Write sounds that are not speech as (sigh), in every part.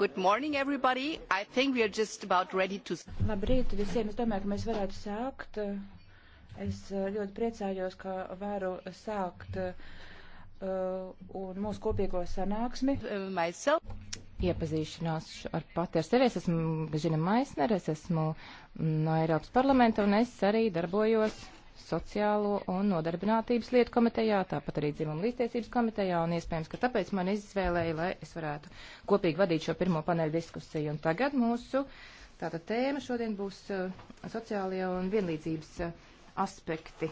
Good morning, everybody. I think we are just about ready to... Labrīt visiem. Es domāju, ka mēs varētu sākt. Es eh, ļoti priecājos, ka varu sākt uh, un mūsu kopīgo sanāksmi. Uh, myself. Iepazīšanās ar pati ar sevi. Es esmu Bežina Maisner, es esmu mm, no Eiropas parlamenta un es arī darbojos sociālo un nodarbinātības lietu komitejā, tāpat arī dzimumu līdztiesības komitejā, un iespējams, ka tāpēc man izvēlēja, lai es varētu kopīgi vadīt šo pirmo paneļu diskusiju. Un tagad mūsu tāda tēma šodien būs uh, sociālie un vienlīdzības uh, aspekti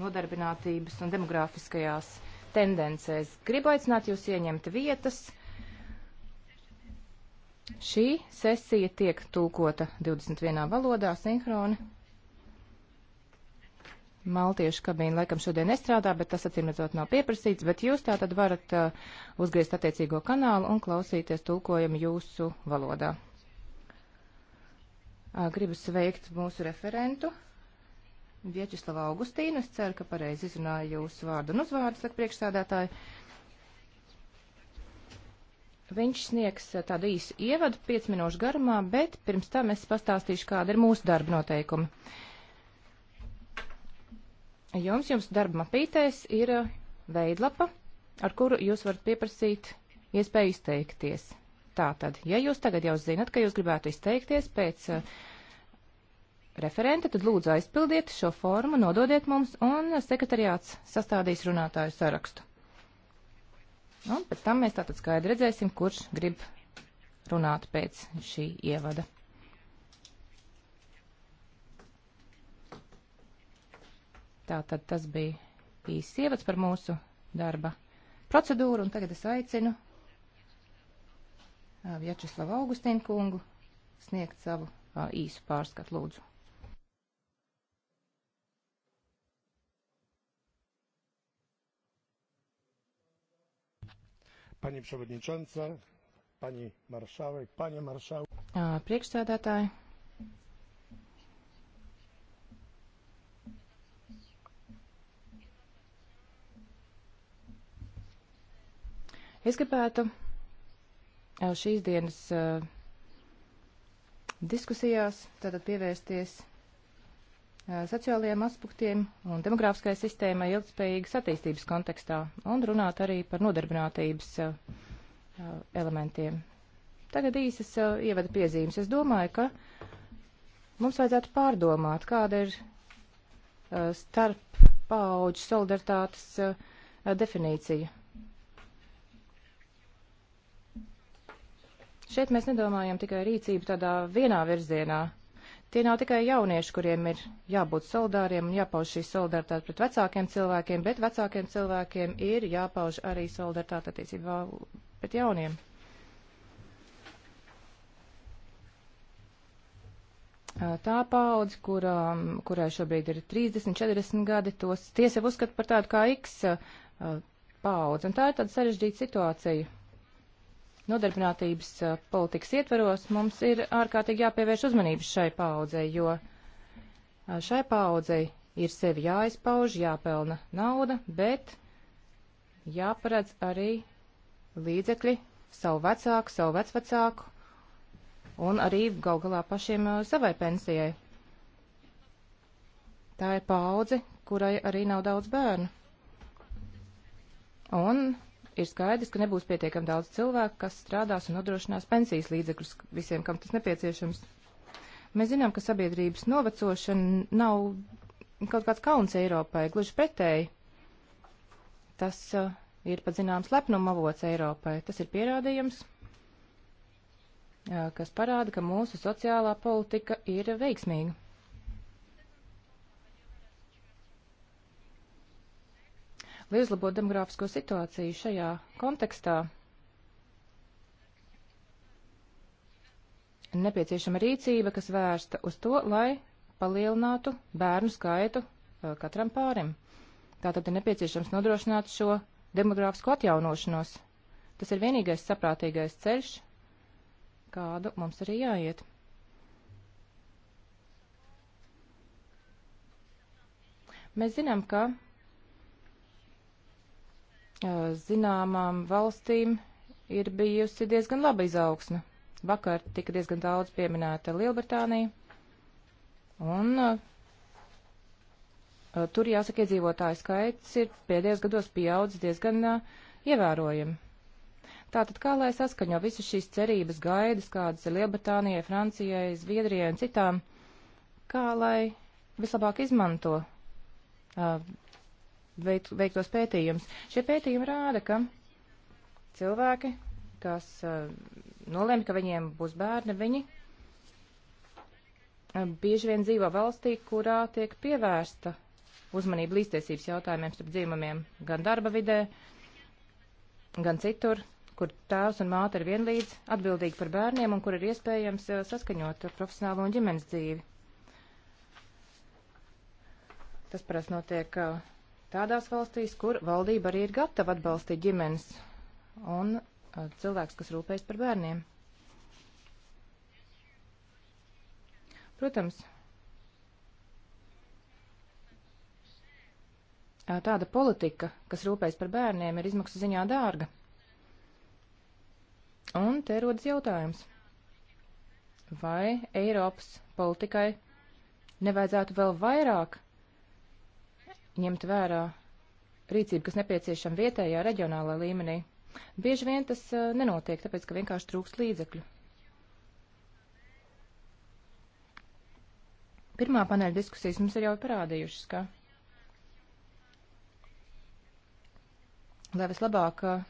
nodarbinātības un demografiskajās tendencēs. Gribu aicināt jūs ieņemt vietas. Šī sesija tiek tulkota 21 valodā sinhroni. Maltiešu kabīna laikam šodien nestrādā, bet tas acīmredzot nav pieprasīts, bet jūs tā tad varat uh, uzgriezt attiecīgo kanālu un klausīties tulkojumu jūsu valodā. Uh, gribu sveikt mūsu referentu Viečislava Augustīnu. Es ceru, ka pareizi izrunāju jūsu vārdu un uzvārdu, saka priekšsādātāji. Viņš sniegs uh, tādu īsu ievadu, 5 minūšu garumā, bet pirms tam es pastāstīšu, kāda ir mūsu darba noteikumi. Uh, jums, jums darba mapītēs ir uh, veidlapa, ar kuru jūs varat pieprasīt iespēju izteikties. Tātad, ja jūs tagad jau zinat, ka jūs gribētu izteikties pēc uh, referenta, tad lūdzu aizpildiet šo formu, nododiet mums, un sekretariāts sastādīs runātāju sarakstu. Un pēc tam mēs tātad skaidri redzēsim, kurš grib runāt pēc šī ievada. Tātad tas bija īsts ievads par mūsu darba procedūru, un tagad es aicinu Vjačeslavu Augustīnu kungu sniegt savu īsu pārskatu lūdzu. Pani przewodnicząca, pani marszałek, panie marszałku. Priekšsēdētāji, Es gribētu šīs dienas uh, diskusijās tātad pievērsties uh, sociālajiem aspektiem un demogrāfiskai sistēmai ilgspējīgas attīstības kontekstā un runāt arī par nodarbinātības uh, elementiem. Tagad īsas ievada piezīmes. Es domāju, ka mums vajadzētu pārdomāt, kāda ir starp paauģu solidaritātes definīcija Šeit mēs nedomājam tikai rīcību tādā vienā virzienā. Tie nav tikai jaunieši, kuriem ir jābūt solidāriem un jāpauž šī solidaritāte pret vecākiem cilvēkiem, bet vecākiem cilvēkiem ir jāpauž arī solidaritāte attiecībā pret jauniem. Tā paudze, kurām, kurai šobrīd ir 30, 40 gadi, tos tiesa uzskata par tādu kā X paudzi, un tā ir tāda sarežģīta situācija nodarbinātības eh, politikas ietvaros mums ir ārkārtīgi jāpievērš uzmanību šai paudzei, jo eh, šai paudzei ir sevi jāizpauž, jāpelna nauda, bet jāparedz arī līdzekļi savu vecāku, savu vecvecāku un arī gal galā pašiem eh, savai pensijai. Tā ir paudze, kurai arī nav daudz bērnu. Un ir skaidrs, ka nebūs pietiekami daudz cilvēku, kas strādās un nodrošinās pensijas līdzekļus visiem, kam tas nepieciešams. Mēs zinām, ka sabiedrības novecošana nav kaut kāds kauns Eiropai, gluži pretēji. Tas uh, ir pat zināms lepnuma avots Eiropai. Tas ir pierādījums, uh, kas parāda, ka mūsu sociālā politika ir veiksmīga. Lai uzlabotu demogrāfisko situāciju šajā kontekstā, nepieciešama rīcība, kas vērsta uz to, lai palielinātu bērnu skaitu uh, katram pārim. Tātad ir nepieciešams nodrošināt šo demogrāfisko atjaunošanos. Tas ir vienīgais saprātīgais ceļš, kādu mums arī jāiet. Mēs zinām, ka zināmām valstīm ir bijusi diezgan laba izaugsme. Vakar tika diezgan daudz pieminēta Lielbritānija, un tur jāsaka iedzīvotāju skaits ir pēdējos gados pieaudzis diezgan ievērojami. Tātad kā lai saskaņo visas šīs cerības gaidas, kādas ir Lielbritānijai, Francijai, Zviedrijai un citām, kā lai vislabāk izmanto uh, veiktos pētījumus. Šie pētījumi rāda, ka cilvēki, kas uh, nolēma, ka viņiem būs bērni, viņi uh, bieži vien dzīvo valstī, kurā tiek pievērsta uzmanība līdztiesības jautājumiem starp dzīvumiem gan darba vidē, gan citur, kur tēvs un māte ir vienlīdz atbildīgi par bērniem un kur ir iespējams uh, saskaņot profesionālo un ģimenes dzīvi. Tas parasti notiek uh, tādās valstīs, kur valdība arī ir gatava atbalstīt ģimenes un eh, cilvēks, kas rūpējas par bērniem. Protams, eh, tāda politika, kas rūpējas par bērniem, ir izmaksu ziņā dārga. Un te rodas jautājums, vai Eiropas politikai nevajadzētu vēl vairāk ņemt vērā rīcību, kas nepieciešama vietējā, reģionālā līmenī. Bieži vien tas uh, nenotiek, tāpēc, ka vienkārši trūkst līdzekļu. Pirmā paneļa diskusijas mums ir jau parādījušas, ka, lai vislabāk uh,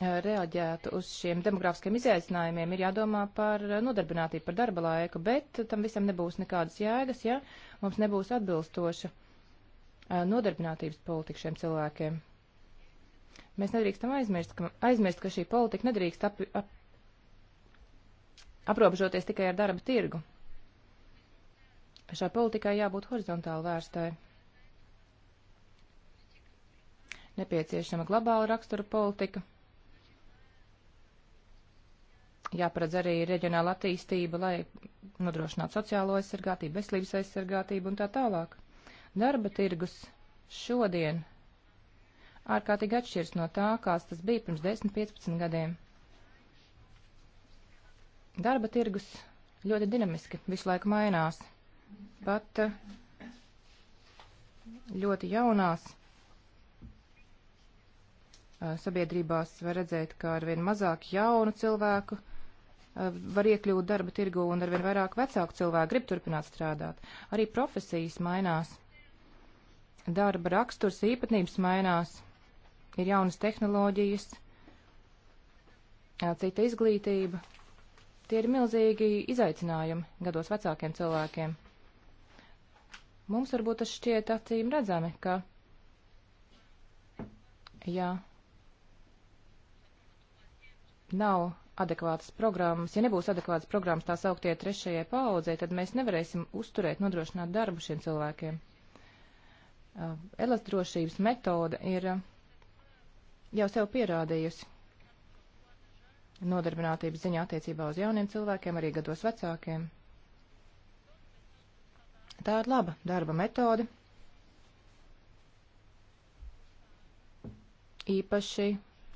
reaģētu uz šiem demografiskiem izaicinājumiem, ir jādomā par nodarbinātību, par darba laiku, bet tam visam nebūs nekādas jēgas, ja mums nebūs atbilstoša nodarbinātības politika šiem cilvēkiem. Mēs nedrīkstam aizmirst, ka, aizmirst, ka šī politika nedrīkst ap, ap, aprobežoties tikai ar darba tirgu. Šai politikai jābūt horizontāli vērstai nepieciešama globāla rakstura politika, jāparedz arī reģionāla attīstība, lai nodrošinātu sociālo aizsargātību, veselības aizsargātību un tā tālāk. Darba tirgus šodien ārkārtīgi atšķirs no tā, kāds tas bija pirms 10-15 gadiem. Darba tirgus ļoti dinamiski visu laiku mainās. Pat eh, ļoti jaunās eh, sabiedrībās var redzēt, ka arvien mazāk jaunu cilvēku var iekļūt darba tirgu un arvien vairāk vecāku cilvēku grib turpināt strādāt. Arī profesijas mainās. Darba raksturs īpatnības mainās. Ir jaunas tehnoloģijas, cita izglītība. Tie ir milzīgi izaicinājumi gados vecākiem cilvēkiem. Mums varbūt tas šķiet acīm redzami, ka. Jā. Nav adekvātas programmas. Ja nebūs adekvātas programmas tās augtie trešajai paaudzē, tad mēs nevarēsim uzturēt, nodrošināt darbu šiem cilvēkiem. Elastdrošības metode ir jau sev pierādījusi nodarbinātības ziņā attiecībā uz jauniem cilvēkiem, arī gados vecākiem. Tā ir laba darba metode. Īpaši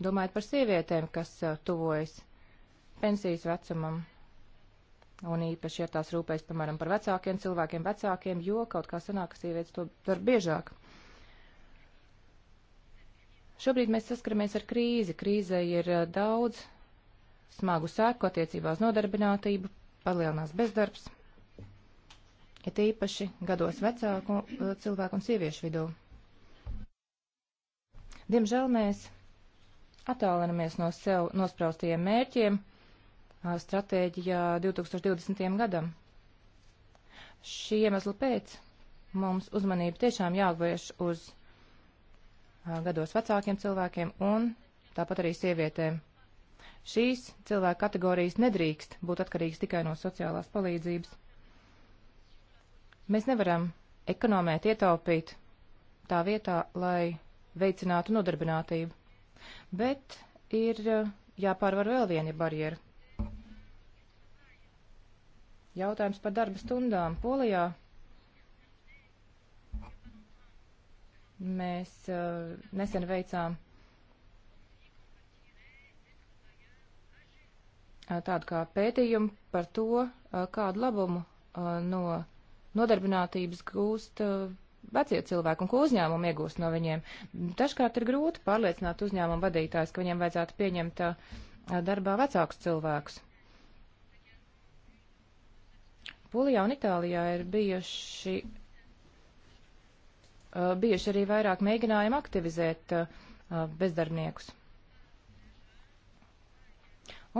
domājot par sievietēm, kas tuvojas pensijas vecumam. Un īpaši, ja tās rūpēs, piemēram, par vecākiem cilvēkiem, vecākiem, jo kaut kā sanāk, ka sievietes to dar biežāk. Šobrīd mēs saskaramies ar krīzi. Krīzei ir eh, daudz smagu sēku attiecībā uz nodarbinātību, palielinās bezdarbs, ir ja īpaši gados vecāku eh, cilvēku un sieviešu vidū. Diemžēl mēs attālinamies no sev nospraustajiem mērķiem stratēģijā 2020. gadam. Šī iemesla pēc mums uzmanība tiešām jāgvērš uz gados vecākiem cilvēkiem un tāpat arī sievietēm. Šīs cilvēku kategorijas nedrīkst būt atkarīgas tikai no sociālās palīdzības. Mēs nevaram ekonomēt, ietaupīt tā vietā, lai veicinātu nodarbinātību. Bet ir jāpārvar vēl viena barjera. Jautājums par darba stundām Polijā. Mēs uh, nesen veicām uh, tādu kā pētījumu par to, uh, kādu labumu uh, no nodarbinātības gūst uh, vecie cilvēki un ko uzņēmumi iegūst no viņiem. Dažkārt ir grūti pārliecināt uzņēmumu vadītājus, ka viņiem vajadzētu pieņemt uh, darbā vecākus cilvēkus. Polijā un Itālijā ir bijuši, uh, bijuši arī vairāk mēģinājumi aktivizēt uh, uh, bezdarbniekus.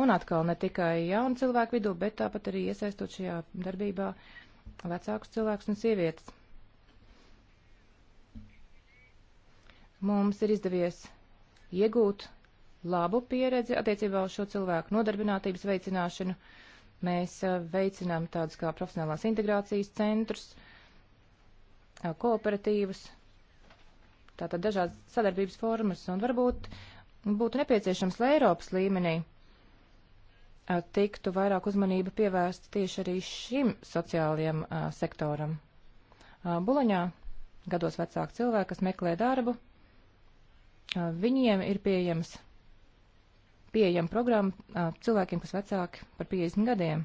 Un atkal ne tikai jaunu cilvēku vidū, bet tāpat arī iesaistot šajā darbībā vecākus cilvēkus un sievietes. Mums ir izdevies iegūt labu pieredzi attiecībā uz šo cilvēku nodarbinātības veicināšanu. Uh, Mēs veicinām tādus kā profesionālās integrācijas centrus, kooperatīvas, tātad dažādas sadarbības formas, un varbūt būtu nepieciešams, lai Eiropas līmenī tiktu vairāk uzmanība pievērsta tieši arī šim sociālajam sektoram. A, Buloņā gados vecāki cilvēki, kas meklē darbu, a, viņiem ir pieejams pieejama programma cilvēkiem, kas vecāki par 50 gadiem.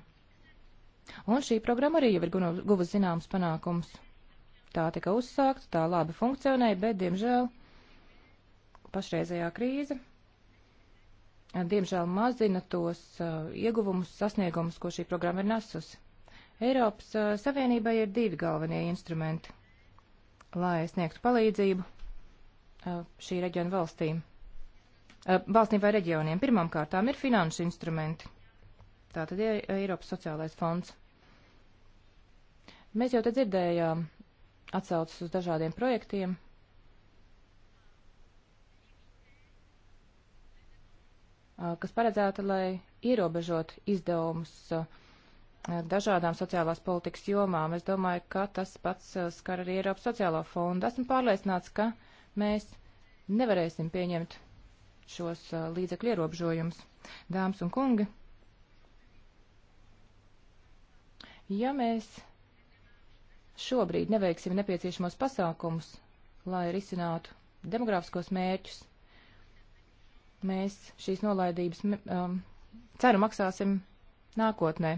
Un šī programma arī jau ir guvusi zināms panākums. Tā tika uzsākta, tā labi funkcionēja, bet, diemžēl, pašreizējā krīze, diemžēl mazina tos uh, ieguvumus, sasniegumus, ko šī programma ir nesusi. Eiropas uh, Savienībai ir divi galvenie instrumenti, lai sniegtu palīdzību uh, šī reģiona valstīm. Eh, valstīm vai reģioniem. Pirmām kārtām ir finanšu instrumenti. Tātad ir e-, Eiropas sociālais fonds. Mēs jau te dzirdējām atsaucas uz dažādiem projektiem. Eh, kas paredzēta, lai ierobežot izdevumus eh, dažādām sociālās politikas jomām. Es domāju, ka tas pats skar arī Eiropas sociālo fondu. Esmu pārliecināts, ka mēs nevarēsim pieņemt šos līdzekļu ierobežojumus. Dāmas un kungi, ja mēs šobrīd neveiksim nepieciešamos pasākumus, lai risinātu demografiskos mērķus, mēs šīs nolaidības um, ceru maksāsim nākotnē.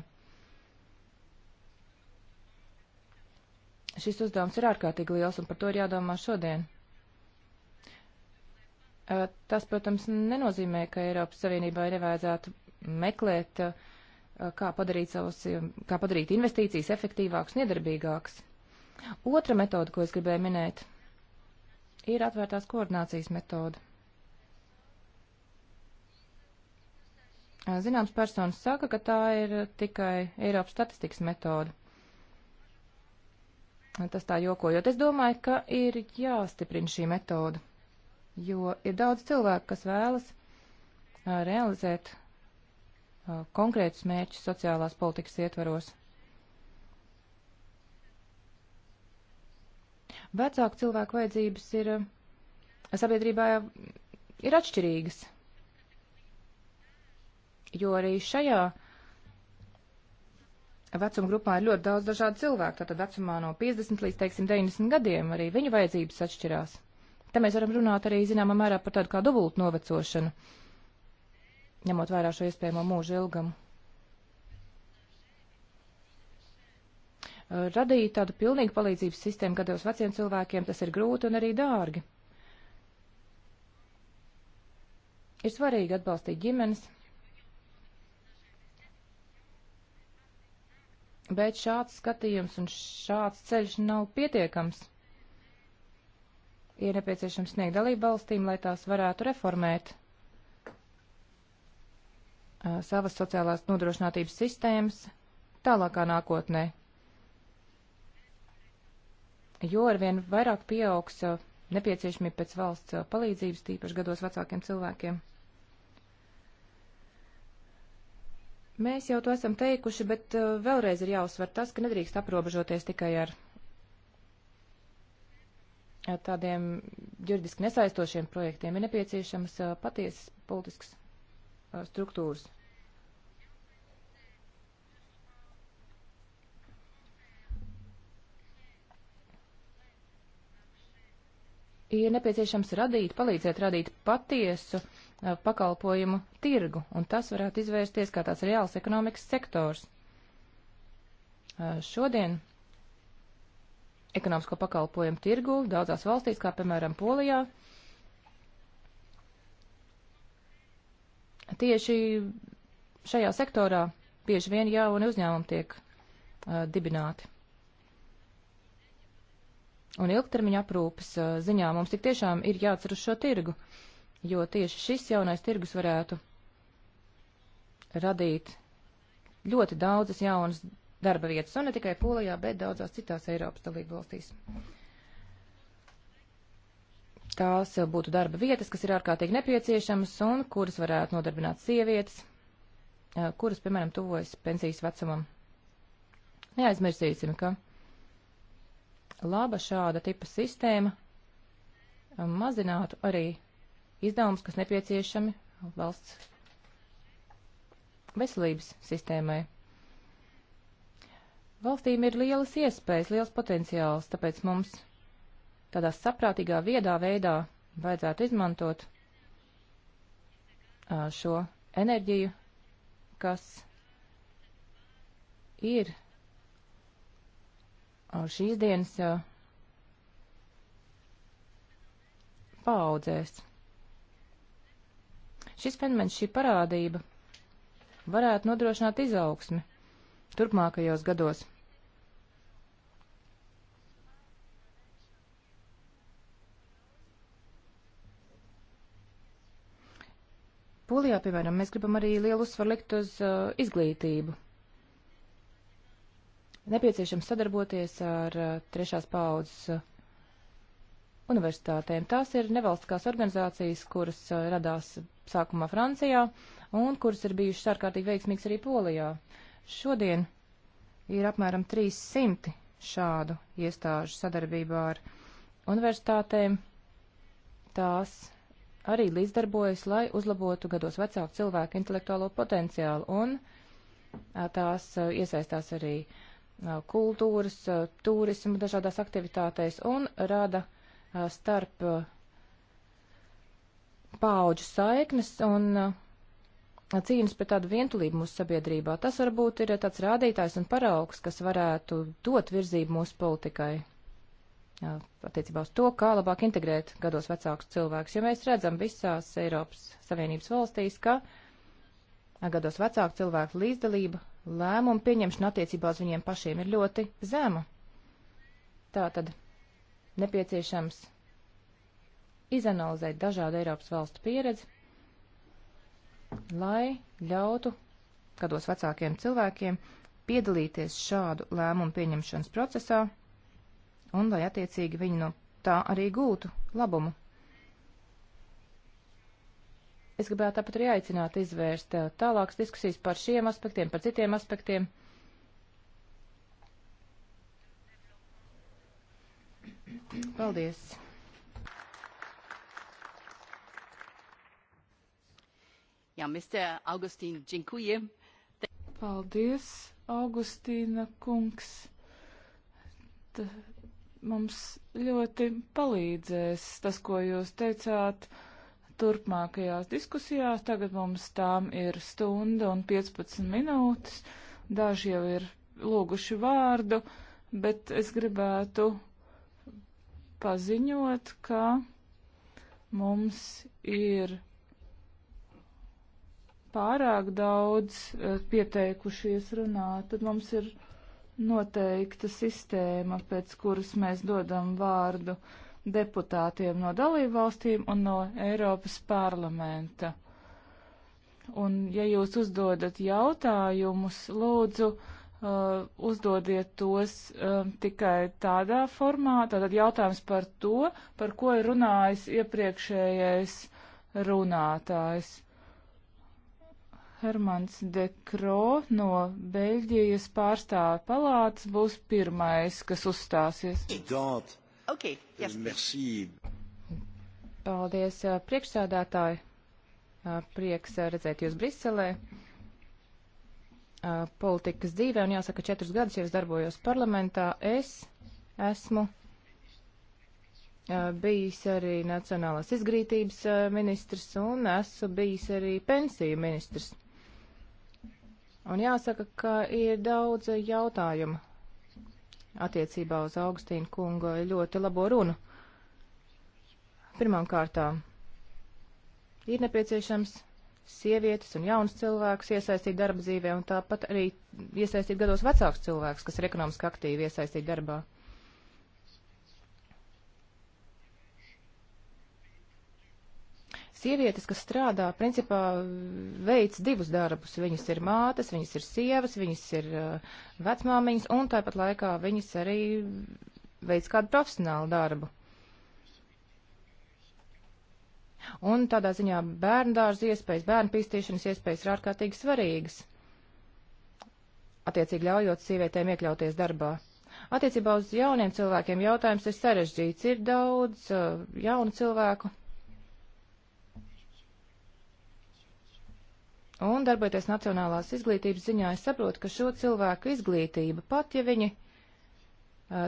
Šis uzdevums ir ārkārtīgi liels, un par to ir jādomā šodien. Tas, protams, nenozīmē, ka Eiropas Savienībai nevajadzētu meklēt, kā padarīt, savus, kā padarīt investīcijas efektīvākas un iedarbīgākas. Otra metode, ko es gribēju minēt, ir atvērtās koordinācijas metode. Zināms personas saka, ka tā ir tikai Eiropas statistikas metode. Tas tā jokojot. Es domāju, ka ir jāstiprina šī metoda jo ir daudz cilvēku, kas vēlas realizēt konkrētus mērķus sociālās politikas ietvaros. Vecāku cilvēku vajadzības ir sabiedrībā ir atšķirīgas, jo arī šajā vecuma grupā ir ļoti daudz dažādu cilvēku, tātad vecumā no 50 līdz, teiksim, 90 gadiem arī viņu vajadzības atšķirās. Te mēs varam runāt arī, zināmā mērā, par tādu kā dubultu novecošanu, ņemot vērā šo iespējamo mūža ilgumu. Radīt tādu pilnīgu palīdzības sistēmu gados veciem cilvēkiem tas ir grūti un arī dārgi. Ir svarīgi atbalstīt ģimenes, bet šāds skatījums un šāds ceļš nav pietiekams ir nepieciešams sniegt dalību valstīm, lai tās varētu reformēt uh, savas sociālās nodrošinātības sistēmas tālākā nākotnē, jo arvien vairāk pieaugs uh, nepieciešamība pēc valsts uh, palīdzības, tīpaši gados vecākiem cilvēkiem. Mēs jau to esam teikuši, bet vēlreiz ir jāuzsver tas, ka nedrīkst aprobežoties tikai ar tādiem juridiski nesaistošiem projektiem ir nepieciešamas patiesas politiskas struktūras. ir nepieciešams radīt, palīdzēt radīt patiesu uh, pakalpojumu tirgu, un tas varētu izvērsties kā tāds reāls ekonomikas sektors. Uh, šodien ekonomisko pakalpojumu tirgu daudzās valstīs, kā piemēram Polijā. Tieši šajā sektorā bieži vien jauni uzņēmumi tiek uh, dibināti. Un ilgtermiņa aprūpes uh, ziņā mums tik tiešām ir jāatcer uz šo tirgu, jo tieši šis jaunais tirgus varētu radīt ļoti daudzas jaunas darba vietas, un ne tikai Polijā, bet daudzās citās Eiropas dalību valstīs. Tās būtu darba vietas, kas ir ārkārtīgi nepieciešamas un kuras varētu nodarbināt sievietes, kuras, piemēram, tuvojas pensijas vecumam. Neaizmirsīsim, ka laba šāda tipa sistēma mazinātu arī izdevumus, kas nepieciešami valsts veselības sistēmai. Valstīm ir lielas iespējas, liels potenciāls, tāpēc mums tādā saprātīgā, viedā veidā vajadzētu izmantot šo enerģiju, kas ir šīs dienas paudzēs. Šis fenomens, šī parādība varētu nodrošināt izaugsmi turpmākajos gados. Polijā, piemēram, mēs gribam arī lielu uzsvaru likt uz uh, izglītību. Nepieciešams sadarboties ar uh, trešās paudzes uh, universitātēm. Tās ir nevalstiskās organizācijas, kuras uh, radās sākumā Francijā un kuras ir bijušas ārkārtīgi veiksmīgas arī Polijā. Šodien ir apmēram 300 šādu iestāžu sadarbībā ar universitātēm. Tās arī līdzdarbojas, lai uzlabotu gados vecāku cilvēku intelektuālo potenciālu, un tās iesaistās arī kultūras, turismu dažādās aktivitātēs un rada starp paauģu saiknes un cīnas pret tādu vientulību mūsu sabiedrībā. Tas varbūt ir tāds rādītājs un paraugs, kas varētu dot virzību mūsu politikai attiecībā uz to, kā labāk integrēt gados vecākus cilvēkus, jo mēs redzam visās Eiropas Savienības valstīs, ka gados vecāku cilvēku līdzdalība lēmumu pieņemšana attiecībā uz viņiem pašiem ir ļoti zema. Tā tad nepieciešams izanalizēt dažādu Eiropas valstu pieredzi, lai ļautu gados vecākiem cilvēkiem piedalīties šādu lēmumu pieņemšanas procesā un lai attiecīgi viņi no tā arī gūtu labumu. Es gribētu tāpat arī aicināt izvērst eh, tālākas diskusijas par šiem aspektiem, par citiem aspektiem. Paldies! Jā, Mr. Augustīna, džinkuji. Paldies, Augustīna kungs. T mums ļoti palīdzēs tas, ko jūs teicāt turpmākajās diskusijās. Tagad mums tām ir stunda un 15 minūtes. Daži jau ir lūguši vārdu, bet es gribētu paziņot, ka mums ir pārāk daudz eh, pieteikušies runāt, tad mums ir noteikta sistēma, pēc kuras mēs dodam vārdu deputātiem no dalībvalstīm un no Eiropas parlamenta. Un, ja jūs uzdodat jautājumus, lūdzu, uh, uzdodiet tos uh, tikai tādā formā, tātad jautājums par to, par ko ir runājis iepriekšējais runātājs. Hermans de Kro no Beļģijas pārstāvja palātas būs pirmais, kas uzstāsies. Okay, yes. Merci. Paldies, priekšsādātāji. Prieks redzēt jūs Briselē. Politikas dzīvē, un jāsaka, četrus gadus jau es darbojos parlamentā. Es esmu bijis arī Nacionālās izglītības ministrs un esmu bijis arī pensiju ministrs. Un jāsaka, ka ir daudz jautājumu attiecībā uz Augustīnu kunga ļoti labo runu. Pirmām kārtām ir nepieciešams sievietes un jaunas cilvēkus iesaistīt darba dzīvē un tāpat arī iesaistīt gados vecāks cilvēks, kas ir ekonomiski aktīvi iesaistīt darbā. sievietes, kas strādā, principā veic divus darbus. Viņas ir mātes, viņas ir sievas, viņas ir uh, vecmāmiņas, un tāpat laikā viņas arī veic kādu profesionālu darbu. Un tādā ziņā bērnu dārza iespējas, bērnu pīstīšanas iespējas ir ārkārtīgi svarīgas, attiecīgi ļaujot sievietēm iekļauties darbā. Attiecībā uz jauniem cilvēkiem jautājums ir sarežģīts. Ir daudz uh, jaunu cilvēku, Un darbojoties nacionālās izglītības ziņā, es saprotu, ka šo cilvēku izglītība, pat ja viņi,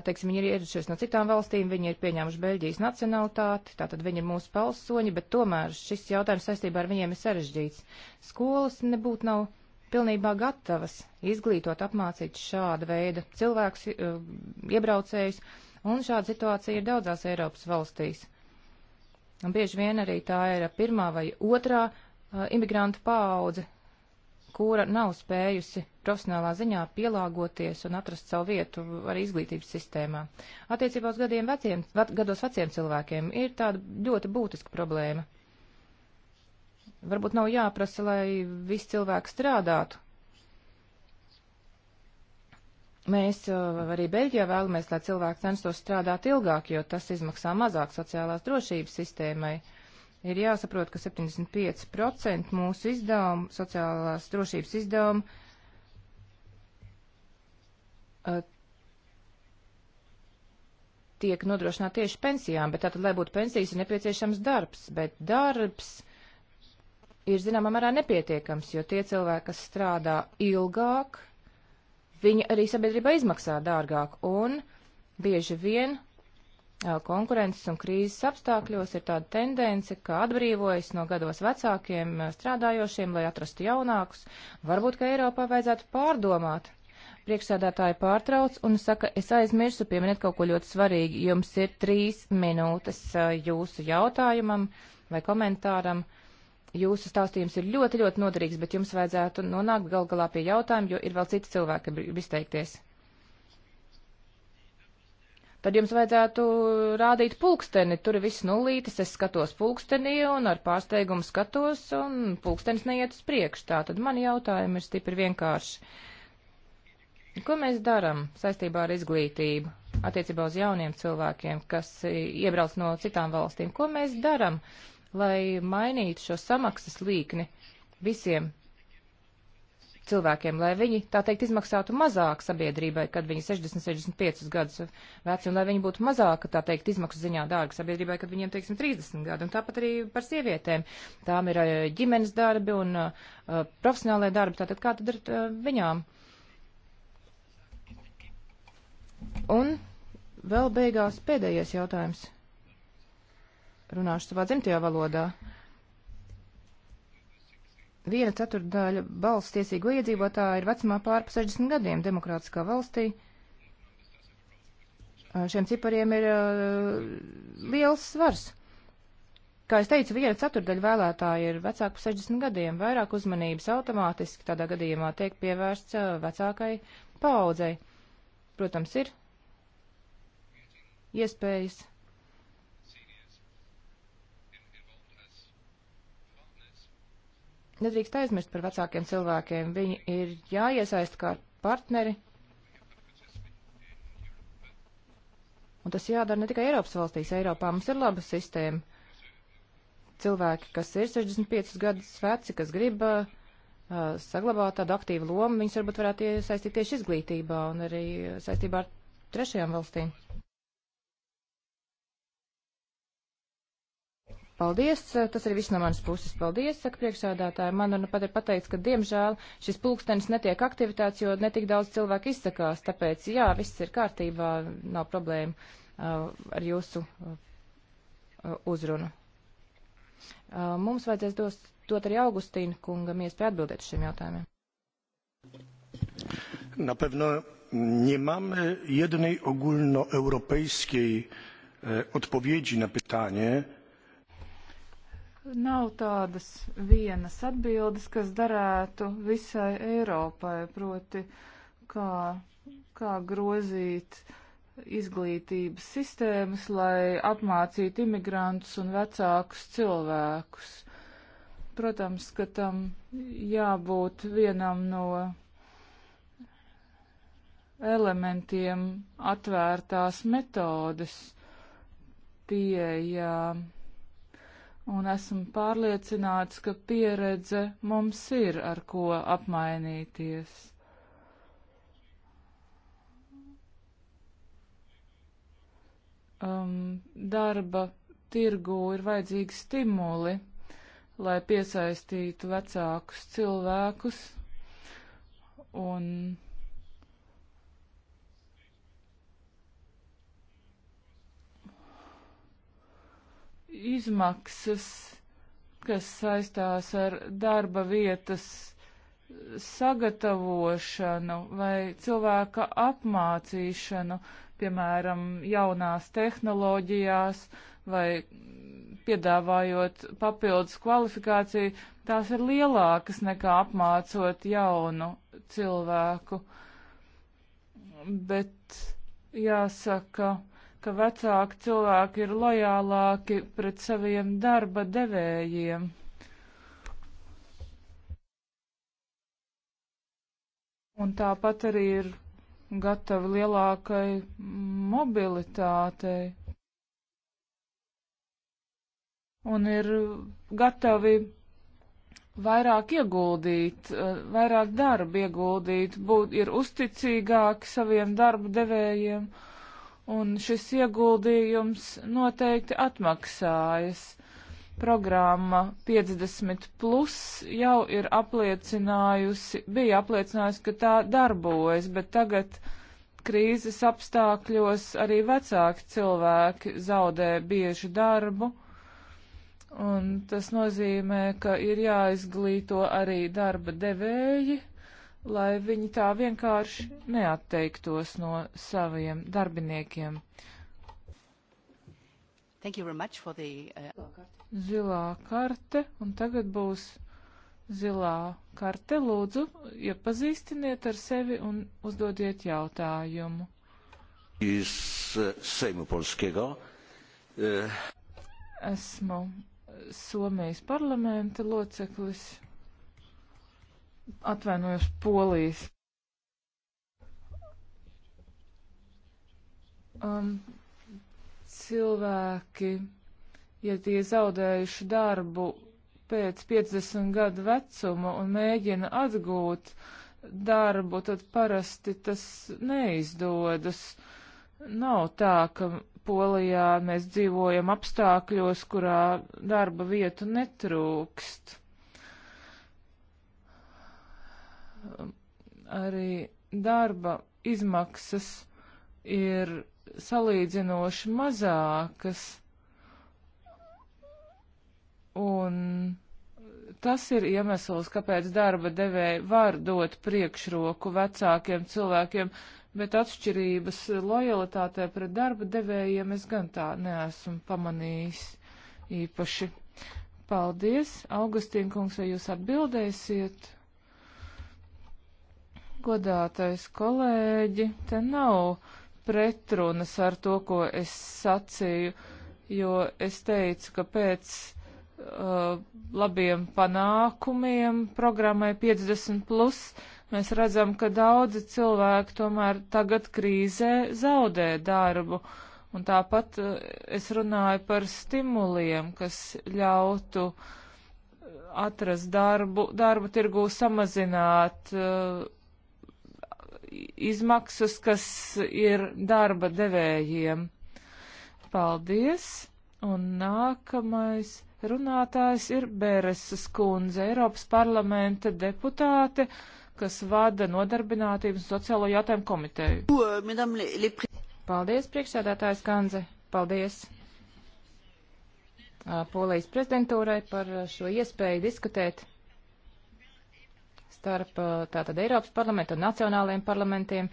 teiksim, viņi ir ieradušies no citām valstīm, viņi ir pieņēmuši Beļģijas nacionalitāti, tātad viņi ir mūsu palsoņi, bet tomēr šis jautājums saistībā ar viņiem ir sarežģīts. Skolas nebūtu nav pilnībā gatavas izglītot, apmācīt šāda veida cilvēkus, iebraucējus, un šāda situācija ir daudzās Eiropas valstīs. Un bieži vien arī tā ir pirmā vai otrā Uh, imigrantu paudzi, kura nav spējusi profesionālā ziņā pielāgoties un atrast savu vietu arī izglītības sistēmā. Attiecībā uz gadiem veciem, gados veciem cilvēkiem ir tāda ļoti būtiska problēma. Varbūt nav jāprasa, lai visi cilvēki strādātu. Mēs uh, arī Beļģijā vēlamies, lai cilvēki censtos strādāt ilgāk, jo tas izmaksā mazāk sociālās drošības sistēmai. Uh, Ir jāsaprot, ka 75% mūsu izdevumu, sociālās drošības izdevumu, uh, tiek nodrošināti tieši pensijām, bet tātad, lai būtu pensijas, ir nepieciešams darbs, bet darbs ir zināmā mērā nepietiekams, jo tie cilvēki, kas strādā ilgāk, viņi arī sabiedrībā izmaksā dārgāk, un bieži vien konkurences un krīzes apstākļos ir tāda tendence, ka atbrīvojas no gados vecākiem strādājošiem, lai atrastu jaunākus. Varbūt, ka Eiropā vajadzētu pārdomāt. Priekšsēdētāji pārtrauc un saka, es aizmirsu pieminēt kaut ko ļoti svarīgi. Jums ir trīs minūtes jūsu jautājumam vai komentāram. Jūsu stāstījums ir ļoti, ļoti noderīgs, bet jums vajadzētu nonākt gal galā pie jautājuma, jo ir vēl citi cilvēki, kas grib izteikties tad jums vajadzētu rādīt pulksteni. Tur ir viss nulītis, es skatos pulkstenī un ar pārsteigumu skatos, un pulkstenis neiet uz priekšu. Tā tad mani jautājumi ir stipri vienkārši. Ko mēs darām saistībā ar izglītību attiecībā uz jauniem cilvēkiem, kas iebrauc no citām valstīm? Ko mēs darām, lai mainītu šo samaksas līkni visiem cilvēkiem, lai viņi, tā teikt, izmaksātu mazāk sabiedrībai, kad viņi 60, 65 gadus veci, un lai viņi būtu mazāk, tā teikt, izmaksu ziņā dārgi sabiedrībai, kad viņiem, teiksim, 30 gadi. Un tāpat arī par sievietēm. Tām ir eh, ģimenes darbi un uh, profesionālai darbi. Tātad kā tad ar uh, viņām? Un vēl beigās pēdējais jautājums. Runāšu savā dzimtajā valodā. Uh, viena ceturdaļa balss tiesīgo iedzīvotāju ir vecumā pārpa 60 gadiem demokrātiskā valstī. Šiem cipariem ir uh, liels svars. Kā es teicu, viena ceturdaļa vēlētāji ir vecāki par 60 gadiem. Vairāk uzmanības automātiski tādā gadījumā tiek pievērsts vecākai paudzei. Protams, ir iespējas nedrīkst aizmirst par vecākiem cilvēkiem. Viņi ir jāiesaist kā partneri. Un tas jādara ne tikai Eiropas valstīs. Eiropā mums ir laba sistēma. Cilvēki, kas ir 65 gadus veci, kas grib uh, saglabāt tādu aktīvu lomu, viņus varbūt varētu iesaistīt tieši izglītībā un arī saistībā ar trešajām valstīm. Paldies, tas ir viss no manas puses. Paldies, saka priekšsādātāja. Man nu pat ir pateikts, ka diemžēl šis pulkstenis netiek aktivitāts, jo netik daudz cilvēku izsakās. Tāpēc, jā, viss ir kārtībā, nav problēma uh, ar jūsu uh, uh uzrunu. Uh, mums vajadzēs dos, dot arī Augustīnu kungam iespēju atbildēt uz šiem jautājumiem. Na pewno nie mamy jednej ogólnoeuropejskiej e, odpowiedzi na pytanie, Nav tādas vienas atbildes, kas darētu visai Eiropai, proti, kā, kā grozīt izglītības sistēmas, lai apmācītu imigrantus un vecākus cilvēkus. Protams, ka tam jābūt vienam no elementiem atvērtās metodes pieejām. Uh, un esmu pārliecināts, ka pieredze mums ir ar ko apmainīties. Um, darba tirgū ir vajadzīgi stimuli, lai piesaistītu vecākus cilvēkus un izmaksas, kas saistās ar darba vietas sagatavošanu vai cilvēka apmācīšanu, piemēram, jaunās tehnoloģijās vai piedāvājot papildus kvalifikāciju, tās ir lielākas nekā apmācot jaunu cilvēku. Bet jāsaka, ka ka vecāki cilvēki ir lojālāki pret saviem darba devējiem. Un tāpat arī ir gatavi lielākai mobilitātei. Un ir gatavi vairāk ieguldīt, eh, vairāk darba ieguldīt, būt, ir uzticīgāki saviem darba devējiem. Uh, un šis ieguldījums noteikti atmaksājas. Programma 50 plus jau ir apliecinājusi, bija apliecinājusi, ka tā darbojas, bet tagad krīzes apstākļos arī vecāki cilvēki zaudē bieži darbu. Un tas nozīmē, ka ir jāizglīto arī darba devēji lai viņi tā vienkārši neatteiktos no saviem darbiniekiem. Thank you very much for the, uh... Zilā karte, un tagad būs zilā karte. Lūdzu, iepazīstiniet ar sevi un uzdodiet jautājumu. Iz uh, Seimu Polskiego. Uh, Esmu uh, Somijas parlamenta loceklis atvainojos polijas. Um, cilvēki, ja tie zaudējuši darbu pēc 50 gadu vecuma un mēģina atgūt darbu, tad parasti tas neizdodas. Nav tā, ka Polijā mēs dzīvojam apstākļos, kurā darba vietu netrūkst. Um, arī darba izmaksas ir salīdzinoši mazākas, un tas ir iemesls, kāpēc darba devēja var dot priekšroku vecākiem cilvēkiem, bet atšķirības lojalitātē pret darba devējiem es gan tā neesmu pamanījis īpaši. Paldies, Augustīnkungs, vai jūs atbildēsiet? Godātais kolēģi, te nav pretrunas ar to, ko es sacīju, jo es teicu, ka pēc uh, labiem panākumiem programmai 50 plus mēs redzam, ka daudzi cilvēki tomēr tagad krīzē zaudē darbu. Un tāpat uh, es runāju par stimuliem, kas ļautu atrast darbu, darba tirgū samazināt uh, izmaksas, kas ir darba devējiem. Paldies! Un nākamais runātājs ir Bēreses kundze, Eiropas parlamenta deputāte, kas vada nodarbinātības un sociālo jautājumu komiteju. Paldies, priekšsēdētājs Kanze. Paldies Polijas prezidentūrai par šo iespēju diskutēt starp tātad Eiropas parlamentu un nacionālajiem parlamentiem.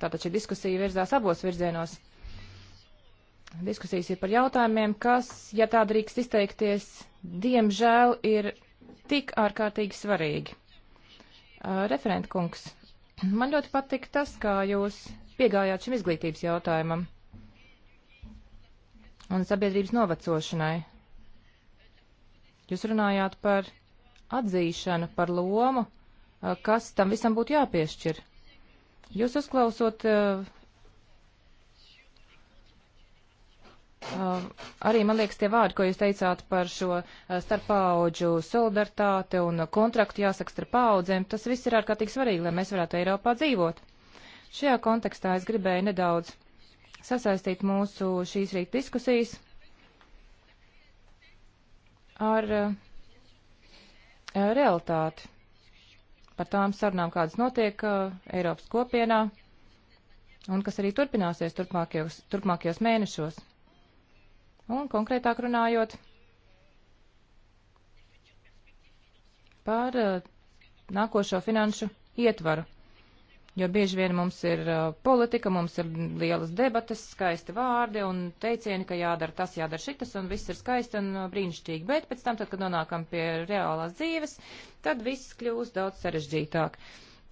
Tātad šī diskusija virzās abos virzienos. Diskusijas ir par jautājumiem, kas, ja tā drīkst izteikties, diemžēl ir tik ārkārtīgi svarīgi. Referent kungs, man ļoti patika tas, kā jūs piegājāt šim izglītības jautājumam un sabiedrības novecošanai. Jūs runājāt par atzīšanu, par lomu, Eh, kas tam visam būtu jāpiešķir. Jūs uzklausot Uh, arī man liekas tie vārdi, ko jūs teicāt par šo uh, starppaudžu solidaritāti un kontraktu jāsaka starp paudzēm, tas viss ir ārkārtīgi svarīgi, lai mēs varētu Eiropā dzīvot. Šajā kontekstā es gribēju nedaudz sasaistīt mūsu šīs rīt diskusijas ar uh, realitāti par tām sarunām, kādas notiek uh, Eiropas kopienā un kas arī turpināsies turpmākajos, turpmākajos mēnešos. Un konkrētāk runājot par uh, nākošo finanšu ietvaru. Jo bieži vien mums ir uh, politika, mums ir lielas debatas, skaisti vārdi un teicieni, ka jādara tas, jādara šitas, un viss ir skaisti un uh, brīnišķīgi. Bet pēc tam, tad, kad nonākam pie reālās dzīves, tad viss kļūst daudz sarežģītāk.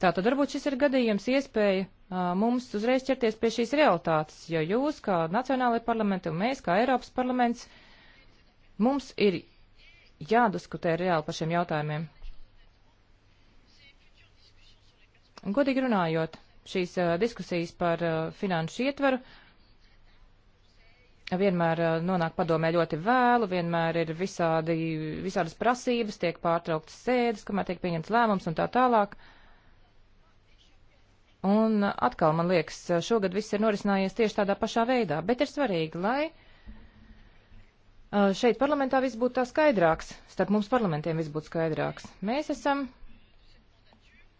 Tātad varbūt šis ir gadījums iespēja a, uh, mums uzreiz ķerties pie šīs realitātes, jo jūs, kā Nacionālajie parlamenti un mēs, kā Eiropas parlaments, mums ir jādiskutē reāli par šiem jautājumiem. Godīgi runājot, šīs uh, diskusijas par uh, finanšu ietveru vienmēr uh, nonāk padomē ļoti vēlu, vienmēr ir visādi, visādas prasības, tiek pārtrauktas sēdes, kamēr tiek pieņemts lēmums un tā tālāk. Un atkal, man liekas, šogad viss ir norisinājies tieši tādā pašā veidā, bet ir svarīgi, lai šeit parlamentā viss būtu tā skaidrāks, starp mums parlamentiem viss būtu skaidrāks. Mēs esam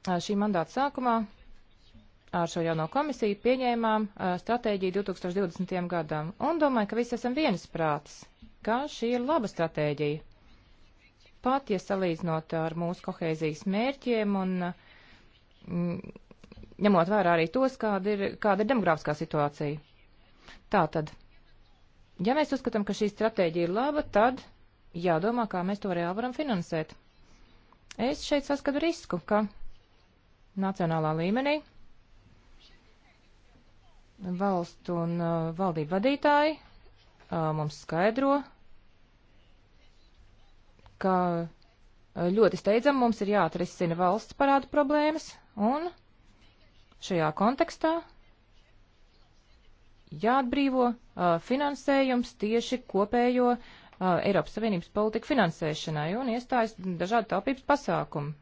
šī mandāta sākumā ar šo jauno komisiju pieņēmām stratēģiju 2020. gadam un domāju, ka visi esam viensprātis, ka šī ir laba stratēģija. Pat, ja salīdzinot ar mūsu kohēzijas mērķiem un mm, ņemot vērā arī tos, kāda ir, kāda ir demografiskā situācija. Tātad, ja mēs uzskatām, ka šī stratēģija ir laba, tad jādomā, kā mēs to reāli varam finansēt. Es šeit saskatu risku, ka nacionālā līmenī valstu un uh, valdību vadītāji uh, mums skaidro, ka uh, ļoti steidzam mums ir jāatrisina valsts parādu problēmas un šajā kontekstā jāatbrīvo uh, finansējums tieši kopējo uh, Eiropas Savienības politiku finansēšanai un iestājas dažādi taupības pasākumi.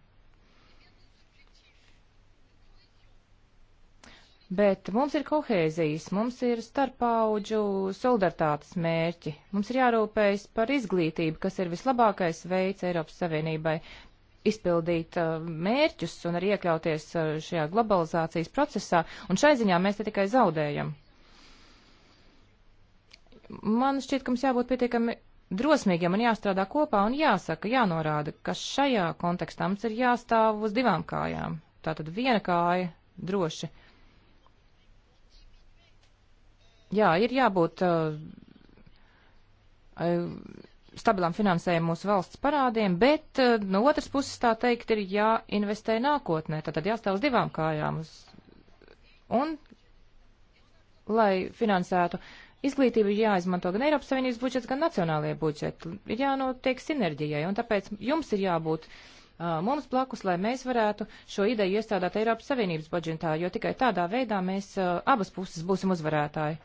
Bet mums ir kohēzijas, mums ir starpauģu solidaritātes mērķi, mums ir jārūpējas par izglītību, kas ir vislabākais veids Eiropas Savienībai izpildīt uh, mērķus un arī iekļauties uh, šajā globalizācijas procesā, un šai ziņā mēs te tikai zaudējam. Man šķiet, ka mums jābūt pietiekami drosmīgiem un jāstrādā kopā un jāsaka, jānorāda, ka šajā kontekstā mums ir jāstāv uz divām kājām. Tātad viena kāja droši Jā, ir jābūt uh, eh, stabilam finansējumu mūsu valsts parādiem, bet eh, no otras puses, tā teikt, ir jāinvestē nākotnē. Tātad jāstāv uz divām kājām. Un, lai finansētu izglītību, ir jāizmanto gan Eiropas Savienības budžets, gan nacionālajie budžeti. Ir jānotiek sinerģijai, un tāpēc jums ir jābūt eh, mums blakus, lai mēs varētu šo ideju iestādāt Eiropas Savienības budžetā, jo tikai tādā veidā mēs abas puses būsim uzvarētāji.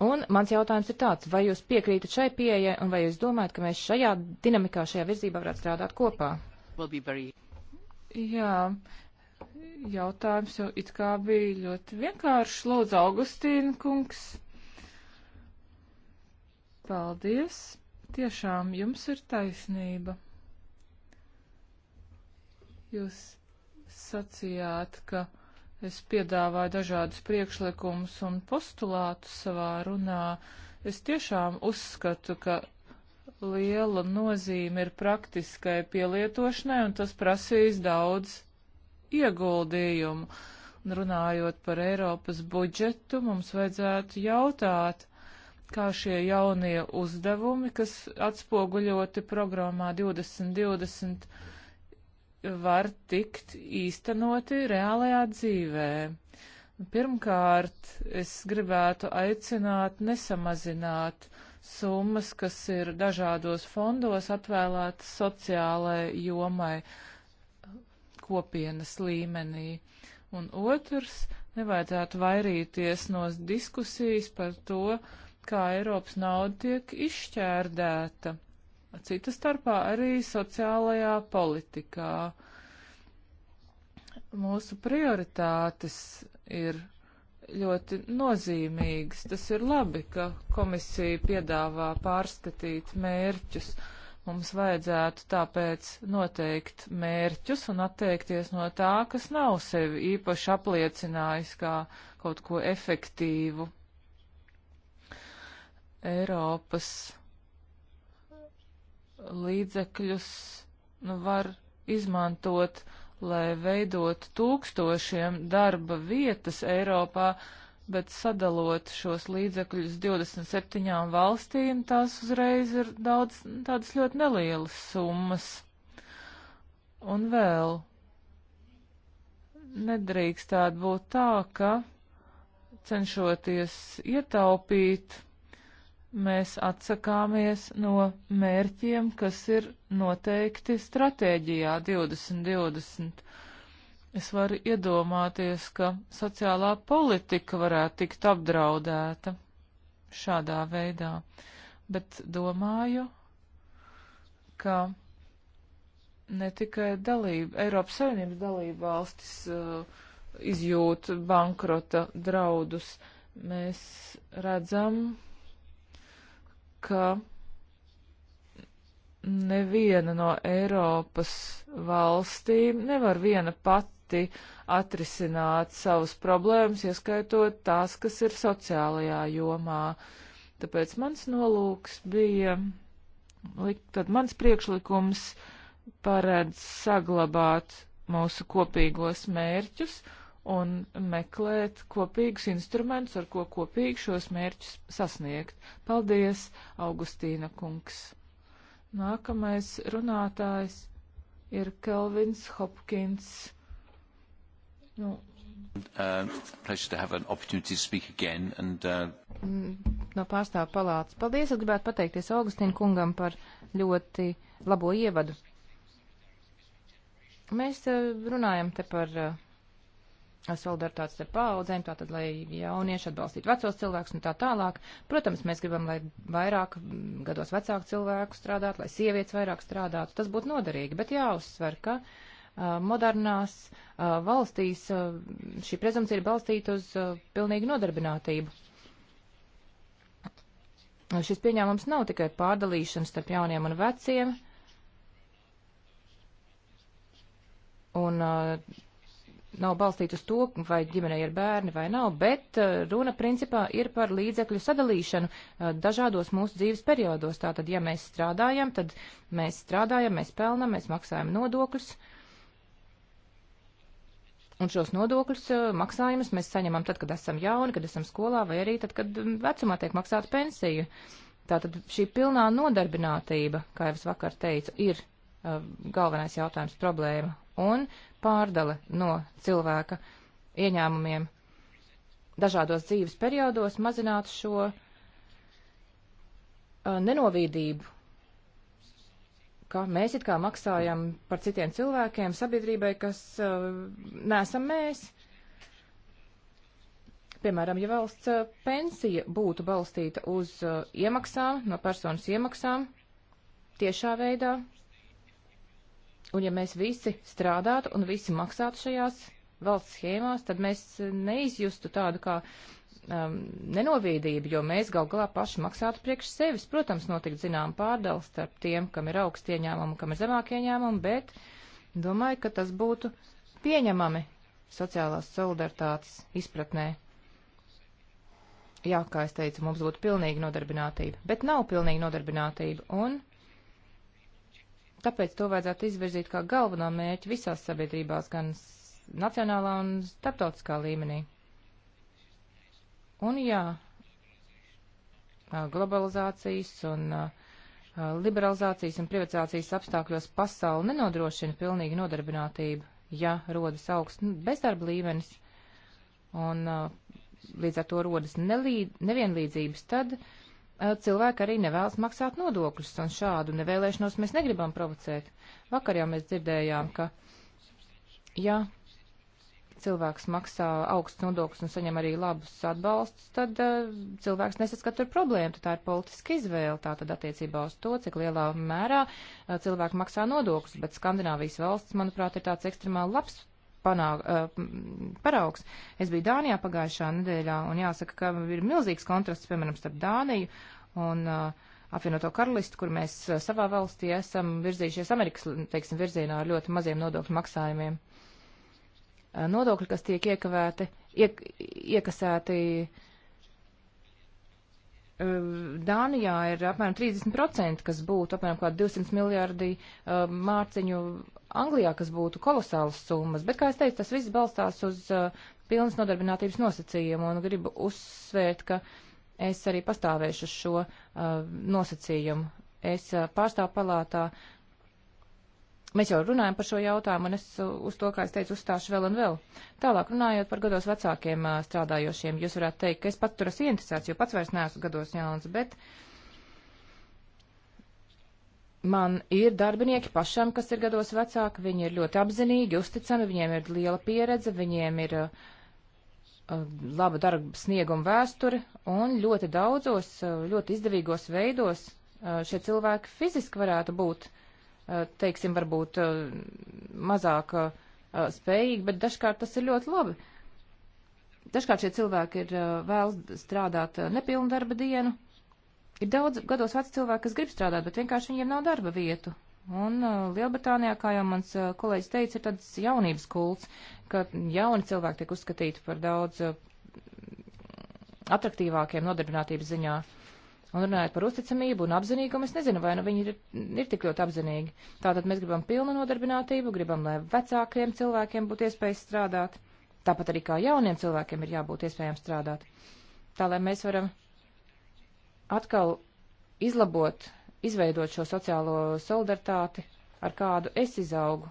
Un mans jautājums ir tāds, vai jūs piekrītat šai pieejai un vai jūs domājat, ka mēs šajā dinamikā, šajā virzībā varētu strādāt kopā? Jā, jautājums jau it kā bija ļoti vienkāršs. Lūdzu, Augustīna kungs. Paldies. Tiešām jums ir taisnība. Jūs sacījāt, ka Es piedāvāju dažādus priekšlikumus un postulātus savā runā. Es tiešām uzskatu, ka liela nozīme ir praktiskai pielietošanai, un tas prasīs daudz ieguldījumu. Un runājot par Eiropas budžetu, mums vajadzētu jautāt, kā šie jaunie uzdevumi, kas atspoguļoti programmā 2020, var tikt īstenoti reālajā dzīvē. Pirmkārt, es gribētu aicināt nesamazināt summas, kas ir dažādos fondos atvēlētas sociālai jomai kopienas līmenī. Un otrs, nevajadzētu vairīties no diskusijas par to, kā Eiropas nauda tiek izšķērdēta citu starpā arī sociālajā politikā. Mūsu prioritātes ir ļoti nozīmīgas. Tas ir labi, ka komisija piedāvā pārskatīt mērķus. Mums vajadzētu tāpēc noteikt mērķus un atteikties no tā, kas nav sevi īpaši apliecinājis kā kaut ko efektīvu. Eiropas līdzekļus nu, var izmantot, lai veidot tūkstošiem darba vietas Eiropā, bet sadalot šos līdzekļus 27 valstīm, tās uzreiz ir daudz tādas ļoti nelielas summas. Un vēl nedrīkstētu būt tā, ka cenšoties ietaupīt mēs atsakāmies no mērķiem, kas ir noteikti stratēģijā 2020. Es varu iedomāties, ka sociālā politika varētu tikt apdraudēta šādā veidā, bet domāju, ka ne tikai dalība, Eiropas Savienības dalība valstis uh, izjūt bankrota draudus, mēs redzam, ka neviena no Eiropas valstīm nevar viena pati atrisināt savas problēmas, ieskaitot tās, kas ir sociālajā jomā. Tāpēc mans nolūks bija, tad mans priekšlikums paredz saglabāt mūsu kopīgos mērķus un meklēt kopīgus instrumentus, ar ko kopīgi šos mērķus sasniegt. Paldies, Augustīna kungs! Nākamais runātājs ir Kelvins Hopkins. Nu, Uh, pleasure to have an opportunity to speak again and uh... Mm, no pārstāv palātas. Paldies, es gribētu pateikties Augustīnu kungam par ļoti labo ievadu. Mēs uh, runājam te par uh, solidaritātes ar paaudzēm, tātad, lai jaunieši atbalstītu vecos cilvēkus un tā tālāk. Protams, mēs gribam, lai vairāk gados vecāku cilvēku strādātu, lai sievietes vairāk strādātu. Tas būtu noderīgi, bet jāuzsver, ka uh, modernās uh, valstīs uh, šī prezumcija ir balstīta uz pilnīgu nodarbinātību. Šis pieņēmums nav tikai pārdalīšana starp jauniem un veciem. Un uh, nav balstīta uz to, vai ģimenei ir bērni vai nav, bet uh, runa principā ir par līdzekļu sadalīšanu uh, dažādos mūsu dzīves periodos. Tātad, ja mēs strādājam, tad mēs strādājam, mēs pelnam, mēs maksājam nodokļus. Un šos nodokļus uh, maksājumus mēs saņemam tad, kad esam jauni, kad esam skolā vai arī tad, kad um, vecumā tiek maksāta pensija. Tātad šī pilnā nodarbinātība, kā jau es vakar teicu, ir uh, galvenais jautājums problēma. Un pārdale no cilvēka ieņēmumiem dažādos dzīves periodos mazinātu šo uh, nenovīdību, ka mēs it kā maksājam par citiem cilvēkiem sabiedrībai, kas uh, nesam mēs. Piemēram, ja valsts uh, pensija būtu balstīta uz uh, iemaksām, no personas iemaksām, tiešā veidā Un ja mēs visi strādātu un visi maksātu šajās valsts schēmās, tad mēs neizjustu tādu kā um, nenovīdību, jo mēs gal galā paši maksātu priekš sevis. Protams, notikt zinām pārdala starp tiem, kam ir augsti ieņēmumi, kam ir zemāki ieņēmumi, bet domāju, ka tas būtu pieņemami sociālās solidaritātes izpratnē. Jā, kā es teicu, mums būtu pilnīga nodarbinātība, bet nav pilnīga nodarbinātība, un Tāpēc to vajadzētu izvirzīt kā galveno mērķi visās sabiedrībās, gan nacionālā un starptautiskā līmenī. Un jā, globalizācijas un liberalizācijas un privatizācijas apstākļos pasauli nenodrošina pilnīgi nodarbinātību, ja rodas augsts bezdarba līmenis un līdz ar to rodas nelīd, nevienlīdzības, tad uh, cilvēki arī nevēlas maksāt nodokļus, un šādu nevēlēšanos mēs negribam provocēt. Vakar jau mēs dzirdējām, ka, ja cilvēks maksā augsts nodokļus un saņem arī labus atbalstus, tad uh, cilvēks nesaskat tur problēmu, tā ir politiska izvēle, tā tad attiecībā uz to, cik lielā mērā uh, cilvēki maksā nodokļus, bet Skandināvijas valsts, manuprāt, ir tāds ekstremāli labs panā, uh, paraugs. Es biju Dānijā pagājušā nedēļā un jāsaka, ka ir milzīgs kontrasts, piemēram, starp Dāniju un uh, apvienoto karalisti, kur mēs savā valstī esam virzījušies Amerikas, teiksim, virzienā ar ļoti maziem nodokļu maksājumiem. Nodokļi, kas tiek iekavēti, iek, iekasēti Dānijā ir apmēram 30%, kas būtu apmēram kā 200 miljārdi mārciņu Anglijā, kas būtu kolosālas summas, bet, kā es teicu, tas viss balstās uz uh, pilnas nodarbinātības nosacījumu un gribu uzsvērt, ka es arī pastāvēšu uz šo uh, nosacījumu. Es uh, pārstāvu palātā. Mēs jau runājam par šo jautājumu, un es uh, uz to, kā es teicu, uzstāšu vēl un vēl. Tālāk runājot par gados vecākiem uh, strādājošiem, jūs varētu teikt, ka es pats tur esmu interesēts, jo pats vairs neesmu gados jauns, bet uh, Man ir darbinieki pašam, kas ir gados vecāki, viņi ir ļoti apzinīgi, uzticami, viņiem ir liela pieredze, viņiem ir uh, uh laba darba snieguma vēsture un ļoti daudzos, uh, ļoti izdevīgos veidos uh, šie cilvēki fiziski varētu būt, uh, teiksim, varbūt uh, mazāk spējīgi, bet dažkārt tas ir ļoti labi. Dažkārt šie cilvēki ir vēlas strādāt nepilnu darba dienu, Ir daudz gados veci cilvēki, kas grib strādāt, bet vienkārši viņiem nav darba vietu. Un uh, Lielbritānijā, kā jau mans uh, kolēģis teica, ir tāds jaunības kults, ka jauni cilvēki tiek uzskatīti par daudz uh, atraktīvākiem nodarbinātības ziņā. Un runājot par uzticamību un apzinīgumu, es nezinu, vai nu viņi ir, ir tik ļoti apzinīgi. Tātad mēs gribam pilnu nodarbinātību, gribam, lai vecākiem cilvēkiem būtu iespējas strādāt. Tāpat arī kā jauniem cilvēkiem ir jābūt iespējām strādāt. Tā lai mēs varam atkal izlabot, izveidot šo sociālo solidaritāti, ar kādu es izaugu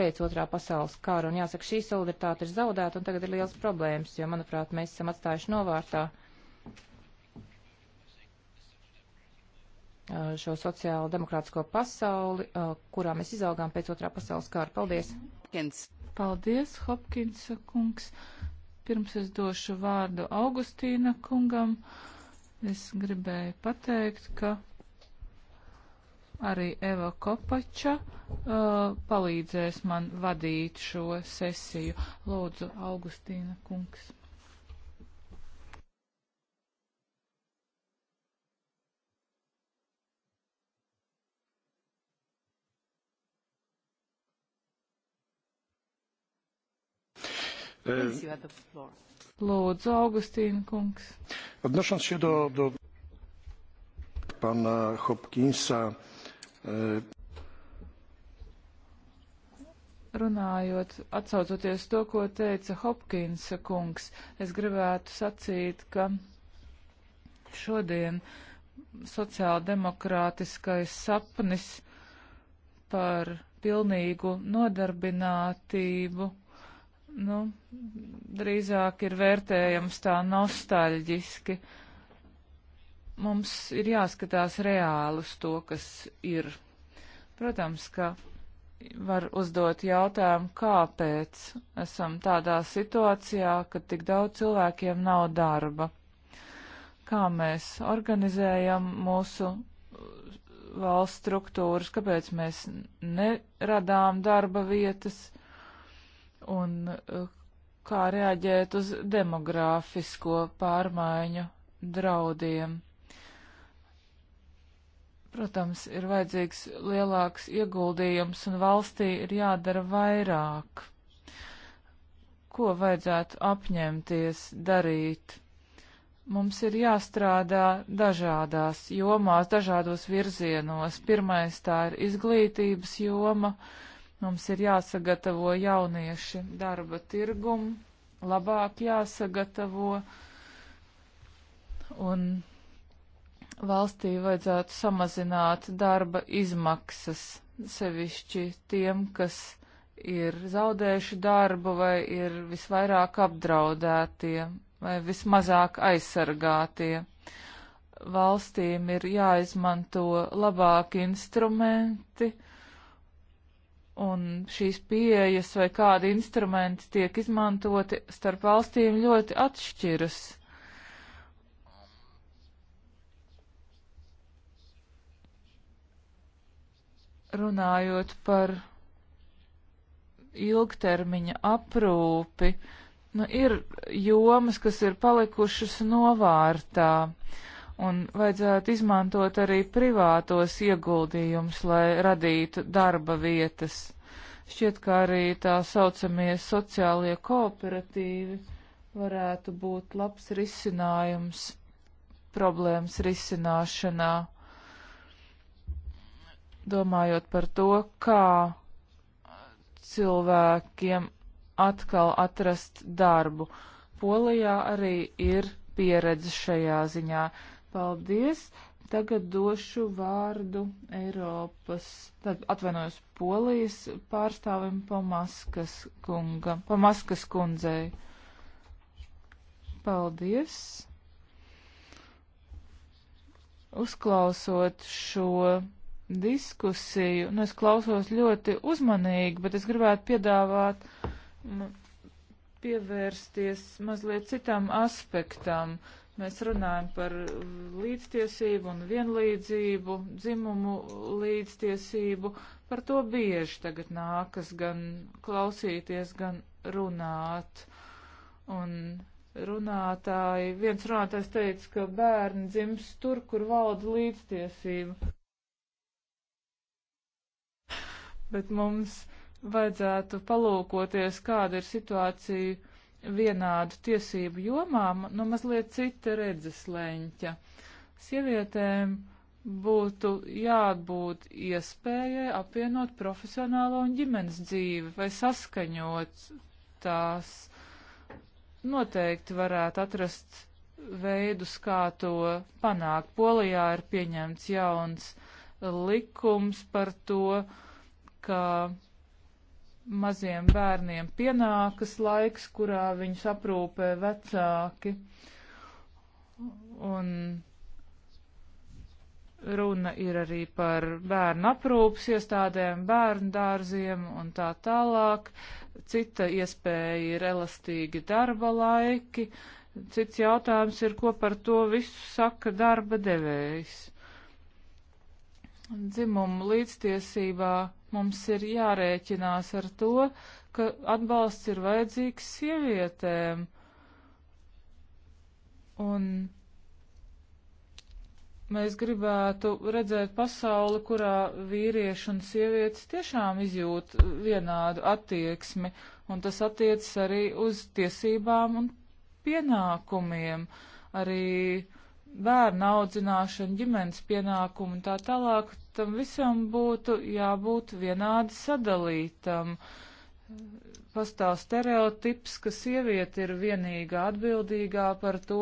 pēc otrā pasaules kara. Un jāsaka, šī solidaritāte ir zaudēta un tagad ir liels problēmas, jo, manuprāt, mēs esam atstājuši novārtā šo sociālo demokrātisko pasauli, kurā mēs izaugām pēc otrā pasaules kara. Paldies! Paldies, Hopkins kungs! Pirms es došu vārdu Augustīna kungam. Uh, Es gribēju pateikt, ka arī Eva Kopača uh, palīdzēs man vadīt šo sesiju. Lūdzu, Augustīna kungs. Please, uh, you have the floor. Lūdzu, Augustīna kungs. Odnosząc się do, do pana Hopkinsa. E... Runājot, atsaucoties to, ko teica Hopkinsa kungs, es gribētu sacīt, ka šodien sociāldemokrātiskais sapnis par pilnīgu nodarbinātību nu, drīzāk ir vērtējams tā nostalģiski. Mums ir jāskatās reāli uz to, kas ir. Protams, ka var uzdot jautājumu, kāpēc esam tādā situācijā, ka tik daudz cilvēkiem nav darba. Kā mēs organizējam mūsu valsts struktūras, kāpēc mēs neradām darba vietas un eh, kā reaģēt uz demogrāfisko pārmaiņu draudiem. Protams, ir vajadzīgs lielāks ieguldījums un valstī ir jādara vairāk. Ko vajadzētu apņemties darīt? Mums ir jāstrādā dažādās jomās, dažādos virzienos. Pirmais tā ir izglītības joma. Uh, Mums ir jāsagatavo jaunieši darba tirgumu, labāk jāsagatavo un valstī vajadzētu samazināt darba izmaksas, sevišķi tiem, kas ir zaudējuši darbu vai ir visvairāk apdraudētie vai vismazāk aizsargātie. Valstīm ir jāizmanto labāki instrumenti, un šīs pieejas vai kādi instrumenti tiek izmantoti starp valstīm ļoti atšķiras. Runājot par ilgtermiņa aprūpi, nu, ir jomas, kas ir palikušas novārtā. Uh, un vajadzētu izmantot arī privātos ieguldījumus, lai radītu darba vietas. Šķiet, kā arī tā saucamie sociālie kooperatīvi varētu būt labs risinājums problēmas risināšanā, domājot par to, kā cilvēkiem atkal atrast darbu. Polijā arī ir pieredze šajā ziņā Paldies! Tagad došu vārdu Eiropas, tad atvainojos Polijas pārstāvim Pamaskas kunga, Pamaskas kundzei. Paldies! Uzklausot šo diskusiju, nu es klausos ļoti uzmanīgi, bet es gribētu piedāvāt pievērsties mazliet citam aspektam Mēs runājam par līdztiesību un vienlīdzību, dzimumu līdztiesību. Par to bieži tagad nākas gan klausīties, gan runāt. Un runātāji, viens runātājs teica, ka bērni dzims tur, kur valda līdztiesība. Bet mums vajadzētu palūkoties, kāda ir situācija vienādu tiesību jomām no nu, mazliet cita redzes leņķa. Sievietēm būtu jābūt iespējai apvienot profesionālo un ģimenes dzīvi vai saskaņot tās. Noteikti varētu atrast veidus, kā to panākt. Polijā ir pieņemts jauns likums par to, ka maziem bērniem pienākas laiks, kurā viņus aprūpē vecāki. Un runa ir arī par bērnu aprūpas iestādēm, bērnu dārziem un tā tālāk. Cita iespēja ir elastīgi darba laiki. Cits jautājums ir, ko par to visu saka darba devējs. Dzimumu līdztiesībā Mums ir jārēķinās ar to, ka atbalsts ir vajadzīgs sievietēm. Un mēs gribētu redzēt pasauli, kurā vīrieši un sievietes tiešām izjūt vienādu attieksmi, un tas attiecas arī uz tiesībām un pienākumiem. Arī uh, bērnu audzināšanu, ģimenes pienākumu un tā tālāk, tam visam būtu jābūt vienādi sadalītam. Pastāv stereotips, ka sieviete ir vienīgā atbildīgā par to,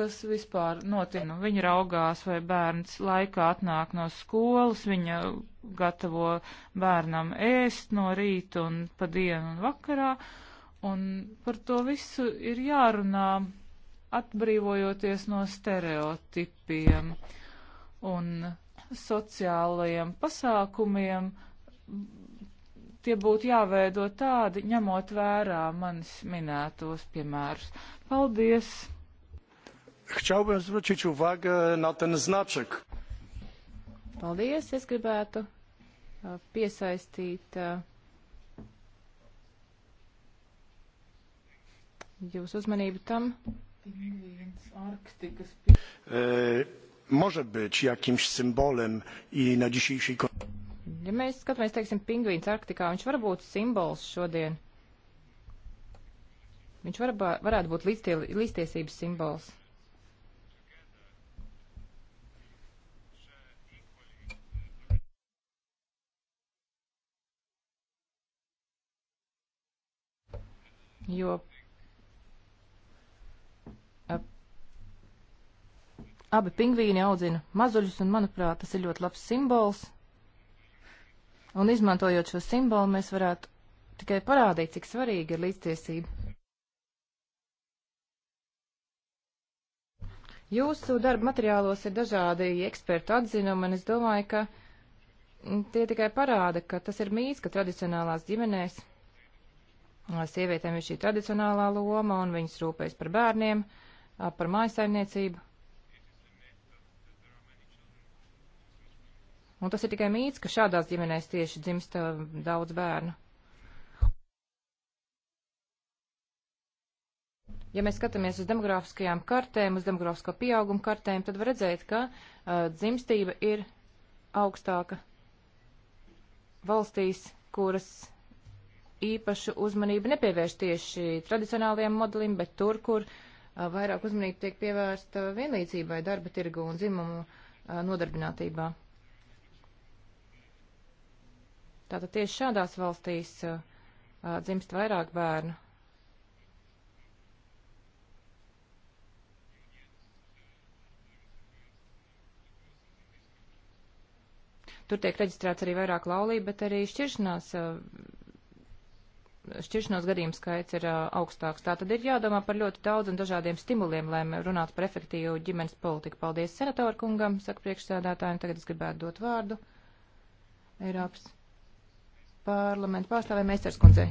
kas vispār notiek. Nu, viņa raugās, vai bērns laikā atnāk no skolas, viņa gatavo bērnam ēst no rīta un pa dienu un vakarā. Un par to visu ir jārunā atbrīvojoties no stereotipiem un sociālajiem pasākumiem, tie būtu jāveido tādi, ņemot vērā manis minētos piemērus. Paldies! Chciałbym zwrócić uwagę na ten znaczek. Paldies, es gribētu uh, piesaistīt uh, jūsu uzmanību tam, E, może być jakimś symbolem i na dzisiejszej. Ja mēs skatāmies, teiksim, pingvīns Arktikā, viņš var būt simbols šodien. Viņš var, varētu būt līdztie, līdztiesības simbols. jo Abi pingvīni audzina mazuļus, un, manuprāt, tas ir ļoti labs simbols. Un izmantojot šo simbolu, mēs varētu tikai parādīt, cik svarīga ir līdztiesība. Jūsu darba materiālos ir dažādi ekspertu atzinumi, un es domāju, ka mm, tie tikai parāda, ka tas ir mīts, ka tradicionālās ģimenēs sievietēm ir šī tradicionālā loma, un viņas rūpējas par bērniem, par mājasaimniecību. Un tas ir tikai mīts, ka šādās ģimenēs tieši dzimst uh, daudz bērnu. Ja mēs skatāmies uz demografiskajām kartēm, uz demografisko pieaugumu kartēm, tad var redzēt, ka uh, dzimstība ir augstāka valstīs, kuras īpašu uzmanību nepievērš tieši tradicionālajiem modelim, bet tur, kur a, uh, vairāk uzmanība tiek pievērsta vienlīdzībai darba tirgu un dzimumu a, uh, nodarbinātībā. Tātad tieši šādās valstīs uh, uh, dzimst vairāk bērnu. Tur tiek reģistrēts arī vairāk laulību, bet arī šķiršanās, uh, šķiršanās gadījumu skaits ir uh, augstāks. Tā tad ir jādomā par ļoti daudz un dažādiem stimuliem, lai runātu par efektīvu ģimenes politiku. Paldies senatoru kungam, saka priekšsēdētājiem. Tagad es gribētu dot vārdu Eiropas parlamentu pārstāvē Meistars kundzei.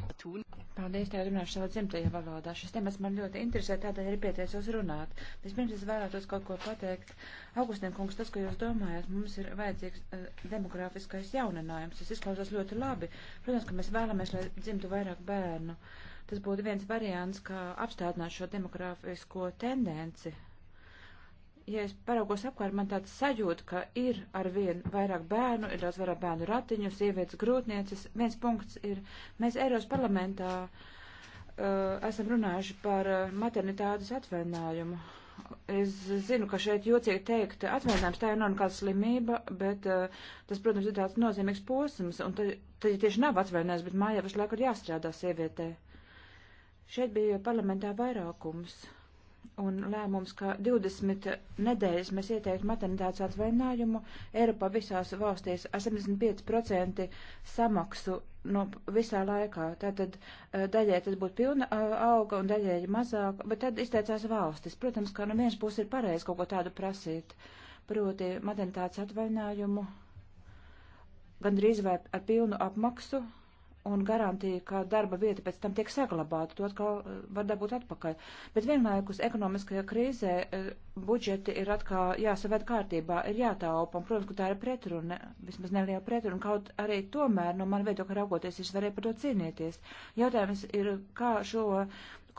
Paldies, tā runāšu savā dzimtajā valodā. Šis temats man ļoti interesē, tādēļ ir pieteicos runāt. Vispirms es vēlētos kaut ko pateikt. Augustiem kungs, tas, ko jūs domājat, mums ir vajadzīgs uh, demografiskais jauninājums. Tas izklausās ļoti labi. Protams, ka mēs vēlamies, lai dzimtu vairāk bērnu. Tas būtu viens variants, kā apstādināt šo demografisko tendenci ja es paraugos apkārt, man tāds sajūta, ka ir ar vien vairāk bērnu, ir daudz vairāk bērnu ratiņu, sievietes grūtnieces. Viens punkts ir, mēs Eiros parlamentā uh, esam runājuši par uh, maternitātes atvainājumu. Es zinu, ka šeit jocīgi teikt, atvainājums tā jau nav nekāda slimība, bet uh, tas, protams, ir tāds nozīmīgs posms, un tad, tad ja tieši nav atvainājums, bet mājā visu laiku ir jāstrādā sievietē. Šeit bija parlamentā vairākums. Uh, un lēmums, ka 20 nedēļas mēs ieteiktu maternitātes atvainājumu Eiropā visās valstīs 75% samaksu no visā laikā. Tātad eh, daļai tas būtu pilna eh, auga un daļai mazāk, bet tad izteicās valstis. Protams, ka no nu vienas puses ir pareizi kaut ko tādu prasīt, proti maternitātes atvainājumu gandrīz vai ar pilnu apmaksu un garantīja, ka darba vieta pēc tam tiek saglabāta, to atkal eh, var dabūt atpakaļ. Bet vienlaikus ekonomiskajā krīzē eh, budžeti ir atkal jāsaved kārtībā, ir jātaupa, un, protams, ka tā ir pretruna, vismaz neliela pretruna, kaut arī tomēr, no man viedokļa raugoties, es varēju par to cīnīties. Jautājums ir, kā šo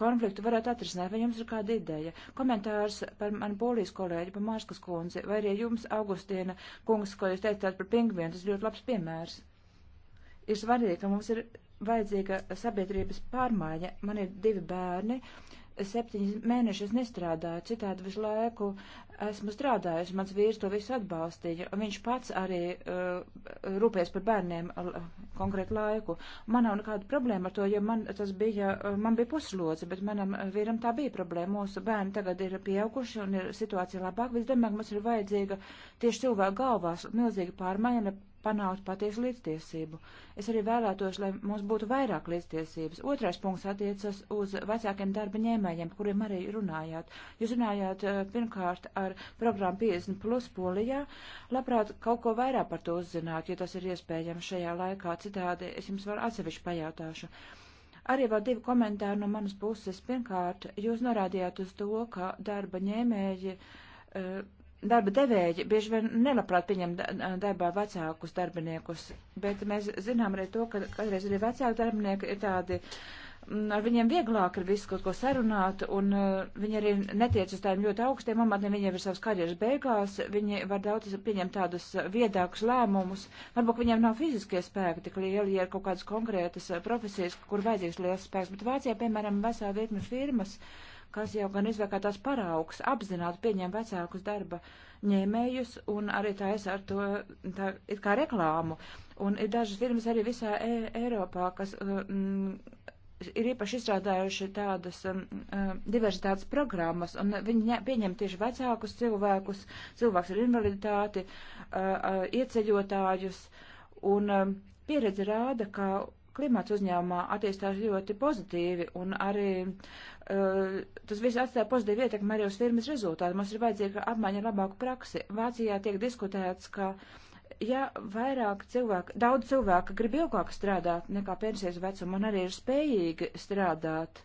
konfliktu varētu atrisināt, vai jums ir kāda ideja? Komentārs par manu polijas kolēģi, par Mārskas kundzi, vai arī jums, Augustīna kungs, ko jūs teicāt par pingvienu, tas ļoti labs piemērs ir svarīgi, ka mums ir vajadzīga sabiedrības pārmaiņa. Man ir divi bērni, septiņas mēnešus nestrādāju, citādi visu laiku esmu strādājusi, mans vīrs to visu atbalstīja, un viņš pats arī uh, rūpējas par bērniem uh, konkrētu laiku. Man nav nekāda problēma ar to, jo man tas bija, uh, man bija puslodze, bet manam vīram tā bija problēma. Mūsu bērni tagad ir pieauguši un ir situācija labāk, bet domāju, ka mums ir vajadzīga tieši cilvēku galvās milzīga pārmaiņa, panākt patiesu līdztiesību. Es arī vēlētos, lai mums būtu vairāk līdztiesības. Otrais punkts attiecas uz vecākiem darba ņēmējiem, kuriem arī runājāt. Jūs runājāt eh, pirmkārt ar programmu 50 plus polijā. Labprāt, kaut ko vairāk par to uzzināt, ja tas ir iespējams šajā laikā. Citādi es jums vēl atsevišķi pajautāšu. Arī vēl divi komentāri no manas puses. Pirmkārt, jūs norādījāt uz to, ka darba ņēmēji uh, darba devēji bieži vien nelabprāt pieņem darbā vecākus darbiniekus, bet mēs zinām arī to, ka kādreiz arī vecāki darbinieki ir tādi, ar viņiem vieglāk ir visu kaut ko sarunāt, un viņi arī netiec uz tādiem ļoti augstiem amatiem, viņiem ir savas karjeras beigās, viņi var daudz pieņemt tādus viedākus lēmumus, varbūt viņiem nav fiziskie spēki tik lieli, ja ir kaut kādas konkrētas profesijas, kur vajadzīgs liels spēks, bet Vācijā, piemēram, vesā virkni firmas. Uh, kas jau gan izvēkā tās paraugs, apzināti pieņem vecākus darba ņēmējus un arī tā es ar to tā, it kā reklāmu. Un ir dažas firmas arī visā e Eiropā, kas. Uh, mm, ir īpaši izstrādājuši tādas um, uh, diversitātes programmas, un viņi pieņem tieši vecākus cilvēkus, cilvēks ar invaliditāti, uh, uh, ieceļotājus, un um, pieredze rāda, ka klimats uzņēmumā attīstās ļoti pozitīvi un arī uh, tas viss atstāja pozitīvu ietekmi arī uz firmas rezultātu. Mums ir vajadzīga apmaiņa labāku praksi. Vācijā tiek diskutēts, ka ja vairāk cilvēku, daudz cilvēku grib ilgāk strādāt nekā pensijas vecuma un arī ir spējīgi strādāt,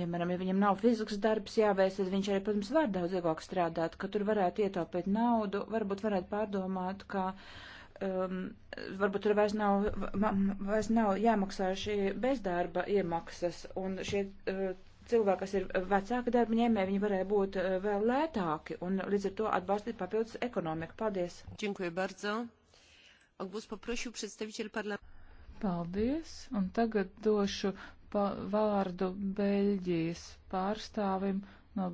piemēram, ja viņam nav fizikas darbs jāveic, tad viņš arī, protams, var daudz ilgāk strādāt, ka tur varētu ietaupīt naudu, varbūt varētu pārdomāt, ka. Uh, um, varbūt tur vairs nav, vairs nav jāmaksā šī bezdarba iemaksas, un šie uh, cilvēki, kas ir vecāki darba ņēmēji, viņi varēja būt uh, vēl lētāki, un līdz ar to atbalstīt papildus ekonomiku. Paldies! Paldies, un tagad došu pa vārdu Beļģijas pārstāvim no.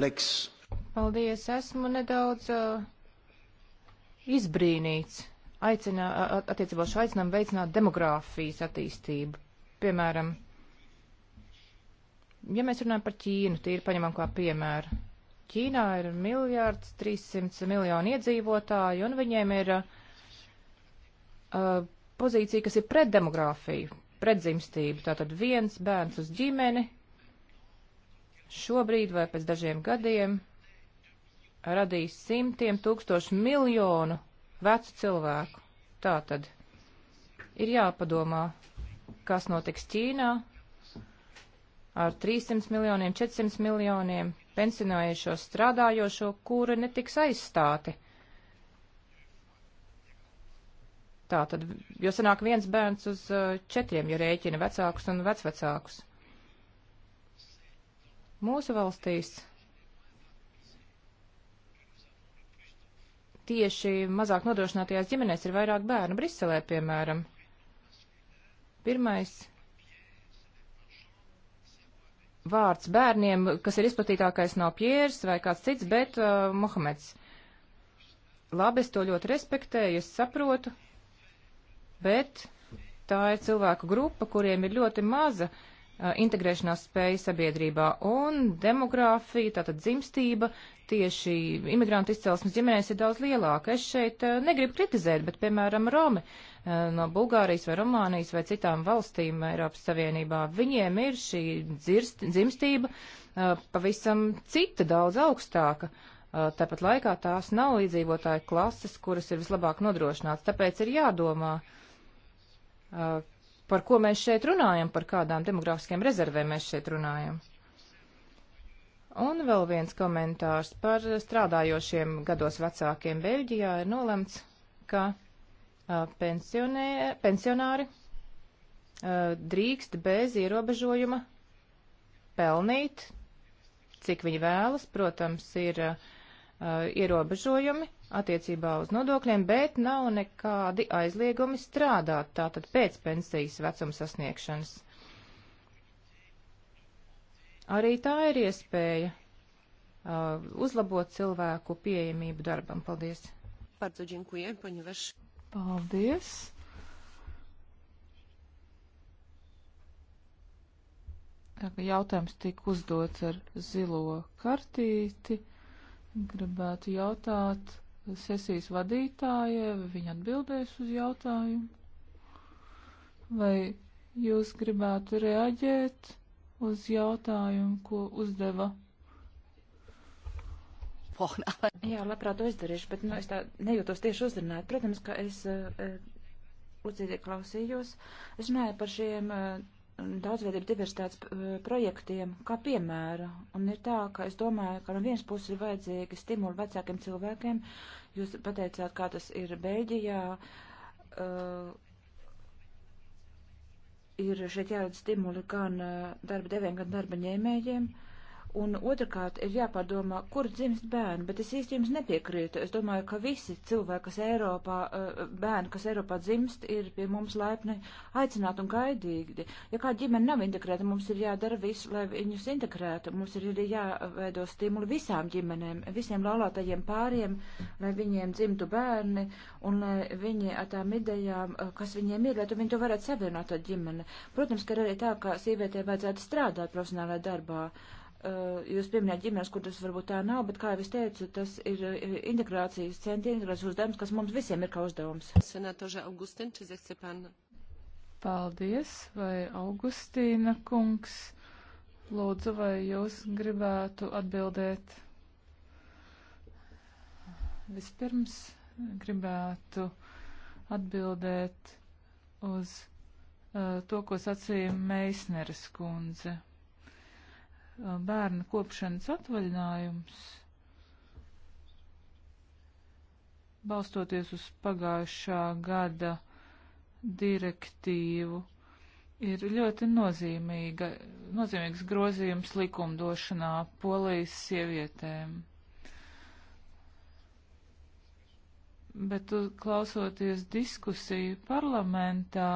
Leks. Paldies, esmu nedaudz uh, izbrīnīts aicinā, attiecībā šo aicinājumu veicināt demogrāfijas attīstību. Piemēram, ja mēs runājam par Ķīnu, tīri paņemam kā piemēru. Ķīnā ir miljārds 300 miljoni iedzīvotāji, un viņiem ir uh, pozīcija, kas ir pret demogrāfiju, pret dzimstību. Tātad viens bērns uz ģimeni šobrīd vai pēc dažiem gadiem radīs simtiem tūkstošu miljonu vecu cilvēku. Tā tad ir jāpadomā, kas notiks Ķīnā ar 300 miljoniem, 400 miljoniem pensionējušo strādājošo, kuri netiks aizstāti. Tā tad, jo sanāk viens bērns uz uh, četriem, ja rēķina vecākus un vecvecākus. Mūsu valstīs tieši mazāk nodrošinātajās ģimenēs ir vairāk bērnu Briselē, piemēram. Pirmais vārds bērniem, kas ir izplatītākais, nav Piers vai kāds cits, bet uh, Mohameds. Labi, es to ļoti respektēju, es saprotu, bet tā ir cilvēku grupa, kuriem ir ļoti maza uh, integrēšanās spēja sabiedrībā un demogrāfija, tātad dzimstība tieši imigrantu izcelsmes ģimenēs ir daudz lielāka. Es šeit negribu kritizēt, bet, piemēram, Romi no Bulgārijas vai Romānijas vai citām valstīm Eiropas Savienībā, viņiem ir šī dzirst, dzimstība pavisam cita, daudz augstāka. Tāpat laikā tās nav līdzīvotāju klases, kuras ir vislabāk nodrošināts. Tāpēc ir jādomā, par ko mēs šeit runājam, par kādām demografiskiem rezervēm mēs šeit runājam. Un vēl viens komentārs par strādājošiem gados vecākiem Beļģijā ir nolemts, ka pensionē, pensionāri drīkst bez ierobežojuma pelnīt, cik viņi vēlas. Protams, ir ierobežojumi attiecībā uz nodokļiem, bet nav nekādi aizliegumi strādāt tātad pēc pensijas vecuma sasniegšanas. Arī tā ir iespēja uh, uzlabot cilvēku pieejamību darbam. Paldies! Paldies! Jautājums tika uzdots ar zilo kartīti. Gribētu jautāt sesijas vadītājai, vai viņa atbildēs uz jautājumu, vai jūs gribētu reaģēt uz jautājumu, ko uzdeva. (laughs) Jā, labprāt, to izdarīšu, bet nu, es tā nejūtos tieši uzrunāt. Protams, ka es uh, eh, uzdzīgi klausījos. Es runāju par šiem uh, daudzveidību diversitātes eh, projektiem, kā piemēra. Un ir tā, ka es domāju, ka no vienas puses ir vajadzīgi stimuli vecākiem cilvēkiem. Jūs pateicāt, kā tas ir Beļģijā. Uh, eh, ir šeit jāredz stimuli gan eh, darba devējiem, gan darba ņēmējiem. Uh, Un otrkārt ir jāpadomā, kur dzimst bērni, bet es īsti jums nepiekrītu. Es domāju, ka visi cilvēki, kas Eiropā, eh, bērni, kas Eiropā dzimst, ir pie mums laipni aicināti un gaidīgi. Ja kā ģimene nav integrēta, mums ir jādara viss, lai viņus integrētu. Mums ir arī jāveido stimuli visām ģimenēm, visiem laulātajiem pāriem, lai viņiem dzimtu bērni un lai viņi ar tām idejām, eh, kas viņiem ir, lai viņi to varētu savienot ar ģimeni. Protams, ka ir arī tā, ka sievietē vajadzētu strādāt profesionālajā darbā. Uh, Eh, jūs pieminējāt ģimenes, kur tas varbūt tā nav, bet, kā jau es teicu, tas ir integrācijas centieni, integrācijas uzdevums, kas mums visiem ir kā uzdevums. Senatoža Augustin, či zekse pan? Paldies, vai Augustīna kungs, lūdzu, vai jūs gribētu atbildēt? Vispirms gribētu atbildēt uz uh, to, ko sacīja Meisneres kundze. Uh, bērnu kopšanas atvaļinājums, balstoties uz pagājušā gada direktīvu, ir ļoti nozīmīga, nozīmīgs grozījums likumdošanā polijas sievietēm. Bet klausoties diskusiju parlamentā,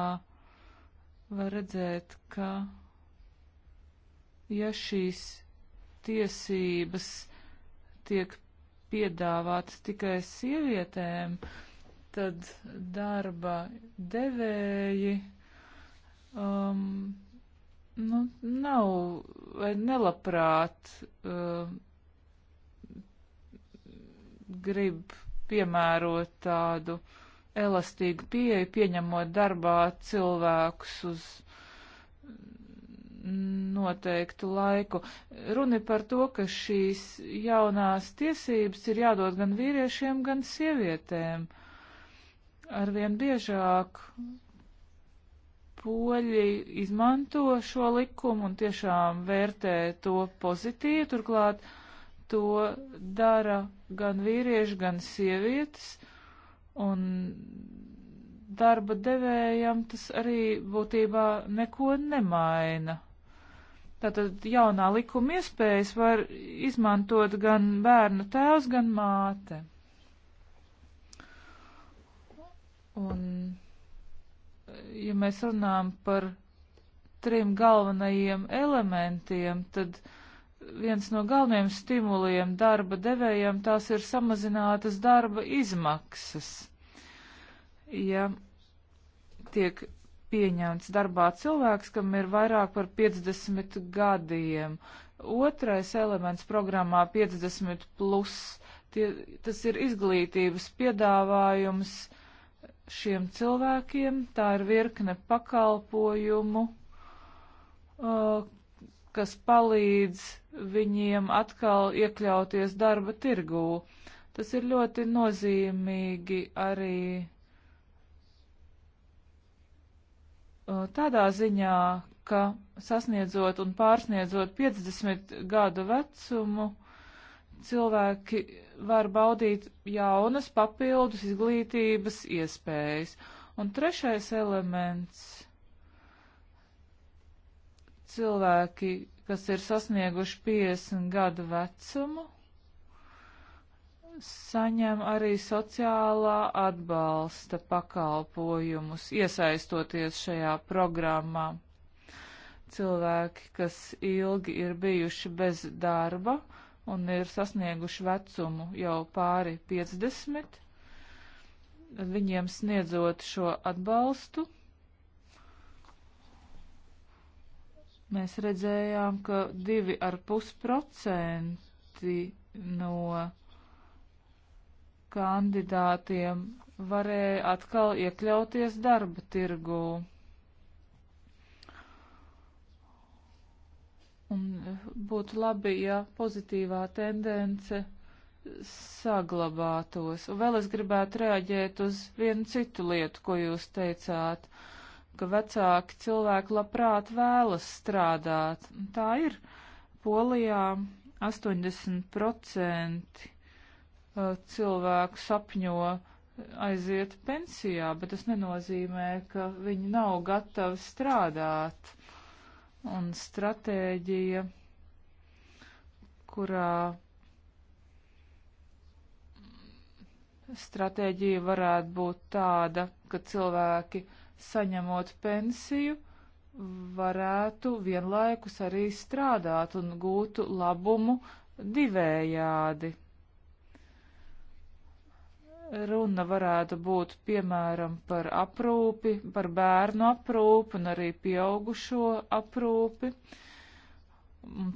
var redzēt, ka ja šīs tiesības tiek piedāvātas tikai sievietēm, tad darba devēji um, nu, nav vai nelabprāt uh, grib piemērot tādu elastīgu pieeju, pieņemot darbā cilvēkus uz noteiktu laiku. Runa ir par to, ka šīs jaunās tiesības ir jādod gan vīriešiem, gan sievietēm. Arvien biežāk poļi izmanto šo likumu un tiešām vērtē to pozitīvi, turklāt to dara gan vīrieši, gan sievietes. Un darba devējam tas arī būtībā neko nemaina. Tātad jaunā likuma iespējas var izmantot gan bērna tēvs, gan māte. Un, ja mēs runājam par trim galvenajiem elementiem, tad viens no galvenajiem stimuliem darba devējiem tās ir samazinātas darba izmaksas. Ja tiek pieņemts darbā cilvēks, kam ir vairāk par 50 gadiem. Otrais elements programmā 50 plus, tie, tas ir izglītības piedāvājums šiem cilvēkiem, tā ir virkne pakalpojumu, uh, kas palīdz viņiem atkal iekļauties darba tirgū. Tas ir ļoti nozīmīgi arī Uh, tādā ziņā, ka sasniedzot un pārsniedzot 50 gadu vecumu, cilvēki var baudīt jaunas papildus izglītības iespējas. Un trešais elements - cilvēki, kas ir sasnieguši 50 gadu vecumu, saņem arī sociālā atbalsta pakalpojumus, iesaistoties šajā programmā. Cilvēki, kas ilgi ir bijuši bez darba un ir sasnieguši vecumu jau pāri 50, viņiem sniedzot šo atbalstu, mēs redzējām, ka 2,5% no kandidātiem varēja atkal iekļauties darba tirgū. Un būtu labi, ja pozitīvā tendence saglabātos. Un vēl es gribētu reaģēt uz vienu citu lietu, ko jūs teicāt, ka vecāki cilvēki labprāt vēlas strādāt. Tā ir. Polijā 80% Uh, cilvēku sapņo aiziet pensijā, bet tas nenozīmē, ka viņi nav gatavi strādāt. Un stratēģija, kurā stratēģija varētu būt tāda, ka cilvēki saņemot pensiju varētu vienlaikus arī strādāt un gūtu labumu divējādi runa varētu būt piemēram par aprūpi, par bērnu aprūpi un arī pieaugušo aprūpi.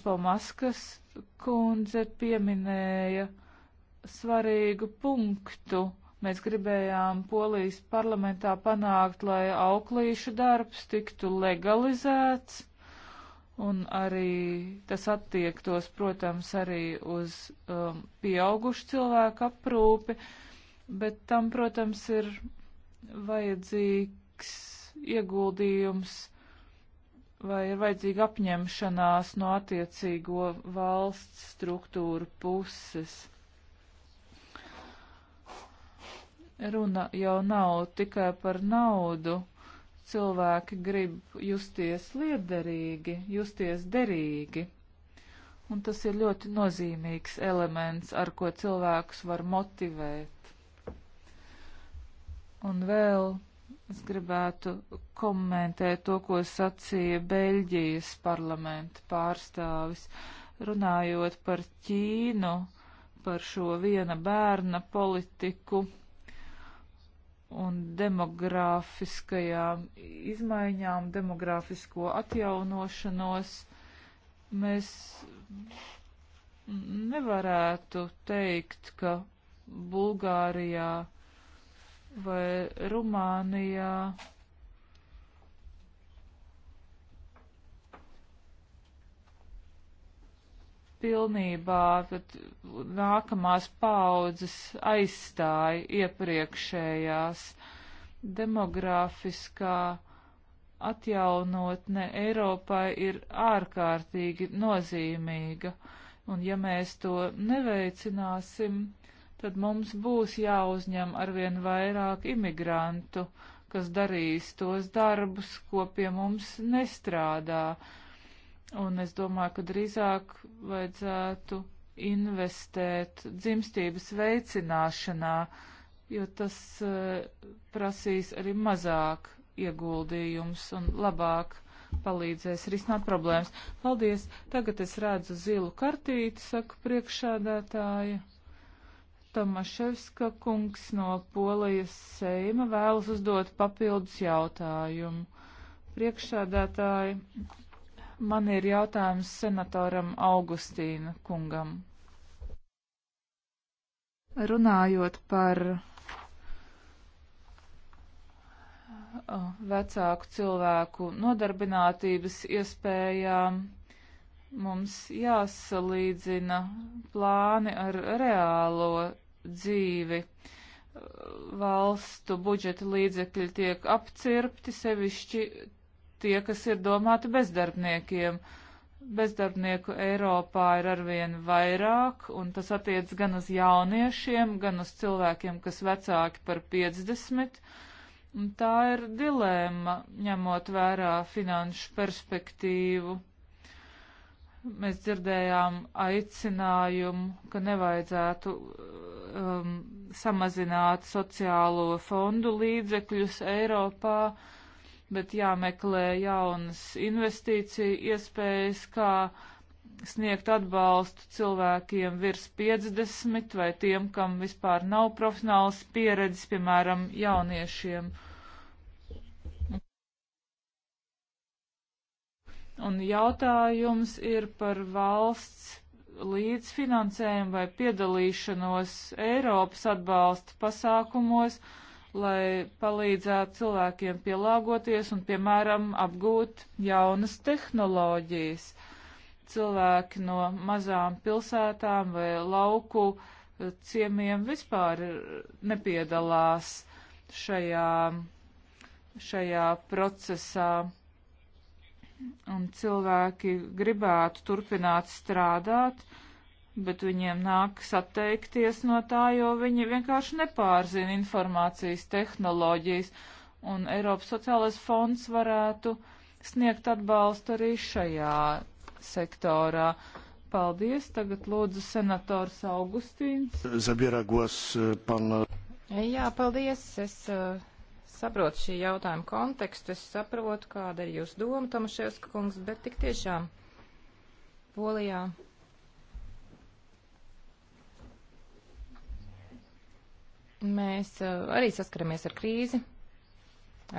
Pamaskas kundze pieminēja svarīgu punktu. Mēs gribējām Polijas parlamentā panākt, lai auklīšu darbs tiktu legalizēts, un arī tas attiektos, protams, arī uz um, pieaugušu cilvēku aprūpi. Uh, bet tam, protams, ir vajadzīgs ieguldījums vai ir vajadzīga apņemšanās no attiecīgo valsts struktūru puses. Runa jau nav tikai par naudu. Cilvēki grib justies liederīgi, justies derīgi. Un tas ir ļoti nozīmīgs elements, ar ko cilvēkus var motivēt. Un vēl es gribētu komentēt to, ko sacīja Beļģijas parlamenta pārstāvis, runājot par Ķīnu, par šo viena bērna politiku un demogrāfiskajām izmaiņām, demogrāfisko atjaunošanos, mēs nevarētu teikt, ka Bulgārijā vai Rumānijā. Pilnībā nākamās paudzes aizstāja iepriekšējās demogrāfiskā atjaunotne Eiropai ir ārkārtīgi nozīmīga, un ja mēs to neveicināsim, tad mums būs jāuzņem arvien vairāk imigrantu, kas darīs tos darbus, ko pie mums nestrādā. Un es domāju, ka drīzāk vajadzētu investēt dzimstības veicināšanā, jo tas uh, prasīs arī mazāk ieguldījums un labāk palīdzēs risināt problēmas. Paldies! Tagad es redzu zilu kartīti, saka priekšādātāja. Tomaševska kungs no Polijas Seima vēlas uzdot papildus jautājumu. Priekšsādātāji, man ir jautājums senatoram Augustīna kungam. Runājot par vecāku cilvēku nodarbinātības iespējām, mums jāsalīdzina plāni ar reālo dzīvi. Valstu budžeta līdzekļi tiek apcirpti, sevišķi tie, kas ir domāti bezdarbniekiem. Bezdarbnieku Eiropā ir arvien vairāk, un tas attiec gan uz jauniešiem, gan uz cilvēkiem, kas vecāki par 50. Un tā ir dilēma, ņemot vērā finanšu perspektīvu. Mēs dzirdējām aicinājumu, ka nevajadzētu um, samazināt sociālo fondu līdzekļus Eiropā, bet jāmeklē jaunas investīciju iespējas, kā sniegt atbalstu cilvēkiem virs 50 vai tiem, kam vispār nav profesionāls pieredzes, piemēram, jauniešiem. Un jautājums ir par valsts līdzfinansējumu vai piedalīšanos Eiropas atbalsta pasākumos, lai palīdzētu cilvēkiem pielāgoties un, piemēram, apgūt jaunas tehnoloģijas. Cilvēki no mazām pilsētām vai lauku eh, ciemiem vispār nepiedalās šajā, šajā procesā un cilvēki gribētu turpināt strādāt, bet viņiem nākas atteikties no tā, jo viņi vienkārši nepārzina informācijas tehnoloģijas, un Eiropas sociālais fonds varētu sniegt atbalstu arī šajā sektorā. Paldies, tagad lūdzu senators Augustīns. Zabiera gos, eh, pan. Eh, Jā, paldies, es uh, saprotu šī jautājuma kontekstu, es saprotu, kāda ir jūsu doma, Tomaševska kungs, bet tik tiešām Polijā. Mēs uh, arī saskaramies ar krīzi,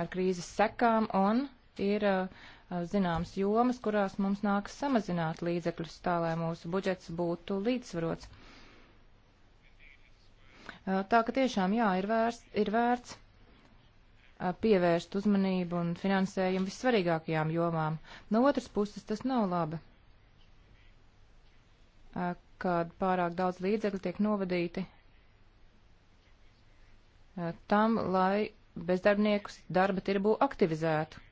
ar krīzes sekām un ir uh, uh zināmas jomas, kurās mums nākas samazināt līdzekļus tā, lai mūsu budžets būtu līdzsvarots. Uh, tā ka tiešām jā, ir, vērs, ir vērts pievērst uzmanību un finansējumu vissvarīgākajām jomām. No otras puses, tas nav labi, kad pārāk daudz līdzekļu tiek novadīti tam, lai bezdarbniekus darba tirbu aktivizētu,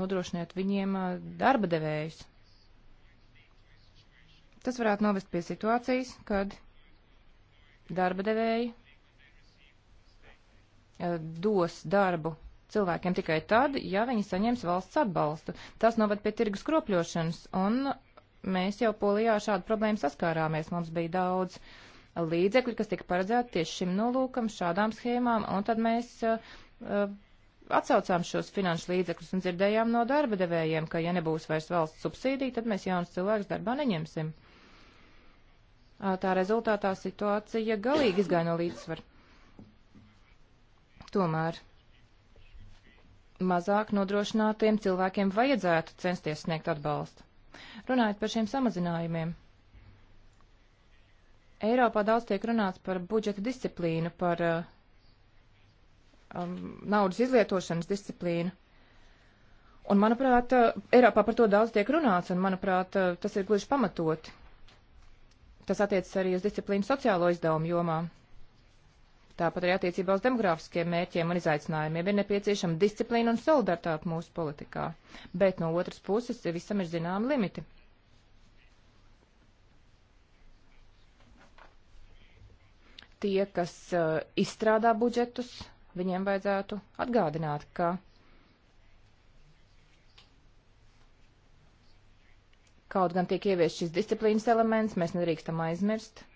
nodrošinot viņiem darba devējus. Tas varētu novest pie situācijas, kad darba devēji Eh, dos darbu cilvēkiem tikai tad, ja viņi saņems valsts atbalstu. Tas novad pie tirgus kropļošanas, un mēs jau Polijā šādu problēmu saskārāmies. Mums bija daudz līdzekļu, kas tika paredzēti tieši šim nolūkam, šādām schēmām, un tad mēs uh, atsaucām šos finanšu līdzekļus un dzirdējām no darba devējiem, ka ja nebūs vairs valsts subsīdija, tad mēs jaunus cilvēkus darbā neņemsim. Tā rezultātā situācija galīgi izgāja no līdzsvaru. Tomēr mazāk nodrošinātiem cilvēkiem vajadzētu censties sniegt atbalstu. Runājot par šiem samazinājumiem. Eiropā daudz tiek runāts par budžeta disciplīnu, par uh, um, naudas izlietošanas disciplīnu. Un, manuprāt, uh, Eiropā par to daudz tiek runāts, un, manuprāt, uh, tas ir gluži pamatoti. Tas attiecas arī uz disciplīnu sociālo izdevumu jomā. Tāpat arī attiecībā uz demografiskiem mērķiem un izaicinājumiem ir nepieciešama disciplīna un solidaritāte mūsu politikā. Bet no otras puses visam ir zināmi limiti. Tie, kas uh, izstrādā budžetus, viņiem vajadzētu atgādināt, ka kaut gan tiek ieviest šis disciplīnas elements, mēs nedrīkstam aizmirst, uh,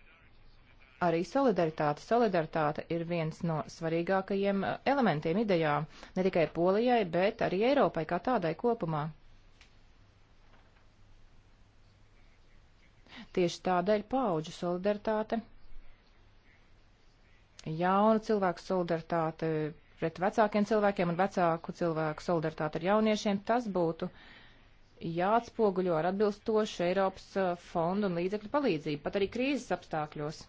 arī solidaritāte. Solidaritāte ir viens no svarīgākajiem uh, elementiem, idejām, ne tikai Polijai, bet arī Eiropai kā tādai kopumā. Tieši tādēļ pauģu solidaritāte, jaunu cilvēku solidaritāte pret vecākiem cilvēkiem un vecāku cilvēku solidaritāte ar jauniešiem, tas būtu jāatspoguļo ar atbilstošu Eiropas uh, fondu un līdzekļu palīdzību, pat arī krīzes apstākļos.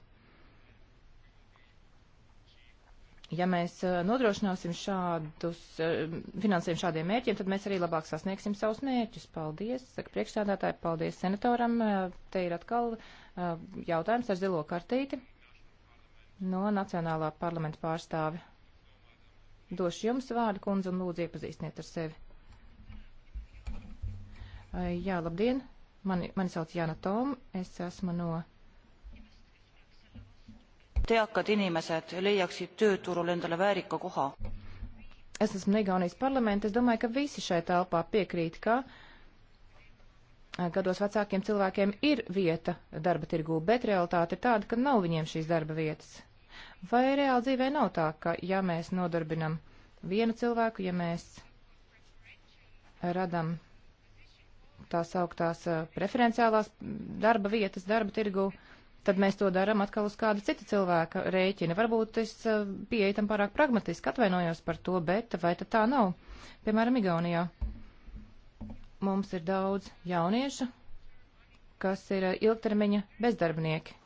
Ja mēs eh, nodrošināsim šādus eh, finansējumu šādiem mērķiem, tad mēs arī labāk sasniegsim savus mērķus. Paldies, saka priekšstādātāji, paldies senatoram. Eh, te ir atkal jautājums ar zilo kartīti no Nacionālā parlamenta pārstāvi. Došu jums vārdu, kundze, un lūdzu iepazīstiniet ar sevi. Jā, labdien! Mani, mani sauc Jāna Tom, es esmu no et eakad inimesed leiaksid tööturul endale väärika koha. Es esmu Igaunijas parlamenta. Es domāju, ka visi šai telpā piekrīt, ka eh, gados vecākiem cilvēkiem ir vieta darba tirgū, bet realitāte ir tāda, ka nav viņiem šīs darba vietas. Vai reāli dzīvē nav tā, ka ja mēs nodarbinam vienu cilvēku, ja mēs radam tās augtās eh, preferenciālās darba vietas darba tirgū, uh, tad mēs to darām atkal uz kāda cita cilvēka rēķina. Varbūt es eh, pieeju tam pārāk pragmatiski, atvainojos par to, bet vai tad tā nav? Piemēram, Igaunijā mums ir daudz jauniešu, kas ir eh, ilgtermiņa bezdarbnieki.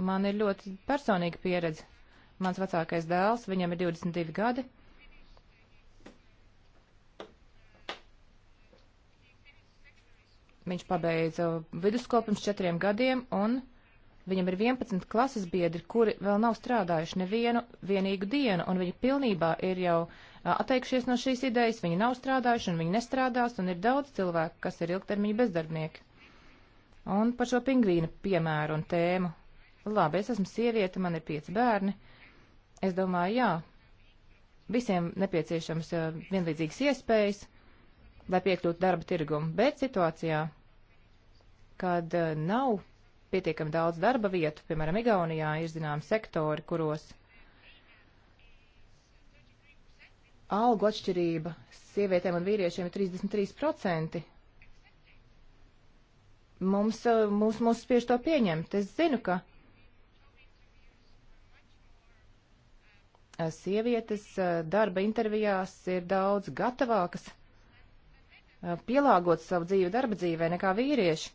Man ir ļoti personīga pieredze. Mans vecākais dēls, viņam ir 22 gadi. Viņš pabeidza vidusskolu pirms četriem gadiem un Viņam ir 11 klases biedri, kuri vēl nav strādājuši nevienu vienīgu dienu, un viņi pilnībā ir jau atteikšies no šīs idejas, viņi nav strādājuši un viņi nestrādās, un ir daudz cilvēku, kas ir ilgtermiņa bezdarbnieki. Un par šo pingvīnu piemēru un tēmu. Labi, es esmu sieviete, man ir pieci bērni. Es domāju, jā, visiem nepieciešams vienlīdzīgas iespējas, lai piekļūtu darba tirgumu, bet situācijā, kad nav pietiekami daudz darba vietu, piemēram, Igaunijā ir zinām sektori, kuros algu atšķirība sievietēm un vīriešiem ir 33%. Mums, eh, mums, mums spiež to pieņemt. Es zinu, ka eh, sievietes eh, darba intervijās ir daudz gatavākas pielāgot savu dzīvi darba dzīvē nekā vīrieši.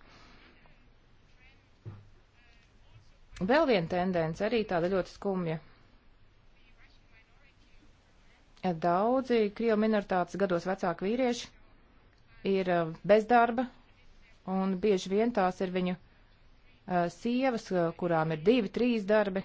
Vēl viena tendence, arī tāda ļoti skumja. Daudzi krievu minoritātes gados vecāki vīrieši ir uh, bezdarba, un bieži vien tās ir viņu uh, sievas, uh, kurām ir divi, trīs darbi.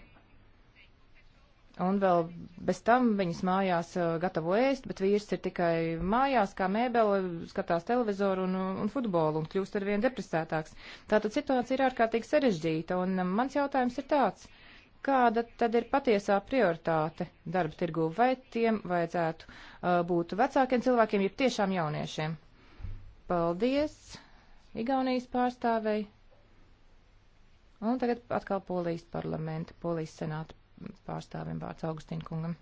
Un vēl bez tam viņas mājās gatavo ēst, bet vīrs ir tikai mājās, kā mēbele, skatās televizoru un, un futbolu un kļūst ar vien depresētāks. Tātad situācija ir ārkārtīgi sarežģīta, un mans jautājums ir tāds. Kāda tad ir patiesā prioritāte darba tirgū? Vai tiem vajadzētu uh, būt vecākiem cilvēkiem, jeb tiešām jauniešiem? Paldies Igaunijas pārstāvei. Un tagad atkal Polijas parlamenta, Polijas senāta pārstāvim vārds Augustīna kungam.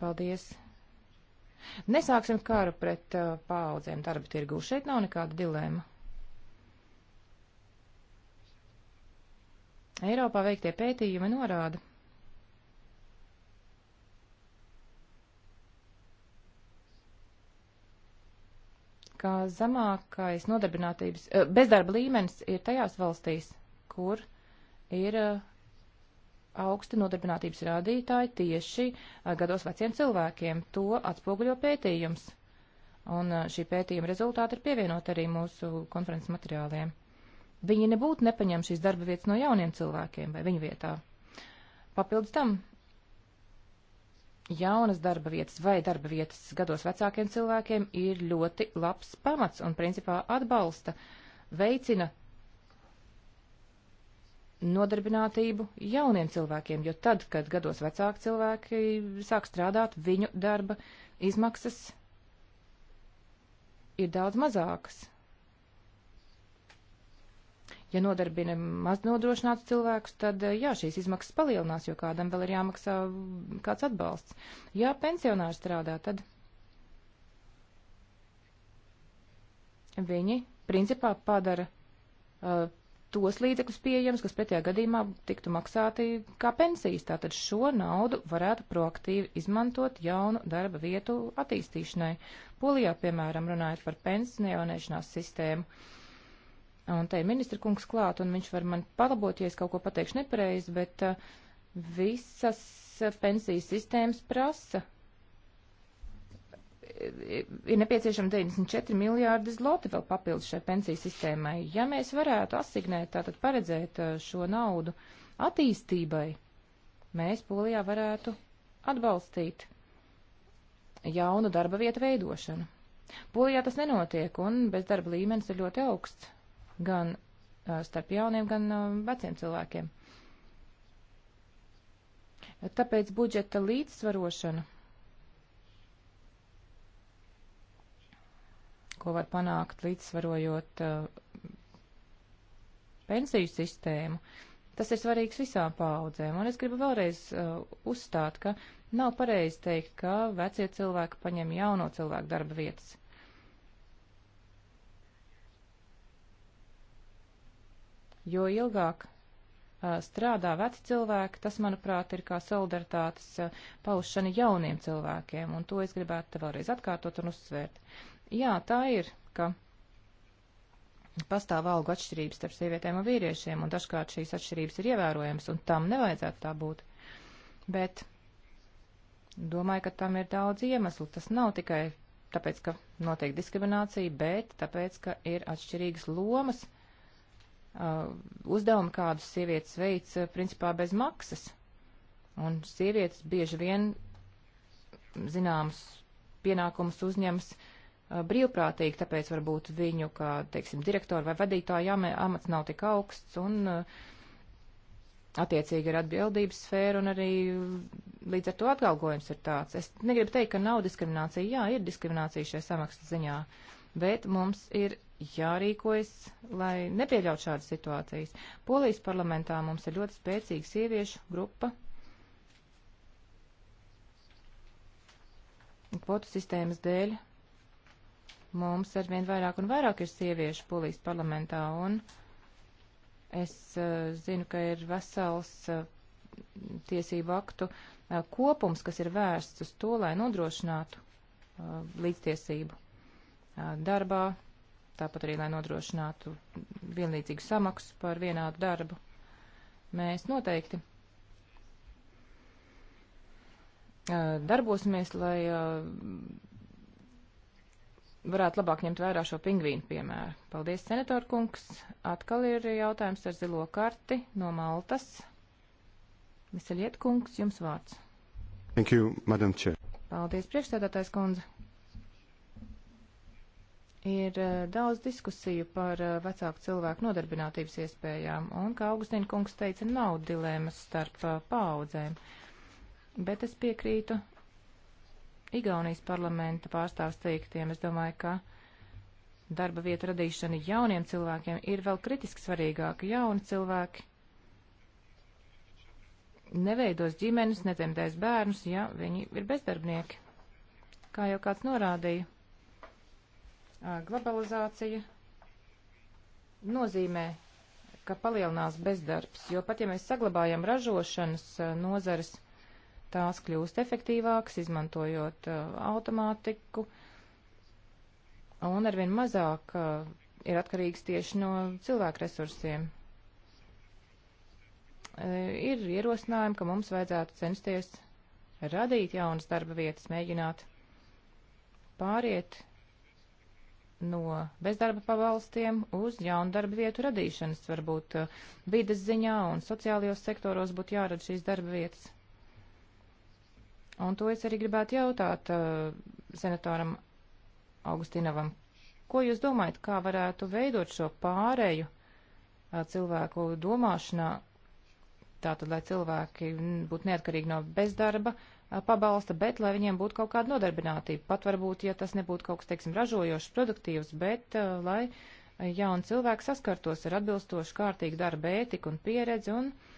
Paldies. Nesāksim kāru pret uh, paaudzēm darba tirgū. Šeit nav nekāda dilēma. Eiropā veiktie pētījumi norāda, ka zemākais nodarbinātības uh, bezdarba līmenis ir tajās valstīs, kur ir uh, augsti nodarbinātības rādītāji tieši uh, gados veciem cilvēkiem. To atspoguļo pētījums. Un uh, šī pētījuma rezultāti ir pievienot arī mūsu konferences materiāliem. Viņi nebūtu nepaņem šīs darba vietas no jauniem cilvēkiem vai viņu vietā. Papildus tam jaunas darba vietas vai darba vietas gados vecākiem cilvēkiem ir ļoti labs pamats un principā atbalsta, veicina nodarbinātību jauniem cilvēkiem, jo tad, kad gados vecāki cilvēki sāk strādāt, viņu darba izmaksas ir daudz mazākas. Ja nodarbina maznodrošināts cilvēkus, tad eh, jā, šīs izmaksas palielinās, jo kādam vēl ir jāmaksā kāds atbalsts. Ja pensionāri strādā, tad viņi principā padara uh, tos līdzekļus pieejams, kas pretējā gadījumā tiktu maksāti kā pensijas. Tātad šo naudu varētu proaktīvi izmantot jaunu darba vietu attīstīšanai. Polijā, piemēram, runājot par pensionēšanās sistēmu. Un te ir ministra kungs klāt, un viņš var man palabot, ja es kaut ko pateikšu nepareizi, bet uh, visas pensijas sistēmas prasa ir nepieciešama 94 miljārdi zloti vēl papildus šai pensiju sistēmai. Ja mēs varētu asignēt, tātad paredzēt eh, šo naudu attīstībai, mēs Polijā varētu atbalstīt jaunu darba vietu veidošanu. Polijā tas nenotiek, un bezdarba līmenis ir ļoti augsts gan eh, starp jauniem, gan eh, veciem cilvēkiem. Tāpēc budžeta līdzsvarošana ko var panākt līdzsvarojot uh, pensiju sistēmu. Tas ir svarīgs visām paudzēm, un es gribu vēlreiz uh, uzstāt, ka nav pareizi teikt, ka vecie cilvēki paņem jauno cilvēku darba vietas. Jo ilgāk uh, strādā veci cilvēki, tas, manuprāt, ir kā solidaritātes uh, paušana jauniem cilvēkiem, un to es gribētu vēlreiz atkārtot un uzsvērt. Uh, Jā, tā ir, ka pastāv algu atšķirības starp sievietēm un vīriešiem, un dažkārt šīs atšķirības ir ievērojamas, un tam nevajadzētu tā būt. Bet domāju, ka tam ir daudz iemeslu. Tas nav tikai tāpēc, ka notiek diskriminācija, bet tāpēc, ka ir atšķirīgas lomas, uh, uzdevumi, kādus sievietes veids, uh, principā bez maksas. Un sievietes bieži vien zināmas pienākumus uzņems uh, Uh, brīvprātīgi, tāpēc varbūt viņu, kā, teiksim, direktoru vai vadītāju amats nav tik augsts un uh, attiecīgi ir atbildības sfēra un arī uh, līdz ar to atgalgojums ir tāds. Es negribu teikt, ka nav diskriminācija. Jā, ir diskriminācija šajā samaksas ziņā, bet mums ir jārīkojas, lai nepieļaut šādas situācijas. Polijas parlamentā mums ir ļoti spēcīga sieviešu grupa. Kvotu sistēmas dēļ Mums arvien vairāk un vairāk ir sieviešu polijas parlamentā, un es uh, zinu, ka ir vesels uh, tiesību aktu uh, kopums, kas ir vērsts uz to, lai nodrošinātu uh, līdztiesību uh, darbā, tāpat arī, lai nodrošinātu vienlīdzīgu samaksu par vienādu darbu. Mēs noteikti darbosimies, lai varētu labāk ņemt vērā šo pingvīnu piemēru. Paldies, senator kungs. Atkal ir jautājums ar zilo karti no Maltas. Miseļiet kungs, jums vārds. Thank you, Madam Chair. Paldies, priekšstādātājs kundze. Ir uh, daudz diskusiju par uh, vecāku cilvēku nodarbinātības iespējām, un, kā Augustīna kungs teica, nav dilēmas starp uh, eh, paaudzēm. Bet es piekrītu Igaunijas parlamenta pārstāvs teiktiem, es domāju, ka darba vietu radīšana jauniem cilvēkiem ir vēl kritiski svarīgāka. Jauni cilvēki neveidos ģimenes, netemdēs bērnus, ja viņi ir bezdarbnieki. Kā jau kāds norādīja, globalizācija nozīmē, ka palielinās bezdarbs, jo pat ja mēs saglabājam ražošanas nozares, tās kļūst efektīvākas, izmantojot uh, automātiku, un arvien mazāk uh, ir atkarīgs tieši no cilvēku resursiem. Uh, ir ierosinājumi, ka mums vajadzētu censties radīt jaunas darba vietas, mēģināt pāriet no bezdarba pabalstiem uz jaunu darba vietu radīšanas. Varbūt uh, vides ziņā un sociālajos sektoros būtu jārada šīs darba vietas. Un to es arī gribētu jautāt uh, senatoram Augustinovam. Ko jūs domājat, kā varētu veidot šo pāreju uh, cilvēku domāšanā, tātad, lai cilvēki būtu neatkarīgi no bezdarba, uh, pabalsta, bet lai viņiem būtu kaut kāda nodarbinātība. Pat varbūt, ja tas nebūtu kaut kas, teiksim, ražojošs, produktīvs, bet uh, lai jauni cilvēki saskartos ar atbilstošu kārtīgu darba ētiku un pieredzi un uh,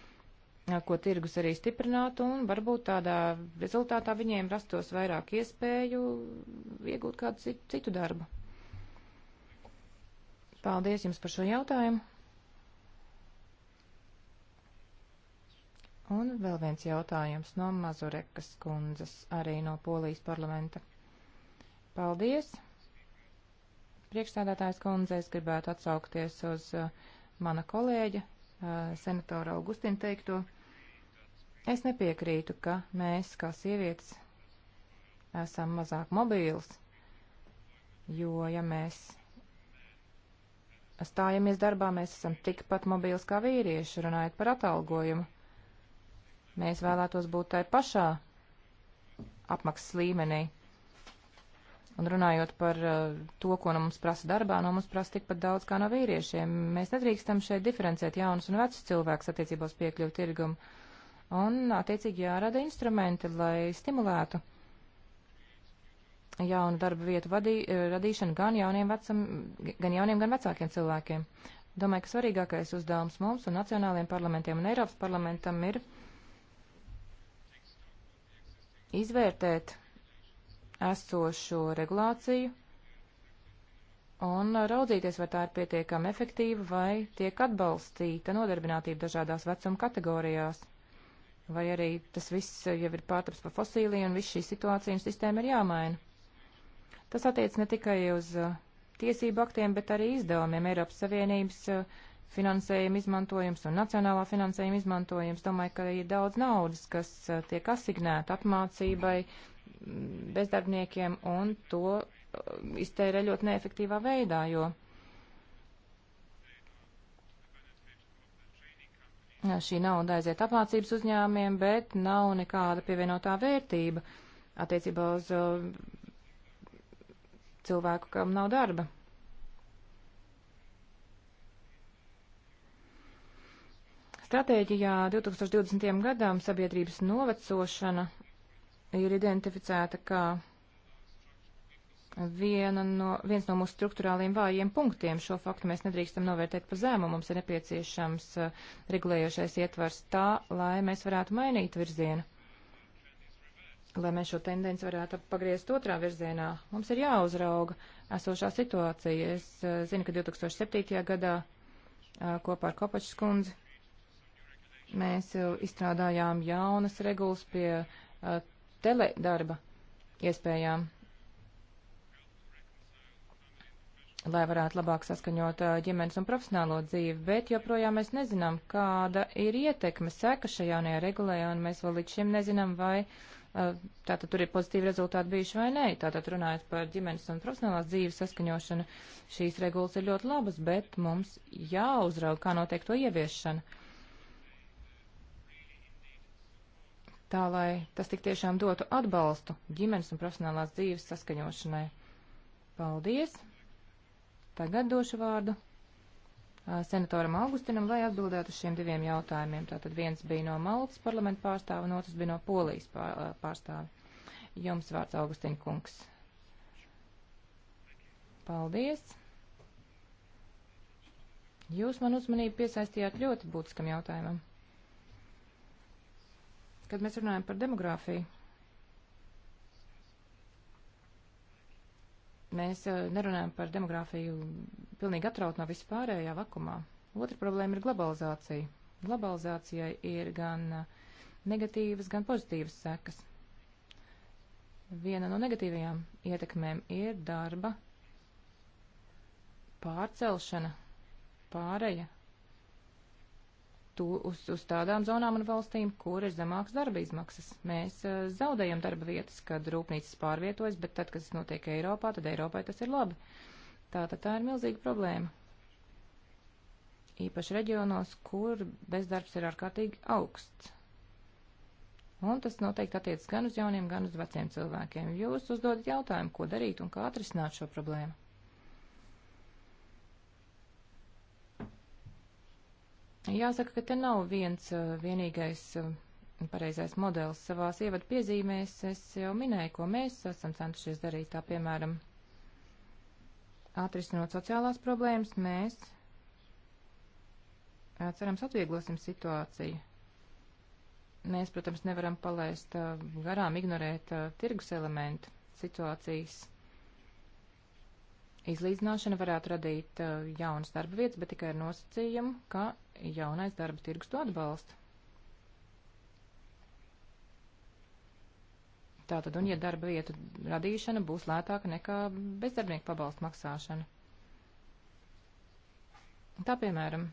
ko tirgus arī stiprinātu, un varbūt tādā rezultātā viņiem rastos vairāk iespēju iegūt kādu citu darbu. Paldies jums par šo jautājumu. Un vēl viens jautājums no Mazurekas kundzes, arī no Polijas parlamenta. Paldies! Priekšstādātājs kundze, es gribētu atsaukties uz uh, mana kolēģa, uh, senatora Augustina teikto. Uh, Es nepiekrītu, ka mēs, kā sievietes, esam mazāk mobīls, jo, ja mēs stājamies darbā, mēs esam tikpat mobīls kā vīrieši, runājot par atalgojumu. Mēs vēlētos būt tai pašā apmaksas līmenī. Un runājot par uh, to, ko no nu mums prasa darbā, no nu mums prasa tikpat daudz kā no vīriešiem. Mēs nedrīkstam šeit diferencēt jaunus un vecus cilvēkus attiecībos piekļuvu tirgumu un attiecīgi jārada instrumenti, lai stimulētu jaunu darba vietu vadī, radīšanu gan jauniem, vecam, gan jauniem, gan vecākiem cilvēkiem. Domāju, ka svarīgākais uzdevums mums un nacionāliem parlamentiem un Eiropas parlamentam ir izvērtēt esošo regulāciju un raudzīties, vai tā ir pietiekami efektīva, vai tiek atbalstīta nodarbinātība dažādās vecuma kategorijās vai arī tas viss jau ir pārtraps par fosīliju un viss šī situācija un sistēma ir jāmaina. Tas attiec ne tikai uz uh, tiesību aktiem, bet arī izdevumiem Eiropas Savienības uh, finansējuma izmantojums un nacionālā finansējuma izmantojums. Domāju, ka ir daudz naudas, kas uh, tiek asignēta apmācībai, mm, bezdarbniekiem un to iztērē ļoti neefektīvā veidā, jo šī nauda aiziet apmācības uzņēmumiem, bet nav nekāda pievienotā vērtība attiecībā uz uh, cilvēku, kam nav darba. Stratēģijā 2020. gadam sabiedrības novecošana ir identificēta kā viena no, viens no mūsu struktūrāliem vājiem punktiem. Šo faktu mēs nedrīkstam novērtēt pa zēmu. Mums ir nepieciešams uh, regulējošais ietvars tā, lai mēs varētu mainīt virzienu. Lai mēs šo tendenci varētu pagriezt otrā virzienā, mums ir jāuzrauga esošā situācija. Es uh, zinu, ka 2007. gadā uh, kopā ar Kopačs kundzi mēs izstrādājām jaunas regulas pie teledarba iespējām lai varētu labāk saskaņot ģimenes un profesionālo dzīvi, bet joprojām mēs nezinām, kāda ir ietekme seka šajā jaunajā regulē, un mēs vēl līdz šim nezinām, vai tātad tur ir pozitīvi rezultāti bijuši vai nē. Tātad runājot par ģimenes un profesionālās dzīves saskaņošanu, šīs regulas ir ļoti labas, bet mums jāuzrauga, kā notiek to ieviešana. Tā, lai tas tik tiešām dotu atbalstu ģimenes un profesionālās dzīves saskaņošanai. Paldies! Tagad došu vārdu senatoram Augustinam, lai atbildētu uz šiem diviem jautājumiem. Tātad viens bija no Maltas parlamenta pārstāva, un otrs bija no Polijas pārstāva. Jums vārds Augustin kungs. Paldies. Jūs man uzmanību piesaistījāt ļoti būtiskam jautājumam. Kad mēs runājam par demogrāfiju, Mēs eh, nerunājam par demogrāfiju pilnīgi atraut no vispārējā vakumā. Otra problēma ir globalizācija. Globalizācijai ir gan eh, negatīvas, gan pozitīvas sekas. Viena no negatīvajām ietekmēm ir darba pārcelšana, pāreja to, uz, uz tādām zonām un valstīm, kur ir zemāks darba izmaksas. Mēs uh, zaudējam darba vietas, kad rūpnīcas pārvietojas, bet tad, kad tas notiek Eiropā, tad Eiropai tas ir labi. Tā tad tā ir milzīga problēma. Īpaši reģionos, kur bezdarbs ir ārkārtīgi augsts. Un tas noteikti attiec gan uz jauniem, gan uz veciem cilvēkiem. Jūs uzdodat jautājumu, ko darīt un kā atrisināt šo problēmu. Jāsaka, ka te nav viens uh, vienīgais uh, pareizais modelis. Savās ievadu piezīmēs es jau minēju, ko mēs esam centušies darīt. Tā piemēram, atrisinot sociālās problēmas, mēs uh, cerams atvieglosim situāciju. Mēs, protams, nevaram palaist garām, ignorēt tirgus elementu situācijas Izlīdzināšana varētu radīt uh, jaunas darba vietas, bet tikai ar nosacījumu, ka jaunais darba tirgus to atbalsta. Tātad, un ja darba vietu radīšana būs lētāka nekā bezdarbnieku pabalstu maksāšana. Tā piemēram,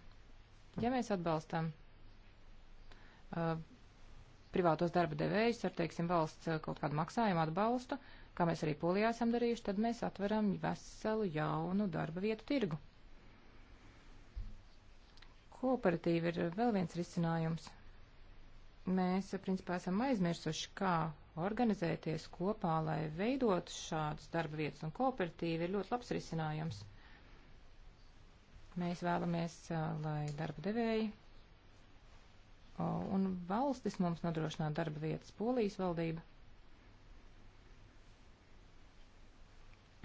ja mēs atbalstam uh, privātos darba devējus ar, teiksim, valsts uh, kaut kādu maksājumu atbalstu, uh, kā mēs arī Polijā esam darījuši, tad mēs atveram veselu jaunu darba vietu tirgu. Kooperatīva ir vēl viens risinājums. Mēs, principā, esam aizmirsuši, kā organizēties kopā, lai veidotu šādas darba vietas, un kooperatīva ir ļoti labs risinājums. Mēs vēlamies, lai darba devēji un valstis mums nodrošinātu darba vietas, polijas valdība.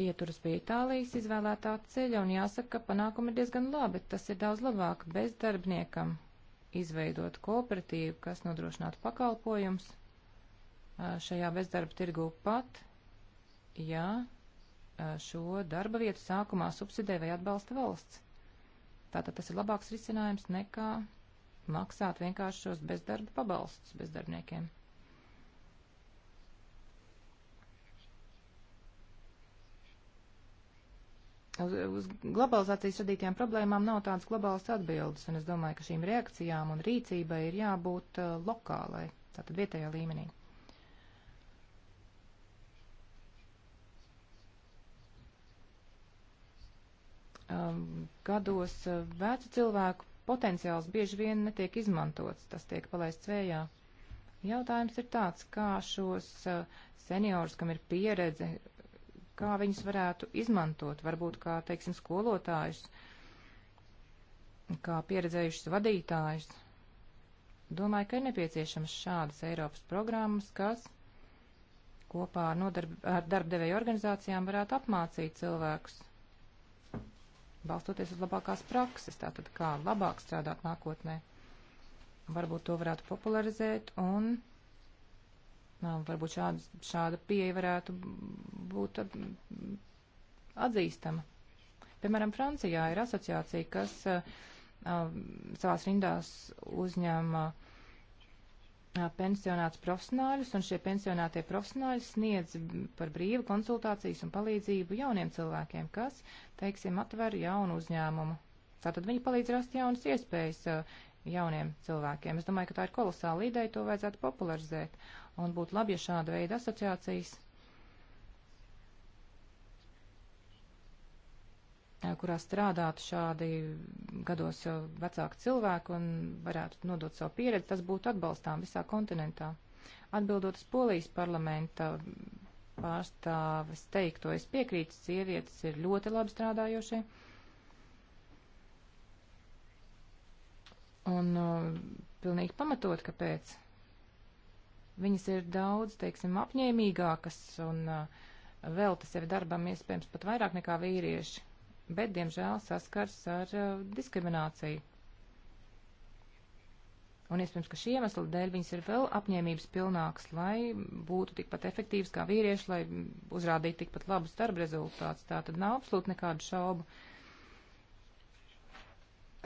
pieturas pie Itālijas izvēlētā ceļa, un jāsaka, ka panākumi ir diezgan labi. Tas ir daudz labāk bezdarbniekam izveidot kooperatīvu, kas nodrošinātu pakalpojums šajā bezdarba tirgū pat, ja šo darba vietu sākumā subsidē vai atbalsta valsts. Tātad tas ir labāks risinājums nekā maksāt vienkāršos bezdarba pabalstus bezdarbniekiem. reakcija uz globalizācijas radītajām problēmām nav tādas globālas atbildes, un es domāju, ka šīm reakcijām un rīcībai ir jābūt uh, lokālai, tātad vietējā līmenī. Um, gados uh, vecu cilvēku potenciāls bieži vien netiek izmantots, tas tiek palaists vējā. Jautājums ir tāds, kā šos uh, seniorus, kam ir pieredze, kā viņus varētu izmantot, varbūt kā, teiksim, skolotājus, kā pieredzējušus vadītājus. Domāju, ka ir nepieciešams šādas Eiropas programmas, kas kopā ar, nodarb, ar darbdevēju organizācijām varētu apmācīt cilvēkus, balstoties uz labākās prakses, tātad kā labāk strādāt nākotnē. Varbūt to varētu popularizēt un Varbūt šāda, šāda pieeja varētu būt atzīstama. Piemēram, Francijā ir asociācija, kas uh, savās rindās uzņem uh, pensionāts profesionāļus, un šie pensionātie profesionāļi sniedz par brīvu konsultācijas un palīdzību jauniem cilvēkiem, kas, teiksim, atver jaunu uzņēmumu. Tātad viņi palīdz rast jaunas iespējas, uh, jauniem cilvēkiem. Es domāju, ka tā ir kolosāla ideja, to vajadzētu popularizēt. Un būtu labi, ja šāda veida asociācijas, eh, kurā strādātu šādi gados jau vecāki cilvēki un varētu nodot savu pieredzi, tas būtu atbalstām visā kontinentā. Atbildot uz Polijas parlamenta pārstāves teikto, es piekrītu, sievietes ir ļoti labi strādājošie. Uh, Un uh, pilnīgi pamatot, kāpēc. Viņas ir daudz, teiksim, apņēmīgākas un uh, velta sevi darbam iespējams pat vairāk nekā vīrieši, bet, diemžēl, saskars ar uh, diskrimināciju. Un iespējams, ka šī iemesla dēļ viņas ir vēl apņēmības pilnākas, lai būtu tikpat efektīvas kā vīrieši, lai uzrādītu tikpat labus darba rezultātus. Tā tad nav absolūti nekādu šaubu. Uh,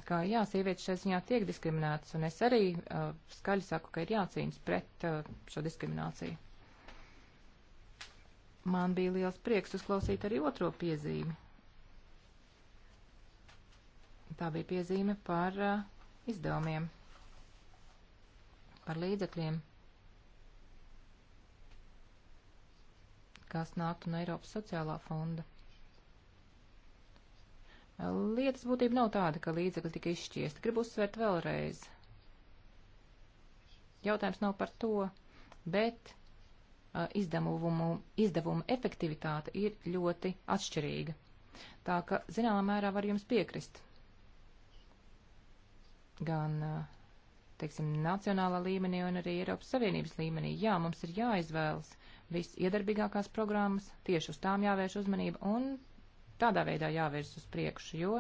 ka jā, sievietes šajā ziņā tiek diskriminētas, un es arī uh, skaļi saku, ka ir jācīnas pret uh, šo diskrimināciju. Man bija liels prieks uzklausīt arī otro piezīmi. Tā bija piezīme par uh, izdevumiem, par līdzekļiem, kas nāktu no Eiropas sociālā fonda. Lietas būtība nav tāda, ka līdzekļi tika izšķiesti. Gribu uzsvērt vēlreiz. Jautājums nav par to, bet uh, izdevumu, izdevumu efektivitāte ir ļoti atšķirīga. Tā ka, zināmā mērā, var jums piekrist. Gan, teiksim, nacionālā līmenī un arī Eiropas Savienības līmenī. Jā, mums ir jāizvēlas viss iedarbīgākās programmas, tieši uz tām jāvērš uzmanība un tādā veidā jāvirs uz priekšu, jo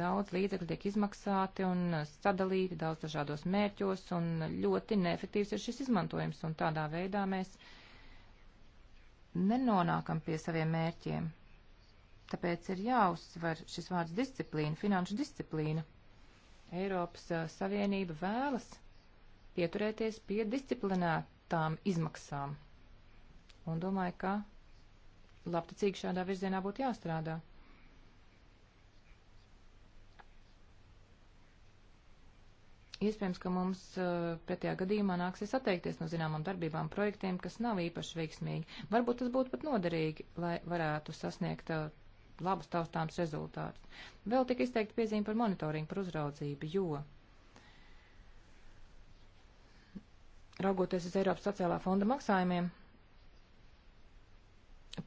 daudz līdzekļu tiek izmaksāti un sadalīti daudz dažādos mērķos, un ļoti neefektīvs ir šis izmantojums, un tādā veidā mēs nenonākam pie saviem mērķiem. Tāpēc ir jāuzsver šis vārds disciplīna, finanšu disciplīna. Eiropas eh, Savienība vēlas pieturēties pie disciplinētām izmaksām. Un domāju, ka labticīgi šādā virzienā būtu jāstrādā. Iespējams, ka mums uh, pretējā gadījumā nāksies atteikties no zināmām darbībām, projektiem, kas nav īpaši veiksmīgi. Varbūt tas būtu pat noderīgi, lai varētu sasniegt uh, labus taustāms rezultātus. Vēl tik izteikti piezīme par monitoringu, par uzraudzību, jo raugoties uz Eiropas sociālā fonda maksājumiem,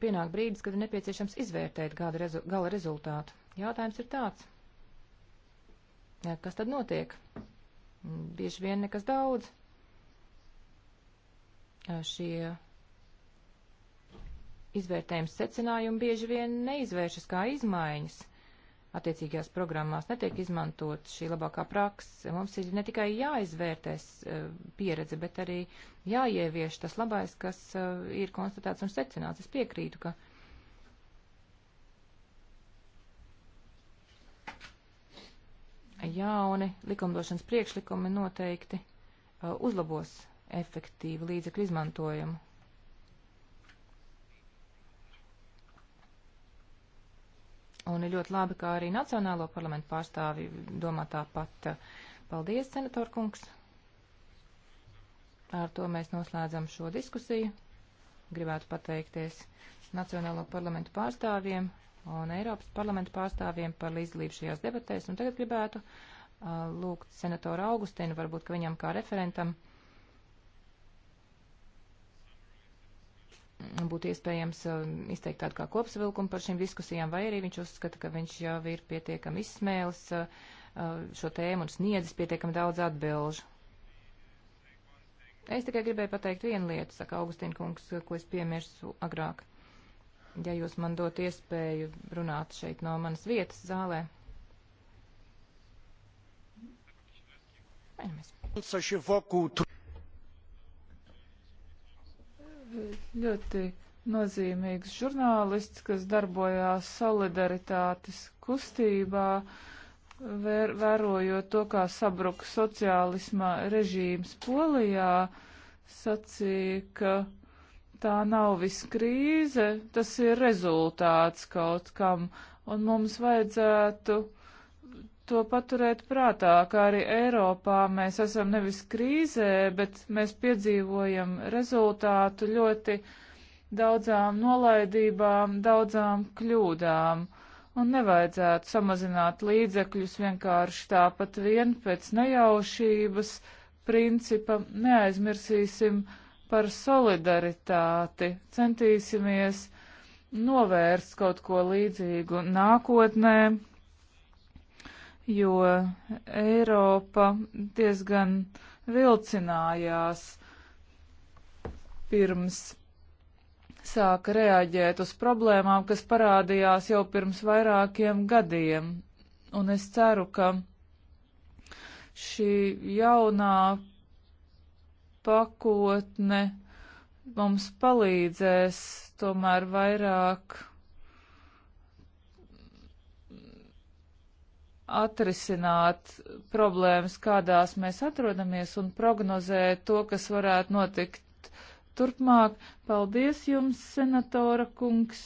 pienāk brīdis, kad ir nepieciešams izvērtēt gada rezu, gala rezultātu. Jautājums ir tāds. Kas tad notiek? Bieži vien nekas daudz. Šie izvērtējums secinājumi bieži vien neizvēršas kā izmaiņas. Uh, attiecīgajās programmās netiek izmantot šī labākā praksa. Mums ir ne tikai jāizvērtēs e, pieredze, bet arī jāievieš tas labais, kas e, ir konstatēts un secināts. Es piekrītu, ka. Jauni likumdošanas priekšlikumi noteikti e, uzlabos efektīvu līdzekļu izmantojumu. Un ir ļoti labi, kā arī Nacionālo parlamentu pārstāvi domā tāpat. Paldies, senator kungs. Ar to mēs noslēdzam šo diskusiju. Gribētu pateikties Nacionālo parlamentu pārstāvjiem un Eiropas parlamentu pārstāvjiem par līdzdalību šajās debatēs. Un tagad gribētu uh, lūgt senatoru Augustinu, varbūt, ka viņam kā referentam būtu iespējams eh, izteikt tādu kā kopsavilkumu par šīm diskusijām, vai arī viņš uzskata, ka viņš jau ir pietiekami izsmēlis eh, eh, šo tēmu un sniedzis pietiekami daudz atbilžu. Es tikai gribēju pateikt vienu lietu, saka Augustīna kungs, ko es piemirsu agrāk. Ja jūs man dot iespēju runāt šeit no manas vietas zālē. Nu Mēģināmies. ļoti nozīmīgs žurnālists, kas darbojās solidaritātes kustībā, vēr, vērojot to, kā sabruka sociālisma režīms Polijā, sacīja, ka tā nav viskrīze, tas ir rezultāts kaut kam, un mums vajadzētu to paturēt prātā, kā arī Eiropā mēs esam nevis krīzē, bet mēs piedzīvojam rezultātu ļoti daudzām nolaidībām, daudzām kļūdām. Un nevajadzētu samazināt līdzekļus vienkārši tāpat vien pēc nejaušības principa. Neaizmirsīsim par solidaritāti, centīsimies novērst kaut ko līdzīgu nākotnē, jo Eiropa diezgan vilcinājās pirms sāka reaģēt uz problēmām, kas parādījās jau pirms vairākiem gadiem. Un es ceru, ka šī jaunā pakotne mums palīdzēs tomēr vairāk atrisināt problēmas, kādās mēs atrodamies un prognozēt to, kas varētu notikt turpmāk. Paldies jums, senatora kungs!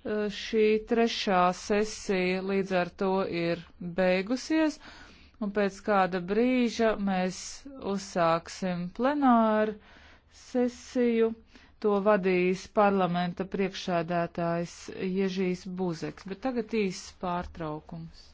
Eh, šī trešā sesija līdz ar to ir beigusies, un pēc kāda brīža mēs uzsāksim plenāru sesiju. To vadīs parlamenta priekšsēdētājs Ježīs Buzeks, bet tagad īsts pārtraukums.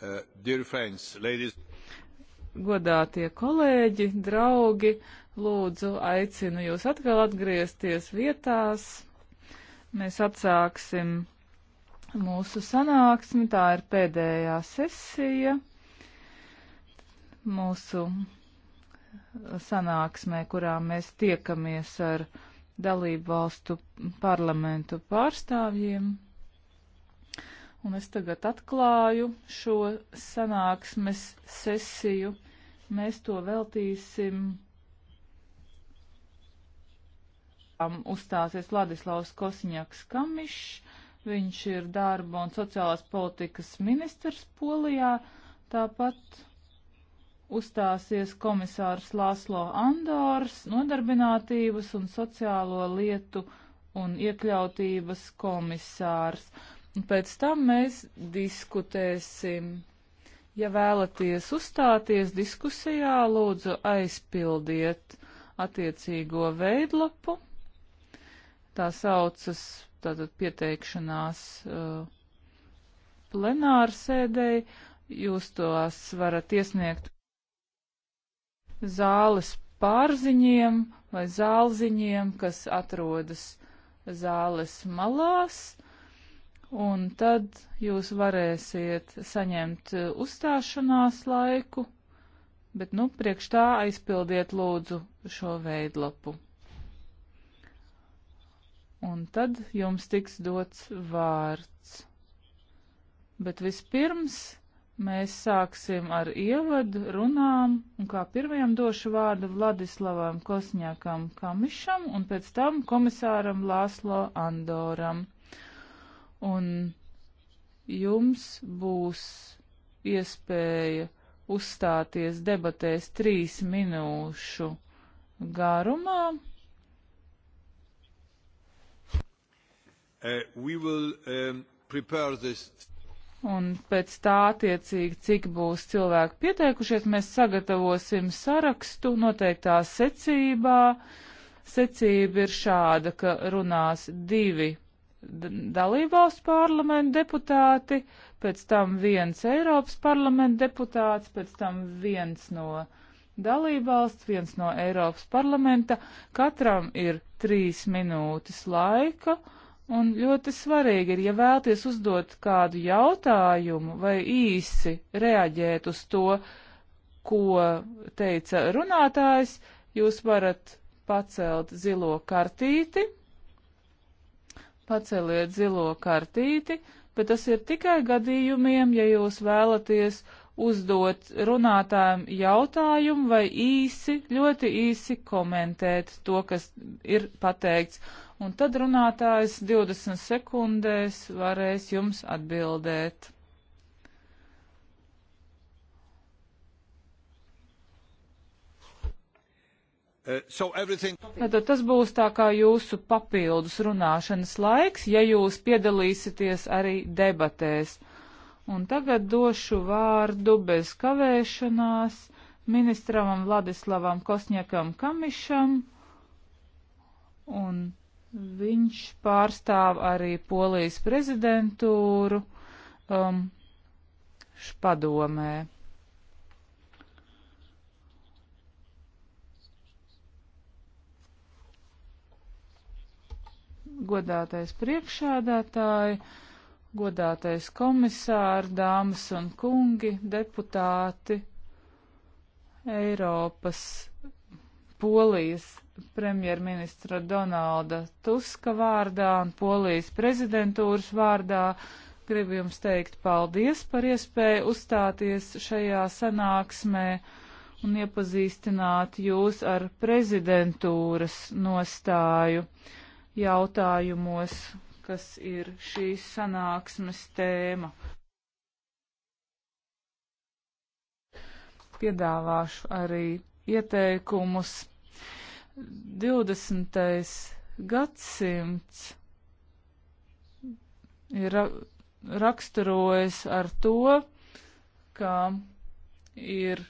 Uh, friends, ladies... Godātie kolēģi, draugi, lūdzu, aicinu jūs atkal atgriezties vietās. Mēs atsāksim mūsu sanāksmi, tā ir pēdējā sesija mūsu sanāksmē, kurā mēs tiekamies ar dalību valstu parlamentu pārstāvjiem. Un es tagad atklāju šo sanāksmes sesiju. Mēs to veltīsim uzstāsies Vladislavs Kosņaks Kamišs. Viņš ir darba un sociālās politikas ministrs Polijā. Tāpat uzstāsies komisārs Lāslo Andors, nodarbinātības un sociālo lietu un iekļautības komisārs. Un pēc tam mēs diskutēsim. Ja vēlaties uzstāties diskusijā, lūdzu aizpildiet attiecīgo veidlapu. Tā saucas tātad pieteikšanās uh, plenārsēdēji. Jūs tos varat iesniegt zāles pārziņiem vai zālziņiem, kas atrodas zāles malās. Uh, un tad jūs varēsiet saņemt eh, uzstāšanās laiku, bet nu priekš tā aizpildiet lūdzu šo veidlapu. Un tad jums tiks dots vārds. Bet vispirms mēs sāksim ar ievadu runām, un kā pirmajam došu vārdu Vladislavam Kosņākam Kamišam, un pēc tam komisāram Lāslo Andoram un jums būs iespēja uzstāties debatēs trīs minūšu garumā. Uh, will, um, un pēc tā attiecīgi, cik būs cilvēki pieteikušies, mēs sagatavosim sarakstu noteiktā secībā. Secība ir šāda, ka runās divi dalībvalstu parlamentu deputāti, pēc tam viens Eiropas parlamentu deputāts, pēc tam viens no dalībvalsts, viens no Eiropas parlamenta. Katram ir trīs minūtes laika, un ļoti svarīgi ir, ja vēlties uzdot kādu jautājumu vai īsi reaģēt uz to, ko teica runātājs, jūs varat pacelt zilo kartīti paceliet zilo kartīti, bet tas ir tikai gadījumiem, ja jūs vēlaties uzdot runātājiem jautājumu vai īsi, ļoti īsi komentēt to, kas ir pateikts. Un tad runātājs 20 sekundēs varēs jums atbildēt. Uh, so everything... Tad tas būs tā kā jūsu papildus runāšanas laiks, ja jūs piedalīsieties arī debatēs. Un tagad došu vārdu bez kavēšanās ministram Vladislavam Kosņekam Kamišam, un viņš pārstāv arī Polijas prezidentūru um, špadomē. godātais priekšādātāji, godātais komisāri, dāmas un kungi, deputāti, Eiropas Polijas premjerministra Donalda Tuska vārdā un Polijas prezidentūras vārdā gribu jums teikt paldies par iespēju uzstāties šajā sanāksmē un iepazīstināt jūs ar prezidentūras nostāju jautājumos, kas ir šīs sanāksmes tēma. Piedāvāšu arī ieteikumus. 20. gadsimts ir ra raksturojas ar to, ka ir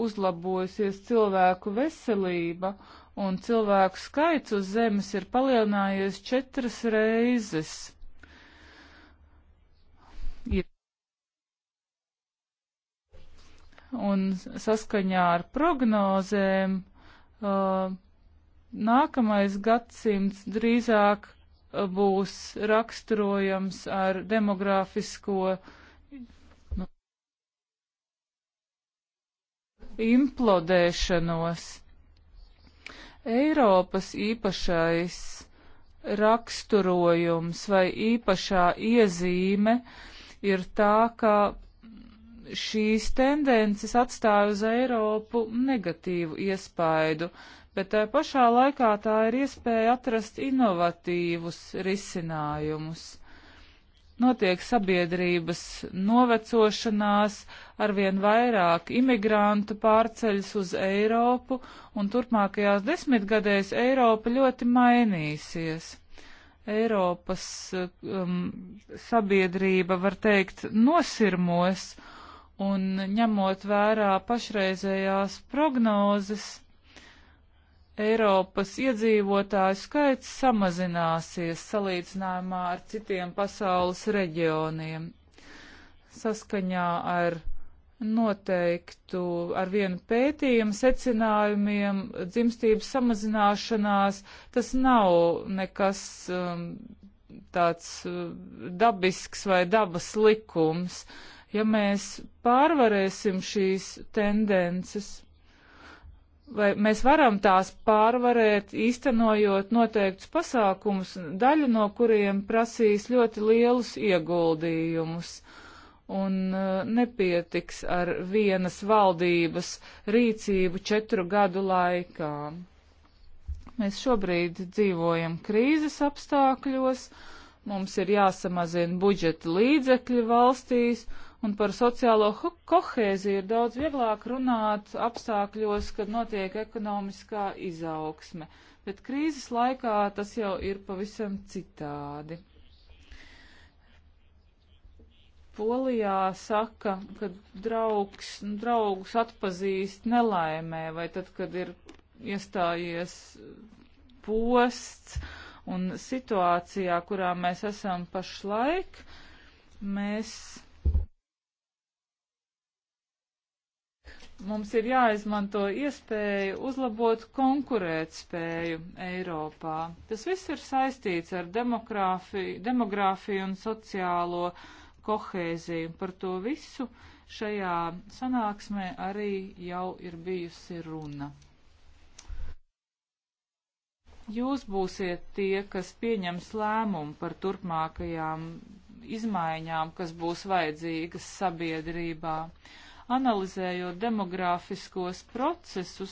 uzlabojusies cilvēku veselība un cilvēku skaits uz Zemes ir palielinājies četras reizes. Ir. Un saskaņā ar prognozēm uh, nākamais gadsimts drīzāk būs raksturojams ar demogrāfisko nu, implodēšanos. Eiropas īpašais raksturojums vai īpašā iezīme ir tā, ka šīs tendences atstāja uz Eiropu negatīvu iespaidu, bet tā pašā laikā tā ir iespēja atrast inovatīvus risinājumus notiek sabiedrības novecošanās, arvien vairāk imigrantu pārceļas uz Eiropu, un turpmākajās desmitgadēs Eiropa ļoti mainīsies. Eiropas um, sabiedrība, var teikt, nosirmos, un ņemot vērā pašreizējās prognozes, Eiropas iedzīvotāju skaits samazināsies salīdzinājumā ar citiem pasaules reģioniem. Saskaņā ar noteiktu ar vienu pētījumu secinājumiem dzimstības samazināšanās tas nav nekas um, tāds uh, dabisks vai dabas likums. Ja mēs pārvarēsim šīs tendences, vai mēs varam tās pārvarēt, īstenojot noteiktus pasākumus, daļa no kuriem prasīs ļoti lielus ieguldījumus. Un uh, nepietiks ar vienas valdības rīcību četru gadu laikā. Mēs šobrīd dzīvojam krīzes apstākļos, mums ir jāsamazina budžeta līdzekļi valstīs, uh, Un par sociālo kohēziju ir daudz vieglāk runāt apstākļos, kad notiek ekonomiskā izaugsme, bet krīzes laikā tas jau ir pavisam citādi. Polijā saka, ka draugs, draugus atpazīst nelaimē vai tad, kad ir iestājies posts un situācijā, kurā mēs esam pašlaik, mēs Mums ir jāizmanto iespēja uzlabot konkurētspēju Eiropā. Tas viss ir saistīts ar demogrāfiju un sociālo kohēziju. Par to visu šajā sanāksmē arī jau ir bijusi runa. Jūs būsiet tie, kas pieņems lēmumu par turpmākajām izmaiņām, kas būs vajadzīgas sabiedrībā. Uh, Analizējot demogrāfiskos procesus,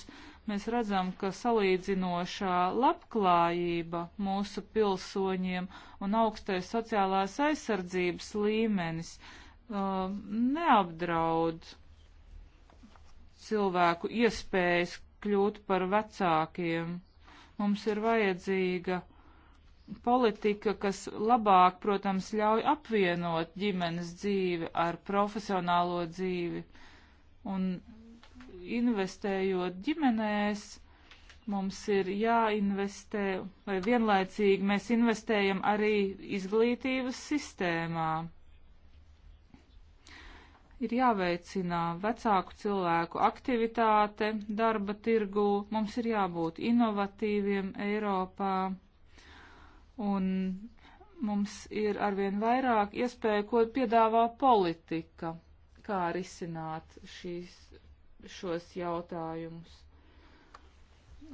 mēs redzam, ka salīdzinošā labklājība mūsu pilsoņiem un augstais sociālās aizsardzības līmenis uh, neapdraud cilvēku iespējas kļūt par vecākiem. Mums ir vajadzīga politika, kas labāk, protams, ļauj apvienot ģimenes dzīvi ar profesionālo dzīvi. Uh, Un investējot ģimenēs, mums ir jāinvestē, vai vienlaicīgi mēs investējam arī izglītības sistēmā. Ir jāveicina vecāku cilvēku aktivitāte darba tirgū, mums ir jābūt inovatīviem Eiropā, un mums ir arvien vairāk iespēju, ko piedāvā politika kā risināt šīs, šos jautājumus.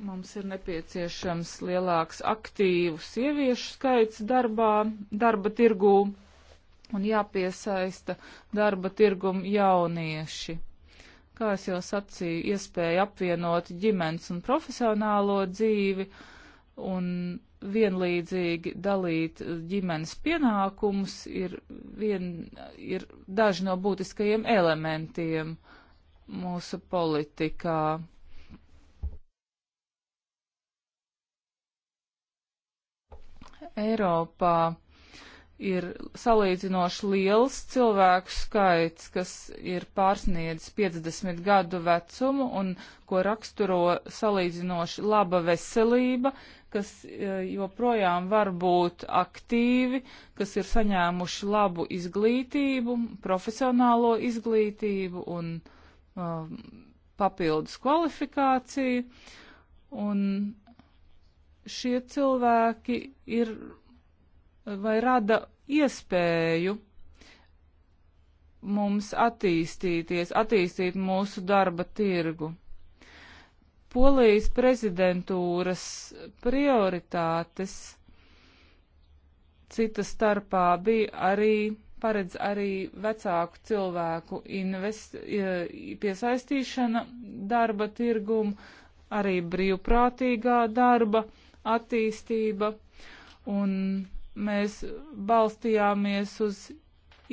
Mums ir nepieciešams lielāks aktīvu sieviešu skaits darbā, darba tirgū un jāpiesaista darba tirgum jaunieši. Kā es jau sacīju, iespēja apvienot ģimenes un profesionālo dzīvi un vienlīdzīgi dalīt ģimenes pienākumus ir, vien, ir daži no būtiskajiem elementiem mūsu politikā. Eiropā ir salīdzinoši liels cilvēku skaits, kas ir pārsniedz 50 gadu vecumu un ko raksturo salīdzinoši laba veselība, kas e, joprojām var būt aktīvi, kas ir saņēmuši labu izglītību, profesionālo izglītību un uh, papildus kvalifikāciju. Un šie cilvēki ir vai rada iespēju mums attīstīties, attīstīt mūsu darba tirgu. Polijas prezidentūras prioritātes cita starpā bija arī paredz arī vecāku cilvēku invest, e, piesaistīšana darba tirgumu, arī brīvprātīgā darba attīstība, un mēs balstījāmies uz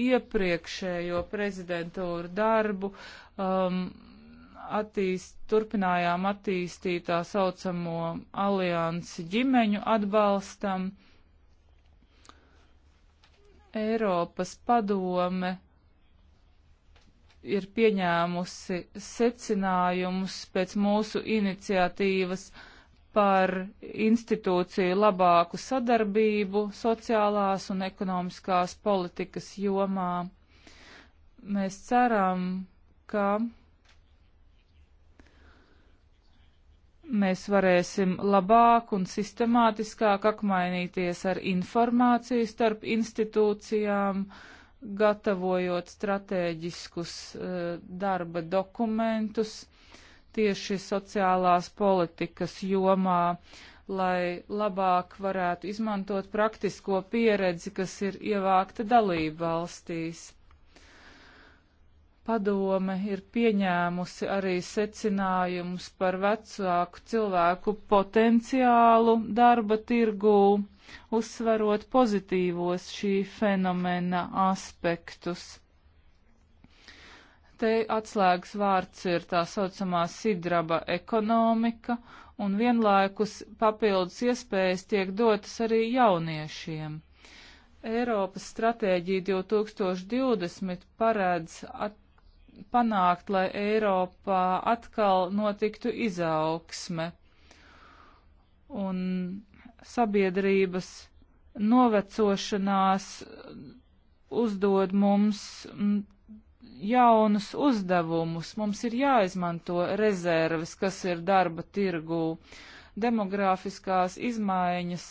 iepriekšējo prezidentūru darbu, um, attīst, turpinājām attīstīt tā saucamo aliansi ģimeņu atbalstam. Eiropas padome ir pieņēmusi secinājumus pēc mūsu iniciatīvas par institūciju labāku sadarbību sociālās un ekonomiskās politikas jomā. Mēs ceram, ka mēs varēsim labāk un sistemātiskāk apmainīties ar informāciju starp institūcijām, gatavojot stratēģiskus uh, eh, darba dokumentus tieši sociālās politikas jomā, lai labāk varētu izmantot praktisko pieredzi, kas ir ievākta dalību valstīs. Padome ir pieņēmusi arī secinājumus par vecāku cilvēku potenciālu darba tirgū, uzsverot pozitīvos šī fenomena aspektus. Te atslēgas vārds ir tā saucamā sidraba ekonomika, un vienlaikus papildus iespējas tiek dotas arī jauniešiem. Eiropas stratēģija 2020 paredz at panākt, lai Eiropā atkal notiktu izaugsme un sabiedrības novecošanās uzdod mums mm, jaunus uzdevumus. Mums ir jāizmanto rezerves, kas ir darba tirgū. Demogrāfiskās izmaiņas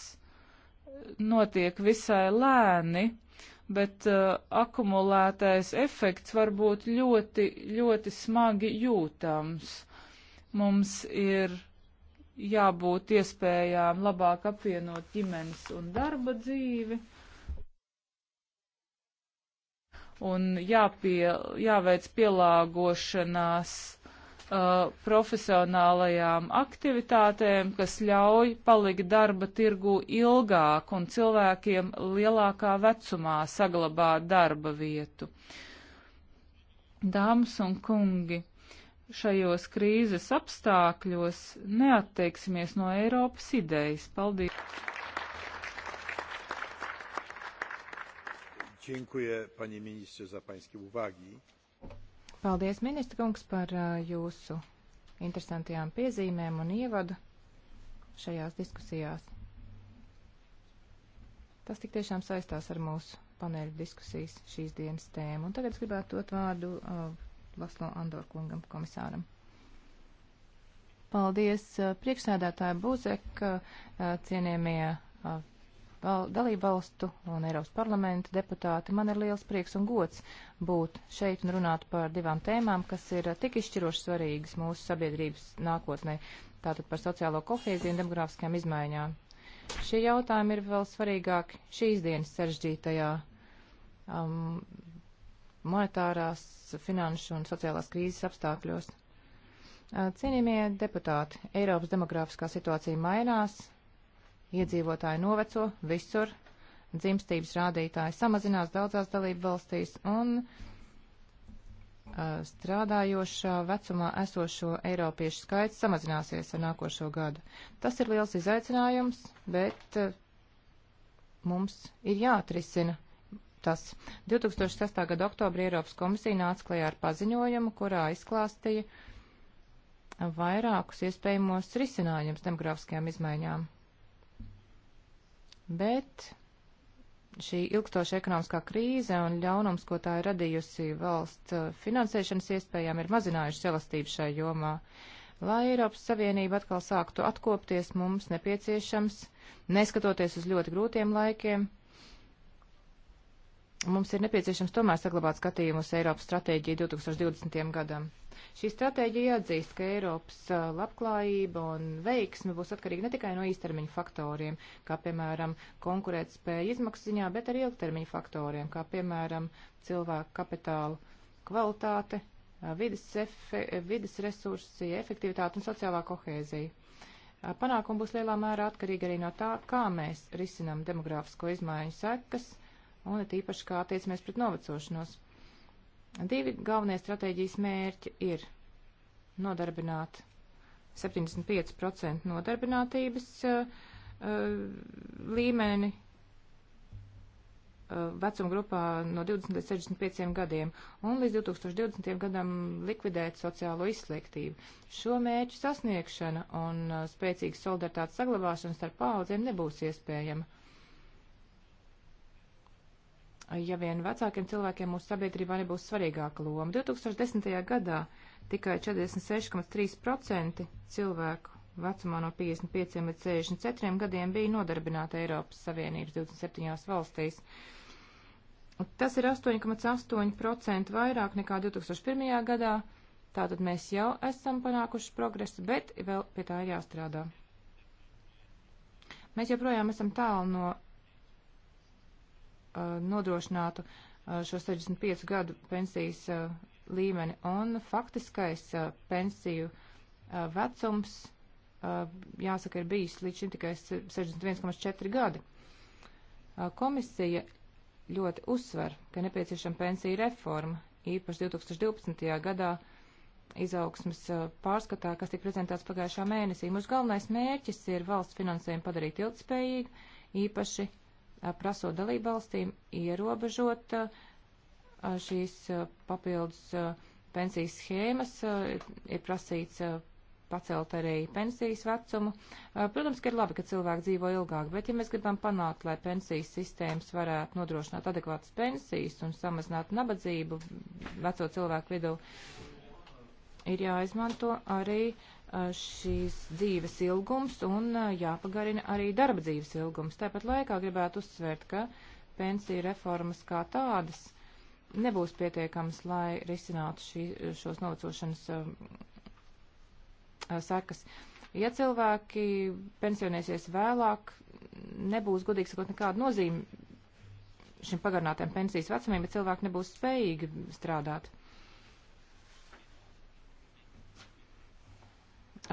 notiek visai lēni bet uh, akumulētais efekts var būt ļoti, ļoti smagi jūtams. Mums ir jābūt iespējām labāk apvienot ģimenes un darba dzīvi. Un jāpie, jāveic pielāgošanās uh, profesionālajām aktivitātēm, kas ļauj palikt darba tirgu ilgāk un cilvēkiem lielākā vecumā saglabāt darba vietu. Dāmas un kungi, šajos krīzes apstākļos neatteiksimies no Eiropas idejas. Paldies! Dziękuję panie ministrze za pańskie uwagi. Paldies, ministra kungs, par jūsu interesantajām piezīmēm un ievadu šajās diskusijās. Tas tik tiešām saistās ar mūsu paneļu diskusijas šīs dienas tēmu. Un tagad es gribētu dot vārdu uh, Laslo Andorkungam, komisāram. Paldies, uh, priekšsēdētāja Buzek, uh, cienījamie uh, dalību valstu un Eiropas parlamenta deputāti. Man ir liels prieks un gods būt šeit un runāt par divām tēmām, kas ir tik izšķiroši svarīgas mūsu sabiedrības nākotnē, tātad par sociālo kohēziju un demografiskajām izmaiņām. Šie jautājumi ir vēl svarīgāki šīs dienas sarežģītajā um, monetārās, finanšu un sociālās krīzes apstākļos. Uh, cienījamie deputāti, Eiropas demografiskā situācija mainās, Iedzīvotāji noveco visur, dzimstības rādītāji samazinās daudzās dalību valstīs un strādājošā vecumā esošo eiropiešu skaits samazināsies ar nākošo gadu. Tas ir liels izaicinājums, bet mums ir jāatrisina tas. 2006. gada oktobrī Eiropas komisija nāca klajā ar paziņojumu, kurā izklāstīja vairākus iespējamos risinājumus demografiskajām izmaiņām bet šī ilgstoša ekonomiskā krīze un ļaunums, ko tā ir radījusi valsts uh, finansēšanas iespējām, ir mazinājuši elastību šai jomā. Lai Eiropas Savienība atkal sāktu atkopties, mums nepieciešams, neskatoties uz ļoti grūtiem laikiem, mums ir nepieciešams tomēr saglabāt skatījumus Eiropas stratēģiju 2020. gadam. Šī stratēģija atzīst, ka Eiropas labklājība un veiksme būs atkarīga ne tikai no īstermiņa faktoriem, kā piemēram konkurētspēja izmaksu ziņā, bet arī ilgtermiņa faktoriem, kā piemēram cilvēku kapitālu kvalitāte, vidas, efe, vidas resursi, efektivitāte un sociālā kohēzija. Panākumi būs lielā mērā atkarīgi arī no tā, kā mēs risinām demogrāfisko izmaiņu sekas un it īpaši kā attiecamies pret novecošanos. Divi galvenie stratēģijas mērķi ir nodarbināt 75% nodarbinātības uh, līmeni eh, vecuma grupā no 20 līdz 65 gadiem un līdz 2020 gadam likvidēt sociālo izslēgtību. Šo mērķu sasniegšana un spēcīga solidaritātes saglabāšana starp paudzēm nebūs iespējama ja vien vecākiem cilvēkiem mūsu sabiedrībā nebūs svarīgāka loma. 2010. gadā tikai 46,3% cilvēku vecumā no 55 līdz 64 gadiem bija nodarbināta Eiropas Savienības 27 valstīs. Tas ir 8,8% vairāk nekā 2001. gadā. Tātad mēs jau esam panākuši progresu, bet vēl pie tā ir jāstrādā. Mēs joprojām esam tālu no Uh, nodrošinātu uh, šo 65 gadu pensijas uh, līmeni. Un faktiskais pensiju vecums, jāsaka, ir bijis līdz šim tikai 61,4 gadi. Komisija ļoti uzsver, ka nepieciešama pensija reforma, īpaši 2012. gadā izaugsmas pārskatā, kas tika prezentēts pagājušā mēnesī. Mūsu galvenais mērķis ir valsts finansējumu padarīt ilgspējīgu, īpaši prasot dalībvalstīm ierobežot šīs papildus pensijas schēmas, ir prasīts pacelt arī pensijas vecumu. Protams, ka ir labi, ka cilvēki dzīvo ilgāk, bet ja mēs gribam panākt, lai pensijas sistēmas varētu nodrošināt adekvātas pensijas un samazināt nabadzību veco cilvēku vidū, ir jāizmanto arī uh, šīs dzīves ilgums un jāpagarina arī darba dzīves ilgums. Tāpat laikā gribētu uzsvērt, ka pensiju reformas kā tādas nebūs pietiekamas, lai risinātu šī, šos novecošanas uh, sekas. Ja cilvēki pensionēsies vēlāk, nebūs godīgi sakot nekāda nozīme šim pagarinātiem pensijas vecumiem, ja cilvēki nebūs spējīgi strādāt.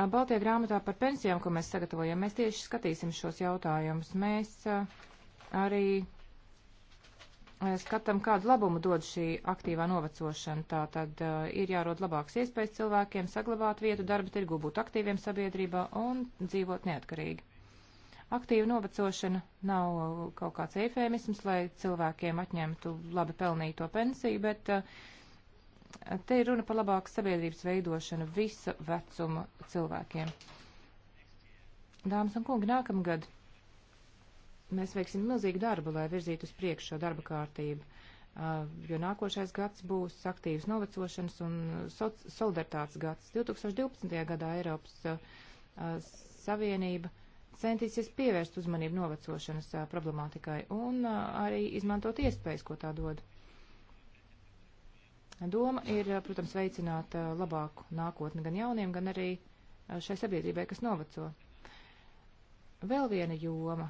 Baltie grāmatā par pensijām, ko mēs sagatavojam, mēs tieši skatīsim šos jautājumus. Mēs arī skatām, kādu labumu dod šī aktīvā novecošana. Tā tad ir jārod labāks iespējas cilvēkiem saglabāt vietu darba tirgu, būt aktīviem sabiedrībā un dzīvot neatkarīgi. Aktīva novecošana nav kaut kāds eifēmisms, lai cilvēkiem atņemtu labi pelnīto pensiju, bet uh, Te ir runa par labāku sabiedrības veidošanu visu vecumu cilvēkiem. Dāmas un kungi, nākamgad mēs veiksim milzīgu darbu, lai virzītu uz priekšu šo darba kārtību, jo nākošais gads būs aktīvas novecošanas un solidaritātes gads. 2012. gadā Eiropas Savienība centīsies pievērst uzmanību novecošanas problemātikai un arī izmantot iespējas, ko tā dod. Doma ir, eh, protams, veicināt eh, labāku nākotni gan jauniem, gan arī eh, šai sabiedrībai, kas noveco. Vēl viena joma,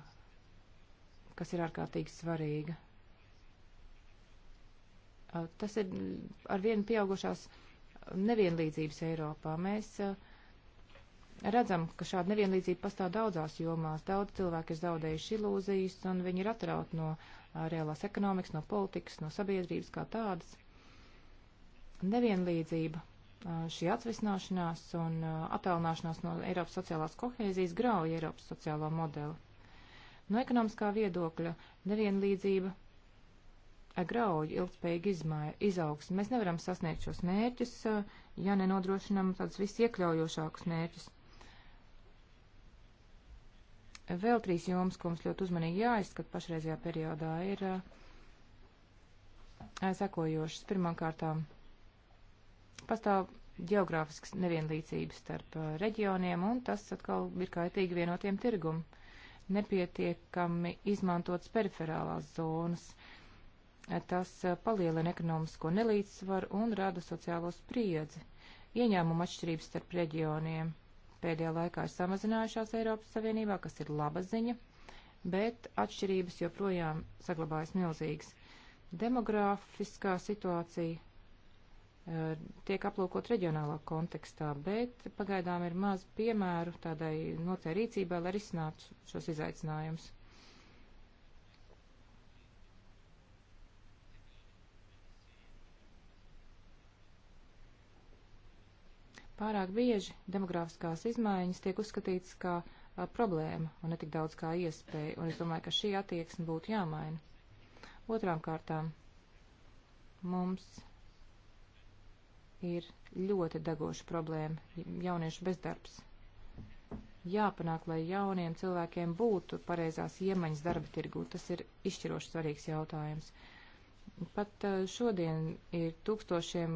kas ir ārkārtīgi svarīga, tas ir ar vienu pieaugušās nevienlīdzības Eiropā. Mēs redzam, ka šāda nevienlīdzība pastāv daudzās jomās. Daudz cilvēki ir zaudējuši ilūzijas, un viņi ir atrauti no reālās ekonomikas, no politikas, no sabiedrības kā tādas nevienlīdzība, šī atvisināšanās un attālināšanās no Eiropas sociālās kohēzijas grauja Eiropas sociālo modeli. No ekonomiskā viedokļa nevienlīdzība grauja ilgspējīgi izaugsmi. Mēs nevaram sasniegt šos mērķus, ja nenodrošinām tādus visiekļaujošākus mērķus. Vēl trīs jomas, ko mums ļoti uzmanīgi jāizskat pašreizajā periodā, ir sekojošas. Pirmkārtām pastāv geogrāfisks nevienlīdzības starp uh, reģioniem, un tas atkal ir kaitīgi vienotiem tirgum. Nepietiekami izmantotas periferālās zonas. Uh, tas uh, palielina ekonomisko nelīdzsvaru un rada sociālo spriedzi. Ieņēmuma atšķirības starp reģioniem pēdējā laikā ir samazinājušās Eiropas Savienībā, kas ir laba ziņa, bet atšķirības joprojām saglabājas milzīgas. Demogrāfiskā situācija tiek aplūkot reģionālā kontekstā, bet pagaidām ir maz piemēru tādai notai rīcībai, lai risinātu šos izaicinājumus. Pārāk bieži demografiskās izmaiņas tiek uzskatītas kā a, problēma un netik daudz kā iespēja, un es domāju, ka šī attieksme būtu jāmaina. Otrām kārtām mums ir ļoti degoša problēma - jauniešu bezdarbs. Jāpanāk, lai jauniem cilvēkiem būtu pareizās iemaņas darba tirgū. Tas ir izšķiroši svarīgs jautājums. Pat eh, šodien ir tūkstošiem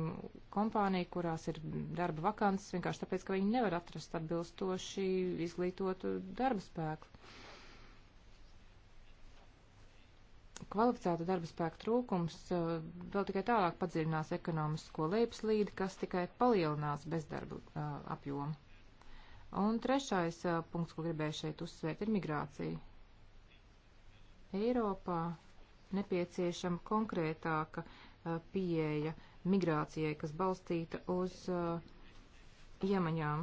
kompāniju, kurās ir darba vakances, vienkārši tāpēc, ka viņi nevar atrast atbilstoši izglītotu darba spēku. kvalificēta darba spēka trūkums eh, vēl tikai tālāk padziļinās ekonomisko lejupslīdi, kas tikai palielinās bezdarba eh, apjomu. Un trešais eh, punkts, ko gribēju šeit uzsvērt, ir migrācija. Eiropā nepieciešama konkrētāka pieeja migrācijai, kas balstīta uz iemaņām.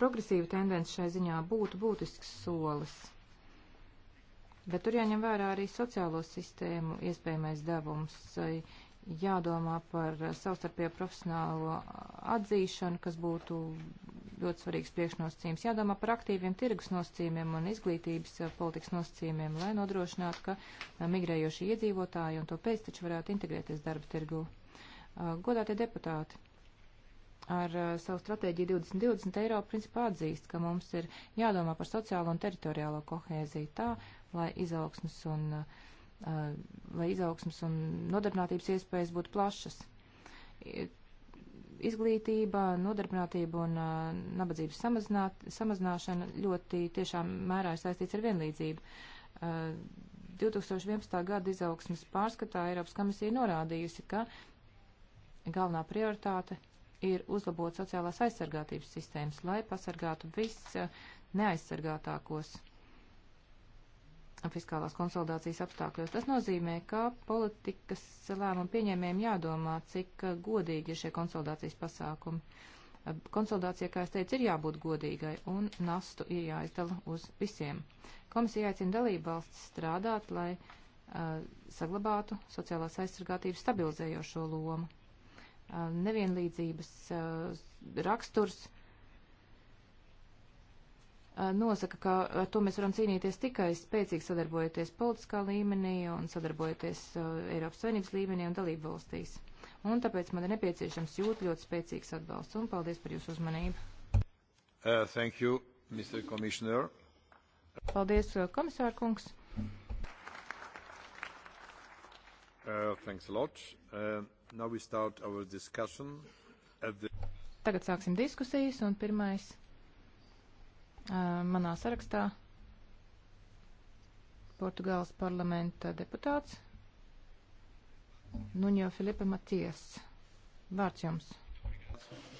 Progresīva tendence šai ziņā būtu būtisks solis Bet tur jāņem vērā arī sociālo sistēmu iespējamais devums, jādomā par savstarpējo profesionālo atzīšanu, kas būtu ļoti svarīgs priekšnosacījums, jādomā par aktīviem tirgus nosacījumiem un izglītības eh, politikas nosacījumiem, lai nodrošinātu, ka eh, migrējošie iedzīvotāji un to pēc taču varētu integrēties darba tirgu. Eh, godātie deputāti! ar uh, savu stratēģiju 2020 Eiropa principā atzīst, ka mums ir jādomā par sociālo un teritoriālo kohēziju tā, lai izaugsmas un, uh, lai izaugsmas un nodarbinātības iespējas būtu plašas. Izglītība, nodarbinātība un uh, nabadzības samazināšana ļoti tiešām mērā ir saistīts ar vienlīdzību. Uh, 2011. gada izaugsmas pārskatā Eiropas komisija norādījusi, ka galvenā prioritāte ir uzlabot sociālās aizsargātības sistēmas, lai pasargātu viss uh, neaizsargātākos fiskālās konsolidācijas apstākļos. Tas nozīmē, ka politikas lēmumu pieņēmējiem jādomā, cik uh, godīgi ir šie konsolidācijas pasākumi. Uh, konsolidācija, kā es teicu, ir jābūt godīgai un nastu ir jāizdala uz visiem. Komisija aicina dalību valsts strādāt, lai uh, saglabātu sociālās aizsargātības stabilizējošo lomu. Uh, nevienlīdzības uh, raksturs Uh, nosaka, ka ar to mēs varam cīnīties tikai spēcīgi sadarbojoties politiskā līmenī un sadarbojoties uh, Eiropas Savienības līmenī un dalību valstīs. Un tāpēc man ir nepieciešams jūt ļoti spēcīgs atbalsts. Un paldies par jūsu uzmanību. Uh, thank you, Mr. Commissioner. Paldies, uh, komisāra kungs. Uh, thanks a lot. Uh, now we start our discussion. At the... Tagad sāksim diskusijas un pirmais manā sarakstā Portugāles parlamenta deputāts Nuņo Filipa Maties. Vārds jums.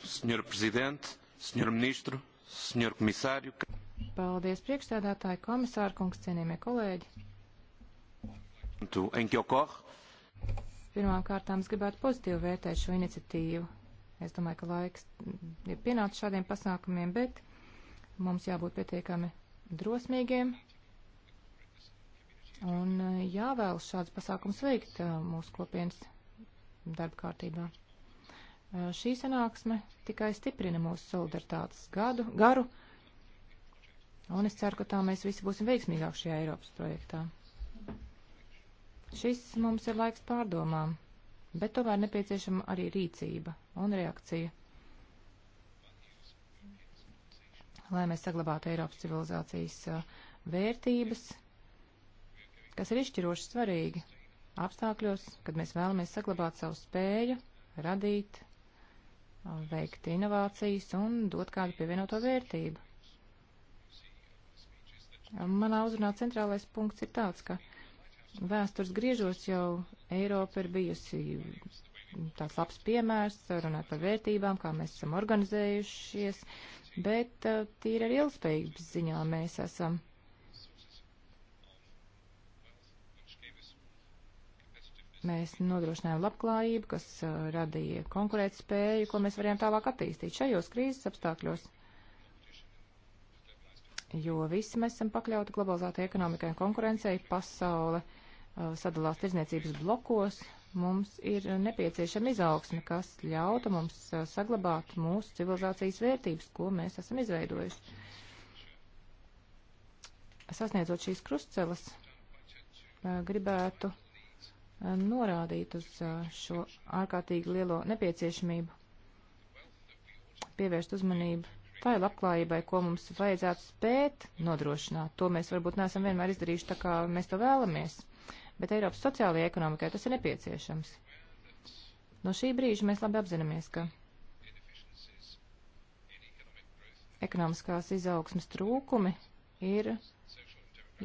Senjor prezident, senjor ministru, senjor komisārju. Paldies priekšstādātāji, komisāru kungs, cienījamie kolēģi. Pirmām kārtām es gribētu pozitīvi vērtēt šo iniciatīvu. Es domāju, ka laiks ir pienācis šādiem pasākumiem, bet Mums jābūt pietiekami drosmīgiem un eh, jāvēl šāds pasākums veikt eh, mūsu kopienas darba kārtībā. Eh, šī sanāksme tikai stiprina mūsu solidaritātes gadu, garu, un es ceru, ka tā mēs visi būsim veiksmīgāki šajā Eiropas projektā. Šis mums ir laiks pārdomām, bet tomēr nepieciešama arī rīcība un reakcija. lai mēs saglabātu Eiropas civilizācijas uh, vērtības, kas ir izšķiroši svarīgi apstākļos, kad mēs vēlamies saglabāt savu spēju, radīt, uh, veikt inovācijas un dot kādu pievienoto vērtību. Uh, manā uzrunā centrālais punkts ir tāds, ka vēstures griežos jau Eiropa ir bijusi tāds labs piemērs, runāt par vērtībām, kā mēs esam organizējušies, bet uh, tīri ar ilgspējības ziņā mēs esam. Mēs nodrošinājām labklājību, kas uh, radīja konkurētspēju, ko mēs varējām tālāk attīstīt šajos krīzes apstākļos jo visi mēs esam pakļauti globalizētai ekonomikai un konkurencei. Pasaule uh, sadalās tirdzniecības blokos, mums ir nepieciešama izaugsme, kas ļauta mums uh, saglabāt mūsu civilizācijas vērtības, ko mēs esam izveidojuši. Sasniedzot šīs krustcelas, uh, gribētu uh, norādīt uz šo ārkārtīgi lielo nepieciešamību pievērst uzmanību tai labklājībai, ko mums vajadzētu spēt nodrošināt. To mēs varbūt neesam vienmēr izdarījuši tā, kā mēs to vēlamies bet Eiropas sociālajai ekonomikai tas ir nepieciešams. No šī brīža mēs labi apzināmies, ka ekonomiskās izaugsmas trūkumi ir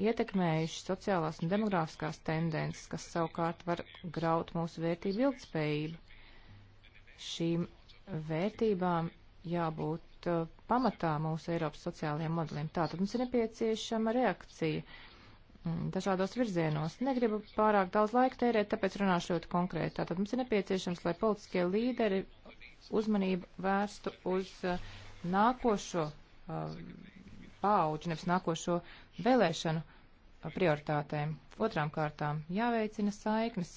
ietekmējuši sociālās un demogrāfiskās tendences, kas savukārt var graut mūsu vērtību ilgspējību. Šīm vērtībām jābūt uh, pamatā mūsu Eiropas sociālajiem modeliem. Tātad mums ir nepieciešama reakcija Mm, dažādos virzienos. Negribu pārāk daudz laika tērēt, tāpēc runāšu ļoti konkrēti. Tātad mums ir nepieciešams, lai politiskie līderi uzmanību vērstu uz uh, nākošo uh, paauģu, nevis nākošo vēlēšanu uh, prioritātēm. Otrām kārtām jāveicina saiknes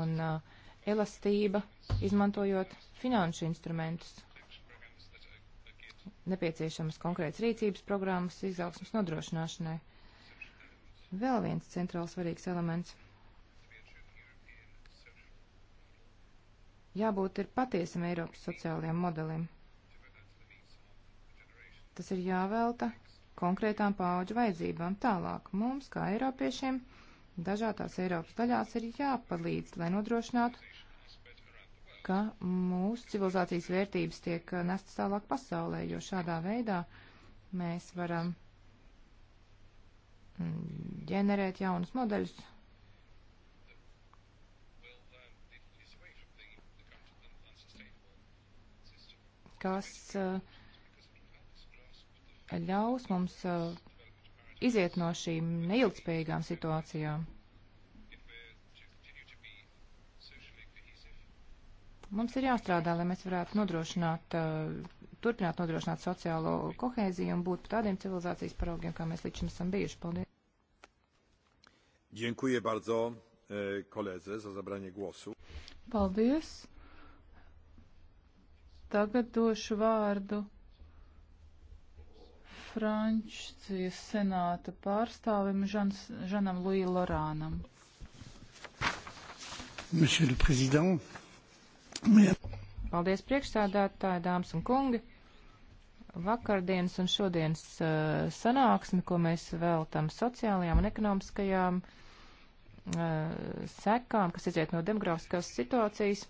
un uh, elastība, izmantojot finanšu instrumentus. Nepieciešamas konkrētas rīcības programmas izaugsmas nodrošināšanai. Uh, vēl viens centrāls svarīgs elements. Jābūt ir patiesam Eiropas sociālajiem modelim. Tas ir jāvelta konkrētām paauģu vajadzībām tālāk. Mums, kā Eiropiešiem, dažādās Eiropas daļās ir jāpalīdz, lai nodrošinātu, ka mūsu civilizācijas vērtības tiek nestas tālāk pasaulē, jo šādā veidā mēs varam uh, ģenerēt jaunus modeļus. kas uh, ļaus mums uh, iziet no šīm neilgspējīgām situācijām. Mums ir jāstrādā, lai mēs varētu nodrošināt, uh, turpināt nodrošināt sociālo kohēziju un būt tādiem civilizācijas paraugiem, kā mēs līdz šim esam bijuši. Paldies! Dziękuję bardzo e, koledze za zabranie głosu. Paldies. Tagad došu vārdu Francijas senāta pārstāvim Žans, Žanam Lui Lorānam. Monsieur le Président. Paldies priekšsādātāji, dāmas un kungi. Vakardienas un šodienas uh, e, sanāksmi, ko mēs veltam sociālajām un ekonomiskajām uh, Eh, sekām, kas iziet no demografiskās situācijas.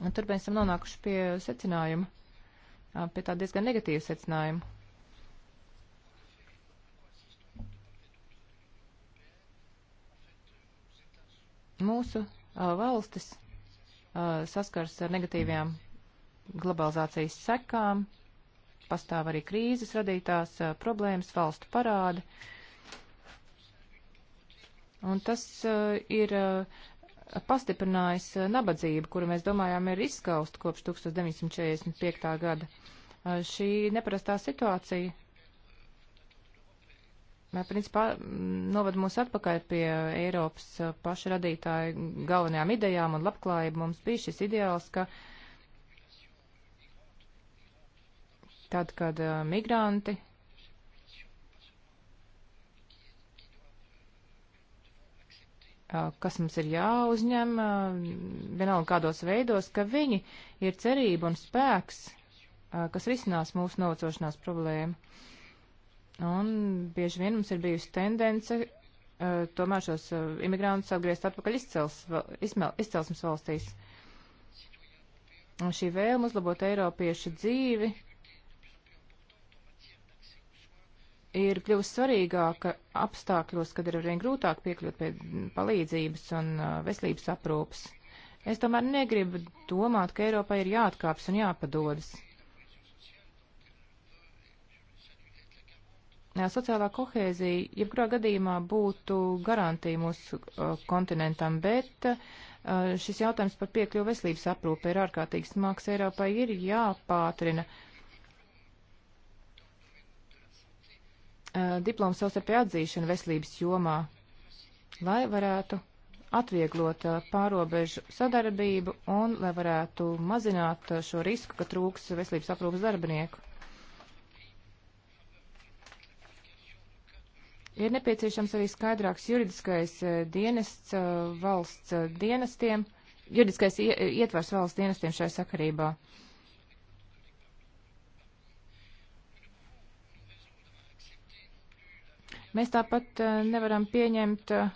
Un tur mēs esam nonākuši pie secinājuma, eh, pie tā diezgan negatīva secinājuma. Mūsu eh, valstis saskars ar negatīvajām globalizācijas sekām, pastāv arī krīzes radītās problēmas, valstu parādi, uh, Un tas uh, ir uh, pastiprinājis uh, nabadzību, kuru mēs domājām ir izskaust kopš 1945. gada. Uh, šī neparastā situācija, uh, principā, mm, novada mūs atpakaļ pie Eiropas uh, paša radītāja galvenajām idejām un labklājību. Mums bija šis ideāls, ka tad, kad uh, migranti kas mums ir jāuzņem, vienalga kādos veidos, ka viņi ir cerība un spēks, kas risinās mūsu novecošanās problēmu. Un bieži vien mums ir bijusi tendence tomēr šos imigrantus atgriezt atpakaļ izcels, izmel, izcelsmes valstīs. Un šī vēlme uzlabot eiropiešu dzīvi ir kļuvusi svarīgāka apstākļos, kad ir arvien grūtāk piekļūt pie palīdzības un veselības aprūpas. Es tomēr negribu domāt, ka Eiropai ir jāatkāps un jāpadodas. Sociālā kohēzija jebkurā gadījumā būtu garantija mūsu kontinentam, bet šis jautājums par piekļuvu veselības aprūpe ir ārkārtīgi smags. Eiropai ir jāpātrina uh, Uh, diplomu savstarpēju atzīšanu veselības jomā, lai varētu atvieglot uh, pārobežu sadarbību un lai varētu mazināt uh, šo risku, ka trūks veselības aprūpas darbinieku. Ir nepieciešams arī skaidrāks juridiskais dienests valsts dienestiem, juridiskais ietvars valsts dienestiem šai sakarībā. Uh, Mēs tāpat eh, nevaram pieņemt eh,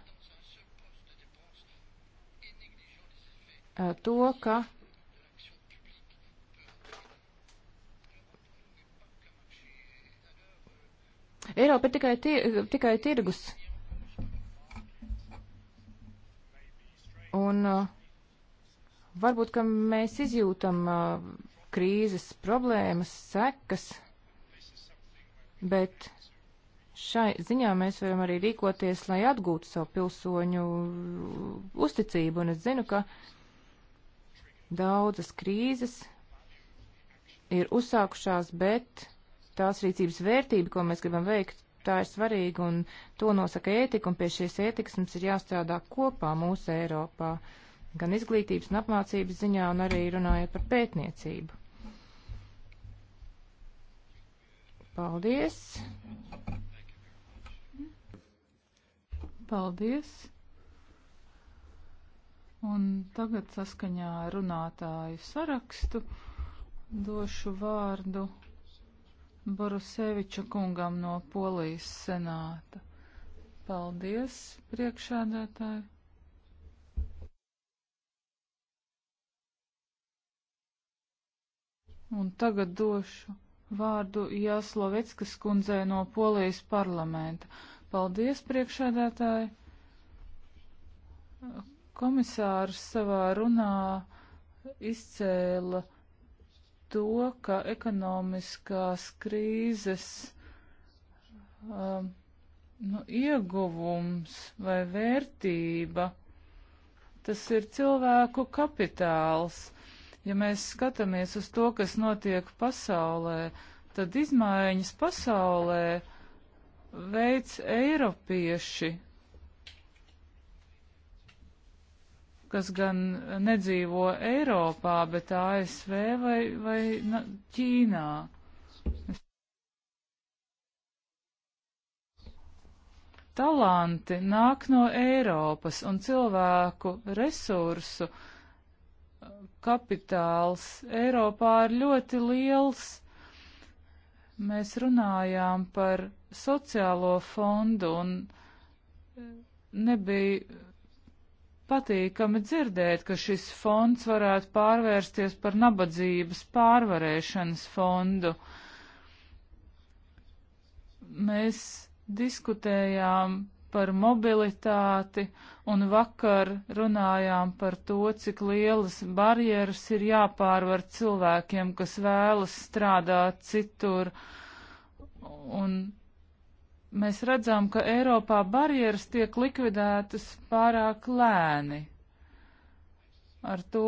to, ka Eiropa ir tikai, tir, tikai tirgus. Un uh, varbūt, ka mēs izjūtam uh, krīzes problēmas, sekas, bet šai ziņā mēs varam arī rīkoties, lai atgūtu savu pilsoņu uzticību. Un es zinu, ka daudzas krīzes ir uzsākušās, bet tās rīcības vērtība, ko mēs gribam veikt, tā ir svarīga un to nosaka ētika, un pie šīs ētikas mums ir jāstrādā kopā mūsu Eiropā, gan izglītības un apmācības ziņā, un arī runājot par pētniecību. Paldies! Paldies! Un tagad saskaņā runātāju sarakstu došu vārdu Boruseviča kungam no Polijas senāta. Paldies, priekšādētāji! Un tagad došu vārdu Jāsloveckas kundzei no Polijas parlamenta. Paldies, priekšādātāji. Komisārs savā runā izcēla to, ka ekonomiskās krīzes um, nu, ieguvums vai vērtība, tas ir cilvēku kapitāls. Ja mēs skatāmies uz to, kas notiek pasaulē, tad izmaiņas pasaulē veids eiropieši, kas gan nedzīvo Eiropā, bet ASV vai, vai na, Ķīnā. Talanti nāk no Eiropas un cilvēku resursu kapitāls Eiropā ir ļoti liels mēs runājām par sociālo fondu un nebija patīkami dzirdēt, ka šis fonds varētu pārvērsties par nabadzības pārvarēšanas fondu. Mēs diskutējām par mobilitāti, un vakar runājām par to, cik lielas barjeras ir jāpārvar cilvēkiem, kas vēlas strādāt citur. Un mēs redzam, ka Eiropā barjeras tiek likvidētas pārāk lēni. Ar to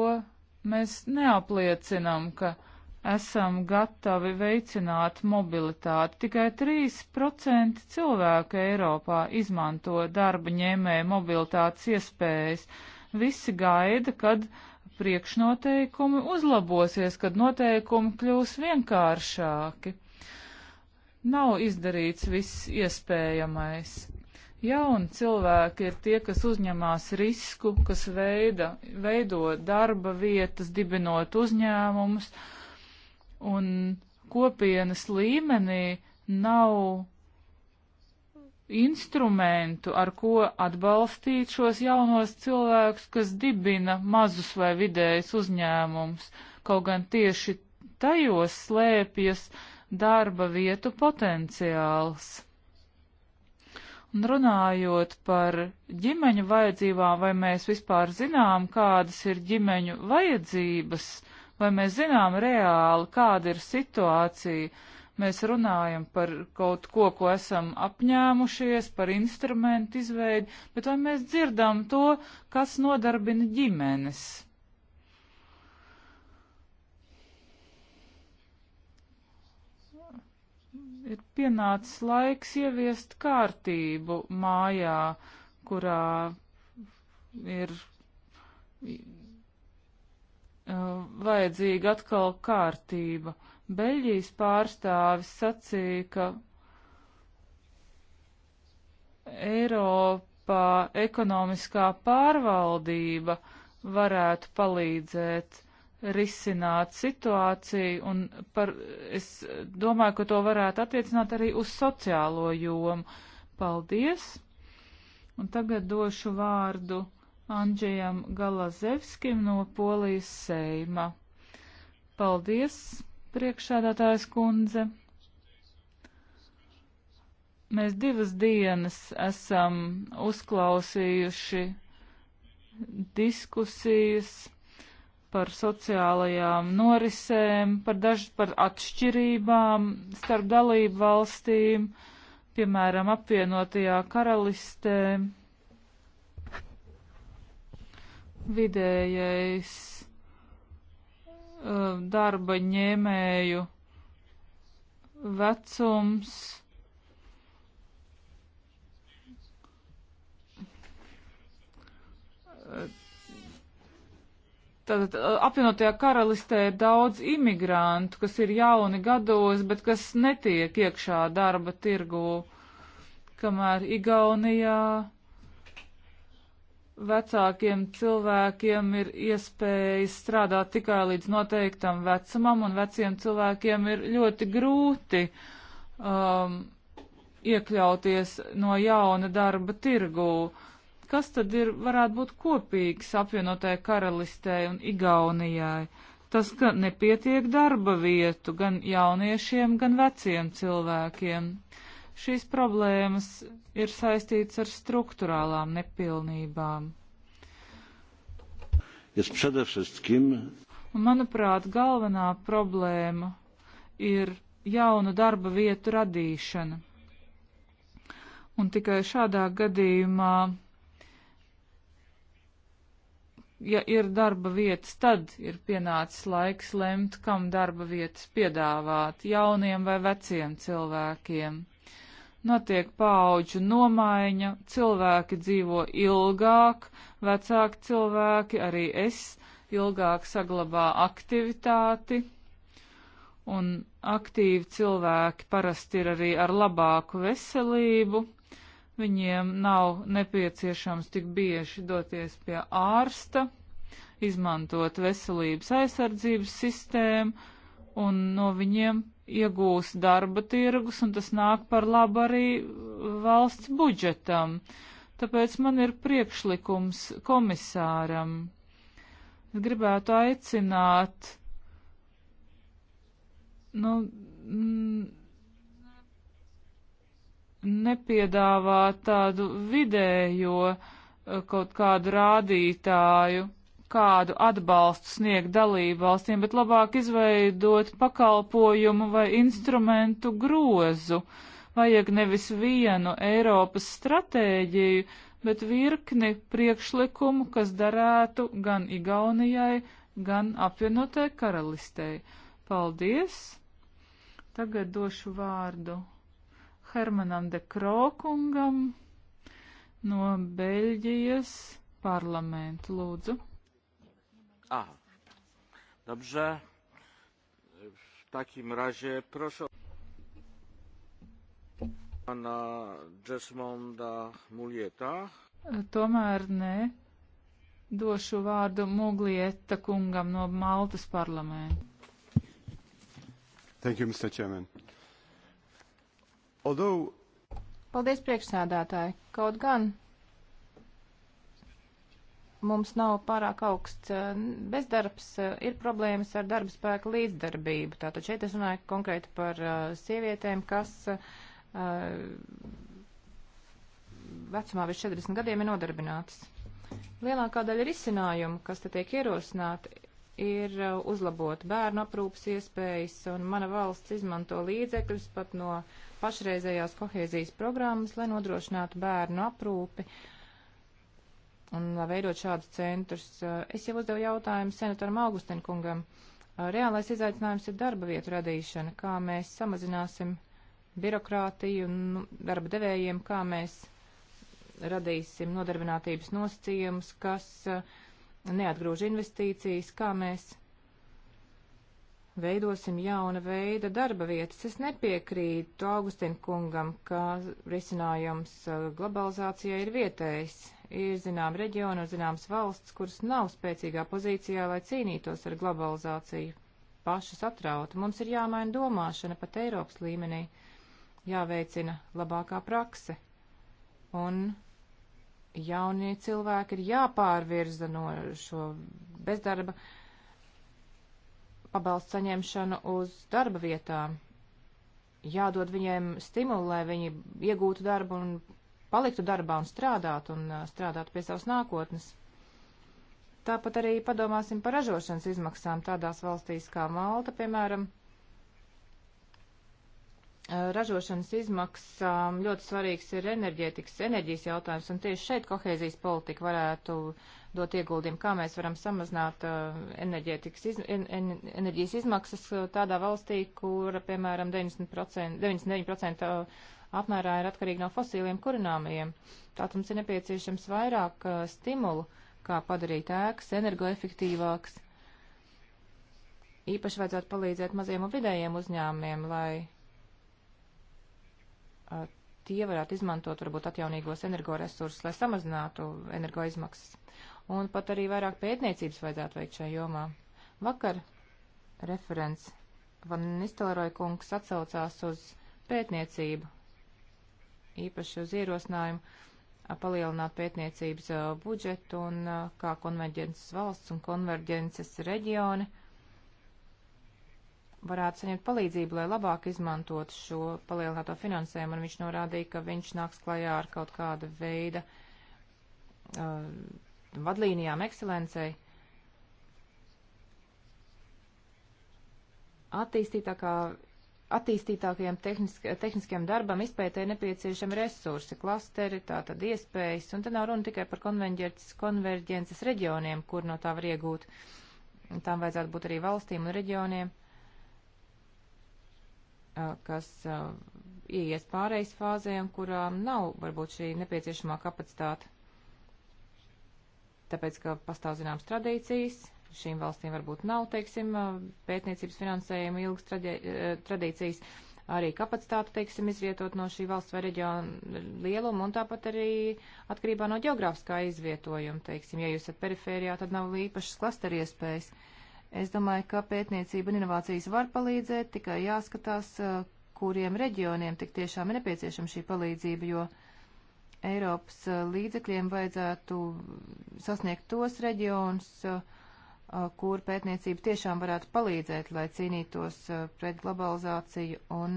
mēs neapliecinām, ka esam gatavi veicināt mobilitāti. Tikai 3% cilvēku Eiropā izmanto darba ņēmēja mobilitātes iespējas. Visi gaida, kad priekšnoteikumi uzlabosies, kad noteikumi kļūs vienkāršāki. Nav izdarīts viss iespējamais. Jauni cilvēki ir tie, kas uzņemās risku, kas veida, veido darba vietas, dibinot uzņēmumus, uh, un kopienas līmenī nav instrumentu, ar ko atbalstīt šos jaunos cilvēkus, kas dibina mazus vai vidējus uzņēmumus, kaut gan tieši tajos slēpjas darba vietu potenciāls. Un runājot par ģimeņu vajadzībām, vai mēs vispār zinām, kādas ir ģimeņu vajadzības, uh, vai mēs zinām reāli, kāda ir situācija. Mēs runājam par kaut ko, ko esam apņēmušies, par instrumentu izveidi, bet vai mēs dzirdam to, kas nodarbina ģimenes? Ir pienācis laiks ieviest kārtību mājā, kurā ir Uh, vajadzīga atkal kārtība. Beļģijas pārstāvis sacīja, ka Eiropā ekonomiskā pārvaldība varētu palīdzēt risināt situāciju, un par, es domāju, ka to varētu attiecināt arī uz sociālo jomu. Paldies! Un tagad došu vārdu Andžejam Galazevskim no Polijas Seima. Paldies, priekšādātājs kundze! Mēs divas dienas esam uzklausījuši diskusijas par sociālajām norisēm, par, daž, par atšķirībām starp dalību valstīm, piemēram, apvienotajā karalistē. vidējais uh, darba ņēmēju vecums. Tātad uh, apvienotajā karalistē ir daudz imigrantu, kas ir jauni gados, bet kas netiek iekšā darba tirgu, kamēr Igaunijā vecākiem cilvēkiem ir iespējas strādāt tikai līdz noteiktam vecumam, un veciem cilvēkiem ir ļoti grūti um, iekļauties no jauna darba tirgū. Kas tad ir, varētu būt kopīgs apvienotai karalistei un Igaunijai? Tas, ka nepietiek darba vietu gan jauniešiem, gan veciem cilvēkiem. Šīs problēmas ir saistīts ar struktūrālām nepilnībām. Un, manuprāt, galvenā problēma ir jaunu darba vietu radīšana. Un tikai šādā gadījumā, ja ir darba vietas, tad ir pienācis laiks lemt, kam darba vietas piedāvāt - jauniem vai veciem cilvēkiem notiek paauģu nomaiņa, cilvēki dzīvo ilgāk, vecāki cilvēki, arī es, ilgāk saglabā aktivitāti, un aktīvi cilvēki parasti ir arī ar labāku veselību, viņiem nav nepieciešams tik bieži doties pie ārsta, izmantot veselības aizsardzības sistēmu, un no viņiem iegūs darba tirgus, un tas nāk par labu arī valsts budžetam. Tāpēc man ir priekšlikums komisāram. Es gribētu aicināt, nu, nepiedāvāt tādu vidējo eh, kaut kādu rādītāju, kādu atbalstu sniegt dalību valstīm, bet labāk izveidot pakalpojumu vai instrumentu grozu. Vajag nevis vienu Eiropas stratēģiju, bet virkni priekšlikumu, kas darētu gan Igaunijai, gan apvienotai karalistei. Paldies! Tagad došu vārdu Hermanam de Krokungam no Beļģijas parlamentu. Lūdzu! Aha. Dobrze. W takim razie proszę pana Desmonda Mulieta. Tomēr nē. Došu vārdu Muglieta kungam no Maltas parlamenta. Thank you, Mr. Chairman. Although... Paldies, priekšsēdētāji. Kaut gan mums nav pārāk augsts eh, bezdarbs, eh, ir problēmas ar darba spēka līdzdarbību. Tātad šeit es runāju konkrēti par eh, sievietēm, kas vecumā virs 40 gadiem ir nodarbinātas. Lielākā daļa risinājumu, kas te tiek ierosināti, ir uzlabot bērnu aprūpas iespējas, un mana valsts izmanto līdzekļus pat no pašreizējās kohēzijas programmas, lai nodrošinātu bērnu aprūpi uh, un veidot šādus centrus. Es jau uzdevu jautājumu senatoram Augustenkungam. Reālais izaicinājums ir darba vietu radīšana, kā mēs samazināsim birokrātiju nu, darba devējiem, kā mēs radīsim nodarbinātības nosacījumus, kas neatgrūž investīcijas, kā mēs veidosim jauna veida darba vietas. Es nepiekrītu Augustin kungam, ka risinājums uh, globalizācijai ir vietējs. Ir zinām reģionu, zināms valsts, kuras nav spēcīgā pozīcijā, lai cīnītos ar globalizāciju. Paši satrauti. Mums ir jāmaina domāšana pat Eiropas līmenī. Jāveicina labākā prakse. Un jaunie cilvēki ir jāpārvirza no šo bezdarba uh, pabalstu saņemšanu uz darba vietām. Jādod viņiem stimulu, lai viņi iegūtu darbu un paliktu darbā un strādātu un strādātu pie savas nākotnes. Tāpat arī padomāsim par ražošanas izmaksām tādās valstīs kā Malta, piemēram. Ražošanas izmaksām ļoti svarīgs ir enerģētikas, enerģijas jautājums, un tieši šeit kohēzijas politika varētu uh, dot ieguldījumu, kā mēs varam samazināt uh, enerģētikas iz, en, en, enerģijas izmaksas uh, tādā valstī, kur, piemēram, 90%, 99% uh, apmērā ir atkarīgi no fosīliem kurināmajiem. Tātad mums ir nepieciešams vairāk stimulu, kā padarīt ēkas energoefektīvākas. Īpaši vajadzētu palīdzēt maziem un vidējiem uzņēmumiem, lai tie varētu izmantot varbūt atjaunīgos energoresursus, lai samazinātu energoizmaksas un pat arī vairāk pētniecības vajadzētu veikt šajā jomā. Vakar referents Van Nistelroja kungs atsaucās uz pētniecību, īpaši uz ierosinājumu palielināt pētniecības uh, budžetu un uh, kā konverģences valsts un konverģences reģioni varētu saņemt palīdzību, lai labāk izmantotu šo palielināto finansējumu, un viņš norādīja, ka viņš nāks klajā ar kaut kāda veida uh, vadlīnijām, ekscelencei. Attīstītākā, attīstītākajam tehnisk, tehniskajam darbam izpētē nepieciešami resursi, klasteri, tātad iespējas, un te nav runa tikai par konverģences reģioniem, kur no tā var iegūt. Tām vajadzētu būt arī valstīm un reģioniem, kas ieies pārejas fāzē un kurām nav varbūt šī nepieciešamā kapacitāte tāpēc, ka pastāv zināmas tradīcijas, šīm valstīm varbūt nav, teiksim, pētniecības finansējuma ilgas tradīcijas, arī kapacitāte, teiksim, izvietot no šī valsts vai reģiona lieluma un tāpat arī atkarībā no geogrāfiskā izvietojuma, teiksim, ja jūs esat perifērijā, tad nav īpašas klasteru iespējas. Es domāju, ka pētniecība un inovācijas var palīdzēt, tikai jāskatās, kuriem reģioniem tik tiešām ir nepieciešama šī palīdzība, jo uh, Eiropas uh, līdzekļiem vajadzētu sasniegt tos reģionus, uh, kur pētniecība tiešām varētu palīdzēt, lai cīnītos uh, pret globalizāciju un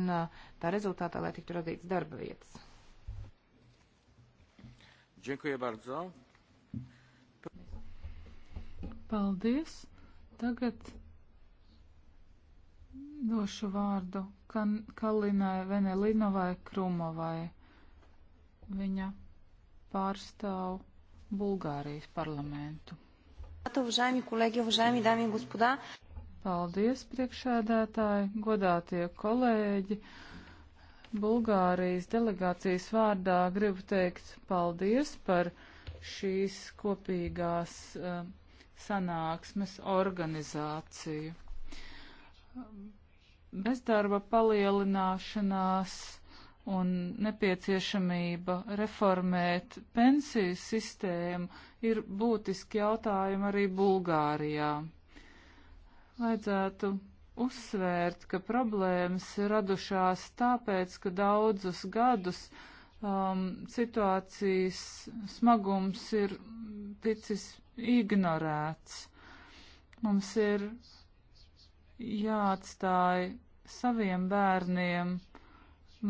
tā rezultātā, lai tiktu radīts darba vietas. Dziękuję bardzo. Paldies. Tagad došu vārdu kan Kalinai Venelinovai Krumovai viņa pārstāv Bulgārijas parlamentu. Paldies, priekšēdētāji, godātie kolēģi. Bulgārijas delegācijas vārdā gribu teikt paldies par šīs kopīgās uh, sanāksmes organizāciju. Bezdarba palielināšanās un nepieciešamība reformēt pensiju sistēmu ir būtiski jautājumi arī Bulgārijā. Vajadzētu uzsvērt, ka problēmas radušās tāpēc, ka daudzus gadus um, situācijas smagums ir ticis ignorēts. Mums ir jāatstāj saviem bērniem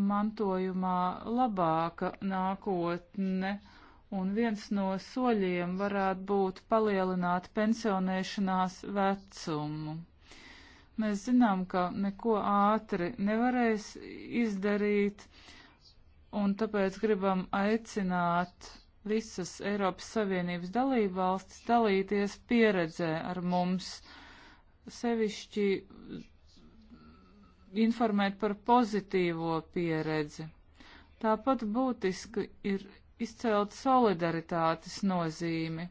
mantojumā labāka nākotne, un viens no soļiem varētu būt palielināt pensionēšanās vecumu. Mēs zinām, ka neko ātri nevarēs izdarīt, un tāpēc gribam aicināt visas Eiropas Savienības dalībvalstis dalīties pieredzē ar mums, sevišķi informēt par pozitīvo pieredzi. Tāpat būtiski ir izcelt solidaritātes nozīmi.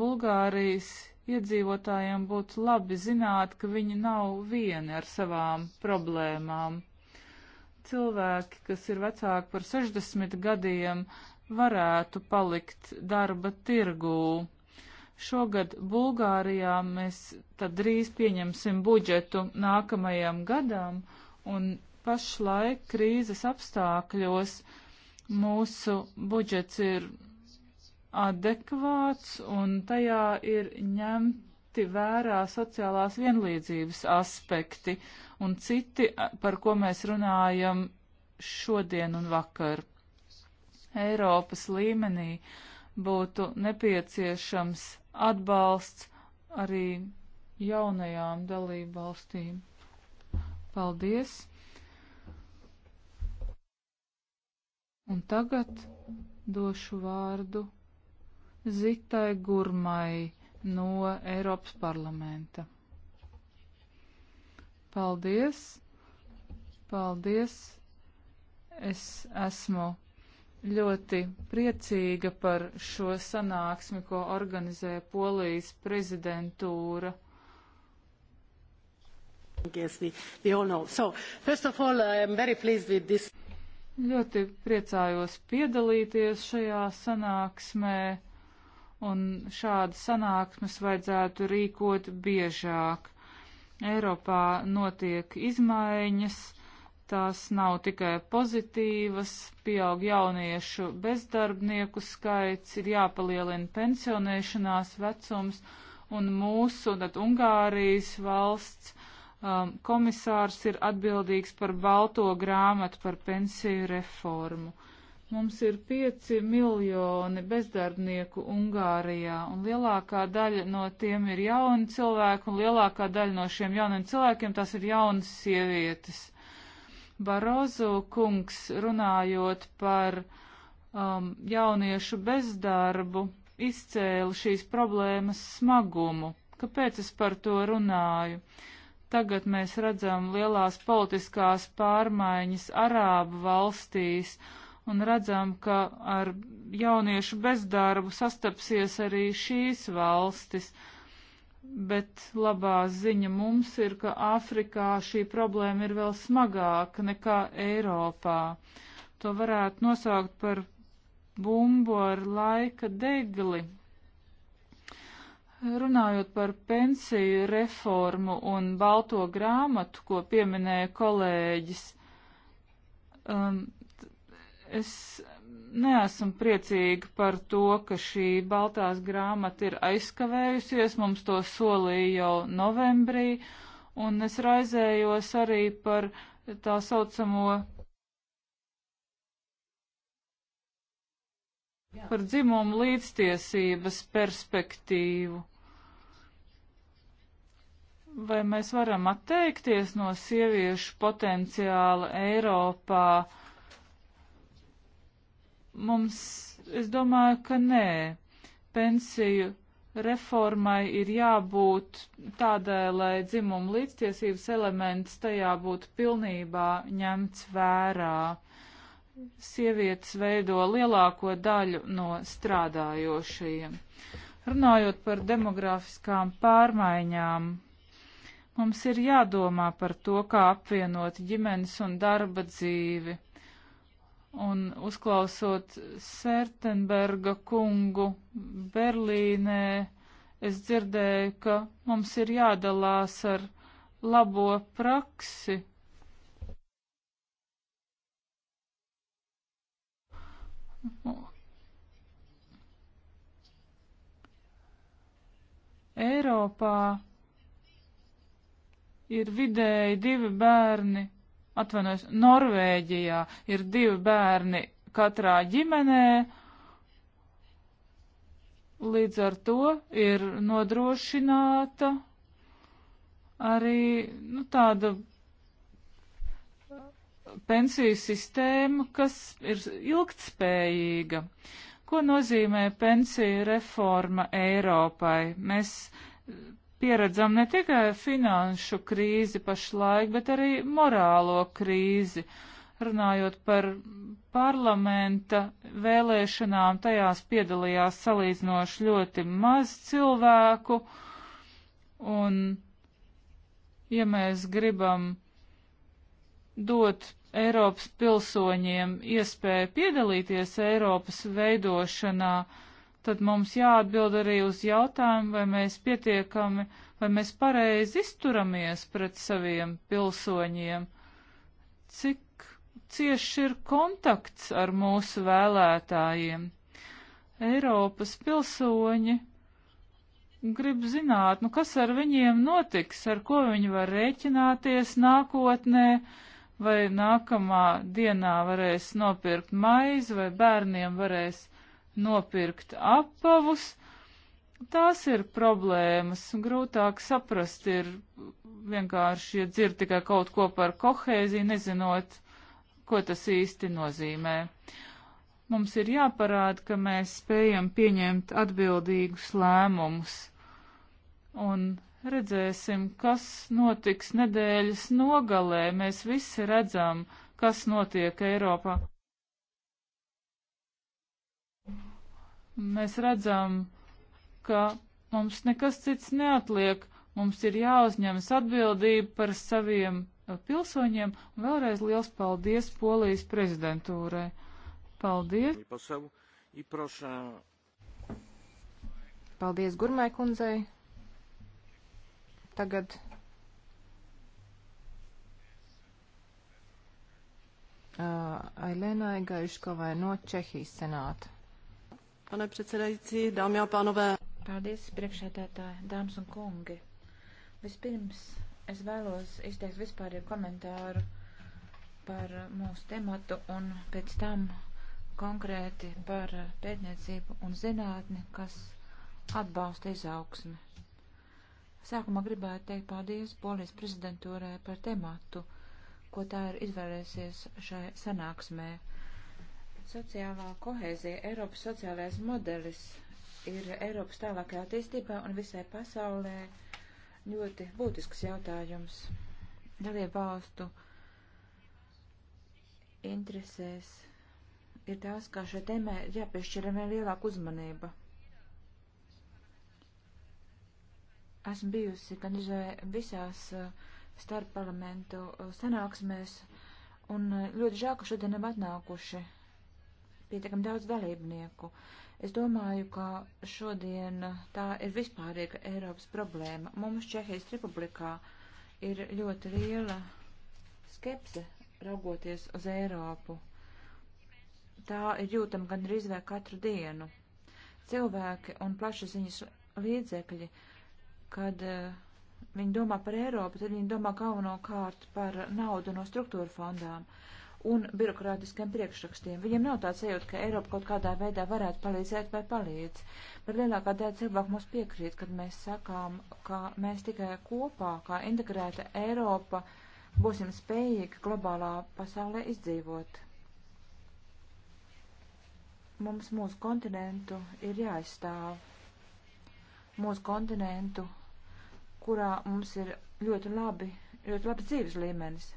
Bulgārijas iedzīvotājiem būtu labi zināt, ka viņi nav vieni ar savām problēmām. Cilvēki, kas ir vecāki par 60 gadiem, varētu palikt darba tirgū. Šogad Bulgārijā mēs tad drīz pieņemsim budžetu nākamajam gadam, un pašlaik krīzes apstākļos mūsu budžets ir adekvāts, un tajā ir ņemti vērā sociālās vienlīdzības aspekti un citi, par ko mēs runājam šodien un vakar. Eiropas līmenī būtu nepieciešams atbalsts arī jaunajām dalību valstīm. Paldies! Un tagad došu vārdu Zitai Gurmai no Eiropas parlamenta. Paldies! Paldies! Es esmu ļoti priecīga par šo sanāksmi, ko organizē Polijas prezidentūra. Yes, we, we so, all, ļoti priecājos piedalīties šajā sanāksmē, un šādas sanāksmes vajadzētu rīkot biežāk. Eiropā notiek izmaiņas Tās nav tikai pozitīvas, pieaug jauniešu bezdarbnieku skaits, ir jāpalielina pensionēšanās vecums, un mūsu, tad Ungārijas valsts um, komisārs ir atbildīgs par balto grāmatu par pensiju reformu. Mums ir pieci miljoni bezdarbnieku Ungārijā, un lielākā daļa no tiem ir jauni cilvēki, un lielākā daļa no šiem jauniem cilvēkiem tās ir jaunas sievietes. Barozo kungs runājot par um, jauniešu bezdarbu, izcēla šīs problēmas smagumu. Kāpēc es par to runāju? Tagad mēs redzam lielās politiskās pārmaiņas Arābu valstīs un redzam, ka ar jauniešu bezdarbu sastapsies arī šīs valstis. Uh, bet labā ziņa mums ir, ka Āfrikā šī problēma ir vēl smagāka nekā Eiropā. To varētu nosaukt par bumbu ar laika degli. Runājot par pensiju reformu un balto grāmatu, ko pieminēja kolēģis, um, es neesam priecīgi par to, ka šī baltās grāmata ir aizkavējusies, mums to solīja jau novembrī, un es raizējos arī par tā saucamo. par dzimumu līdztiesības perspektīvu. Vai mēs varam atteikties no sieviešu potenciāla Eiropā? Uh, Mums, es domāju, ka nē. Pensiju reformai ir jābūt tādai, lai dzimuma līdztiesības elements tajā būtu pilnībā ņemts vērā. Sievietes veido lielāko daļu no strādājošajiem. Runājot par demografiskām pārmaiņām, mums ir jādomā par to, kā apvienot ģimenes un darba dzīvi. Un uzklausot Sērtenberga kungu Berlīnē, es dzirdēju, ka mums ir jādalās ar labo praksi. Eiropā ir vidēji divi bērni atvainojos, Norvēģijā ir divi bērni katrā ģimenē, līdz ar to ir nodrošināta arī nu, tāda pensiju sistēma, kas ir ilgtspējīga. Ko nozīmē pensiju reforma Eiropai? Mēs pieredzam ne tikai finanšu krīzi pašlaik, bet arī morālo krīzi. Runājot par parlamenta vēlēšanām, tajās piedalījās salīdzinoši ļoti maz cilvēku, un ja mēs gribam dot Eiropas pilsoņiem iespēju piedalīties Eiropas veidošanā, uh, tad mums jāatbild arī uz jautājumu, vai mēs pietiekami, vai mēs pareizi izturamies pret saviem pilsoņiem, cik cieši ir kontakts ar mūsu vēlētājiem. Eiropas pilsoņi grib zināt, nu kas ar viņiem notiks, ar ko viņi var rēķināties nākotnē, vai nākamā dienā varēs nopirkt maizi, vai bērniem varēs nopirkt apavus. Tās ir problēmas. Grūtāk saprast ir vienkārši, ja dzird tikai kaut ko par kohēziju, nezinot, ko tas īsti nozīmē. Mums ir jāparāda, ka mēs spējam pieņemt atbildīgus lēmumus. Un redzēsim, kas notiks nedēļas nogalē. Mēs visi redzam, kas notiek Eiropā. mēs redzam, ka mums nekas cits neatliek. Mums ir jāuzņemas atbildība par saviem eh, pilsoņiem. Un vēlreiz liels paldies Polijas prezidentūrai. Paldies! Paldies Gurmai kundzei. Tagad uh, Ailenai Gaiškovai no Čehijas senāta pane předsedající, dámy a pánové. Paldies, priekšētētāji, dāmas un kungi. Vispirms es vēlos izteikt vispārīgu komentāru par mūsu tematu un pēc tam konkrēti par pētniecību un zinātni, kas atbalsta izaugsmi. Sākumā gribētu teikt paldies Polijas prezidentūrai par tematu, ko tā ir izvēlēsies šai sanāksmē. Sociālā kohēzija, Eiropas sociālais modelis ir Eiropas tālākajā attīstībā un visai pasaulē ļoti būtisks jautājums. Dalību valstu interesēs ir tās, kā šai tēmē jāpiešķiram lielāka uzmanība. Esmu bijusi gan visās uh, starp parlamentu uh, sanāksmēs, un uh, ļoti žēl, ka šodien nav atnākuši pietiekami daudz dalībnieku. Es domāju, ka šodien tā ir vispārīga Eiropas problēma. Mums Čehijas republikā ir ļoti liela skepse raugoties uz Eiropu. Tā ir jūtama gan rīzvē katru dienu. Cilvēki un plašsaziņas līdzekļi, kad uh, viņi domā par Eiropu, tad viņi domā galvenokārt par naudu no struktūra fondām. Uh, un birokrātiskiem priekšrakstiem. Viņiem nav tāds sajūta, ka Eiropa kaut kādā veidā varētu palīdzēt vai palīdz. Bet lielākā daļa cilvēku mums piekrīt, kad mēs sakām, ka mēs tikai kopā, kā integrēta Eiropa, būsim spējīgi globālā pasaulē izdzīvot. Mums mūsu kontinentu ir jāizstāv. Mūsu kontinentu, kurā mums ir ļoti labi, ļoti labs dzīves līmenis.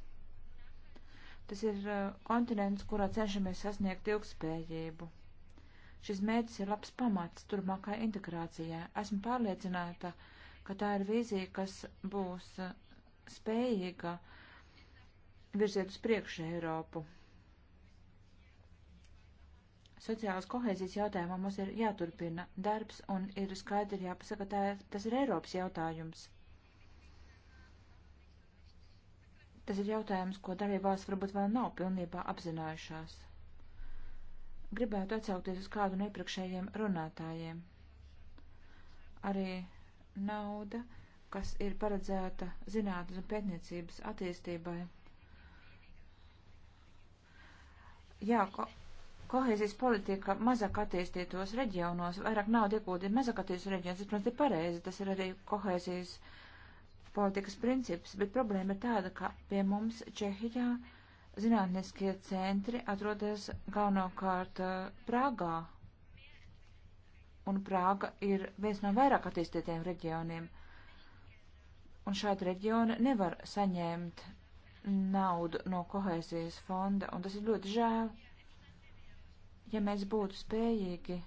Tas ir eh, kontinents, kurā cenšamies sasniegt ilgspējību. Šis mērķis ir labs pamats turpmākai integrācijai. Esmu pārliecināta, ka tā ir vīzija, kas būs eh, spējīga virziet uz priekšu Eiropu. Sociālās kohēzijas jautājumā mums ir jāturpina darbs un ir skaidri jāpasaka, tā, tas ir Eiropas jautājums. Tas ir jautājums, ko dalībās varbūt vēl nav pilnībā apzinājušās. Gribētu atsaukties uz kādu no iepriekšējiem runātājiem. Arī nauda, kas ir paredzēta zinātnes un pētniecības attīstībai. Jā, ko, kohēzijas politika mazāk attīstītos reģionos, vairāk naudu iegūti mazāk attīstītos reģionos, tas, protams, ir pareizi, tas ir arī kohēzijas politika politikas princips, bet problēma ir tāda, ka pie mums Čehijā zinātniskie centri atrodas galvenokārt eh, Prāgā. Un Prāga ir viens no vairāk attīstītiem reģioniem. Un šādi reģioni nevar saņemt naudu no kohēzijas fonda, un tas ir ļoti žēl. Ja mēs būtu spējīgi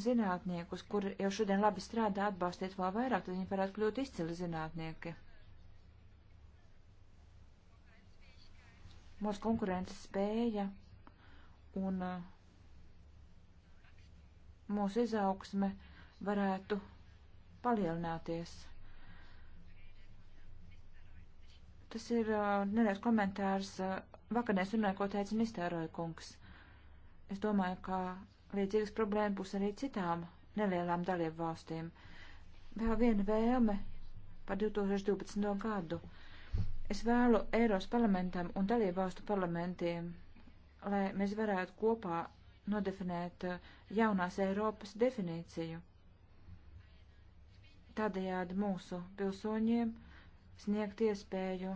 zinātniekus, kuri jau šodien labi strādā, atbalstīt vēl vairāk, tad viņi varētu kļūt izcili zinātnieki. Mūsu konkurences spēja un uh, mūsu izaugsme varētu palielināties. Tas ir uh, neliels komentārs. Uh, vakarnēs runāju, ko teica Nistāroja kungs. Es domāju, ka Līdzīgas problēma būs arī citām nelielām dalību valstīm. Vēl viena vēlme par 2012. gadu. Es vēlu Eiros parlamentam un dalību valstu parlamentiem, lai mēs varētu kopā nodefinēt uh, jaunās Eiropas definīciju. Tādējādi mūsu pilsoņiem sniegt iespēju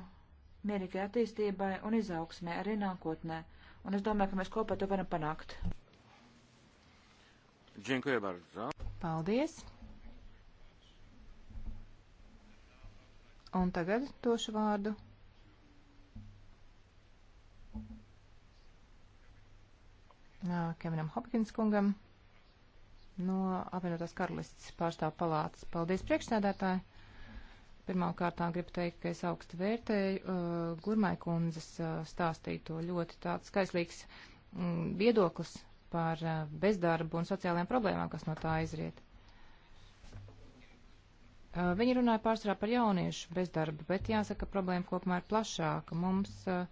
mierīgai attīstībai un izaugsmē arī nākotnē. Un es domāju, ka mēs kopā to varam panākt. Dziękuję bardzo. Paldies. Un tagad došu vārdu. Kevinam Hopkins kungam no apvienotās karalists pārstāv palātas. Paldies priekšsēdētāji! Pirmkārt, gribu teikt, ka es augstu vērtēju uh, Gurmai kundzes uh, stāstīto ļoti tāds skaislīgs mm, viedoklis par eh, bezdarbu un sociālajām problēmām, kas no tā izriet. Eh, viņi runāja pārsvarā par jauniešu bezdarbu, bet jāsaka, problēma kopumā ir plašāka. Mums uh,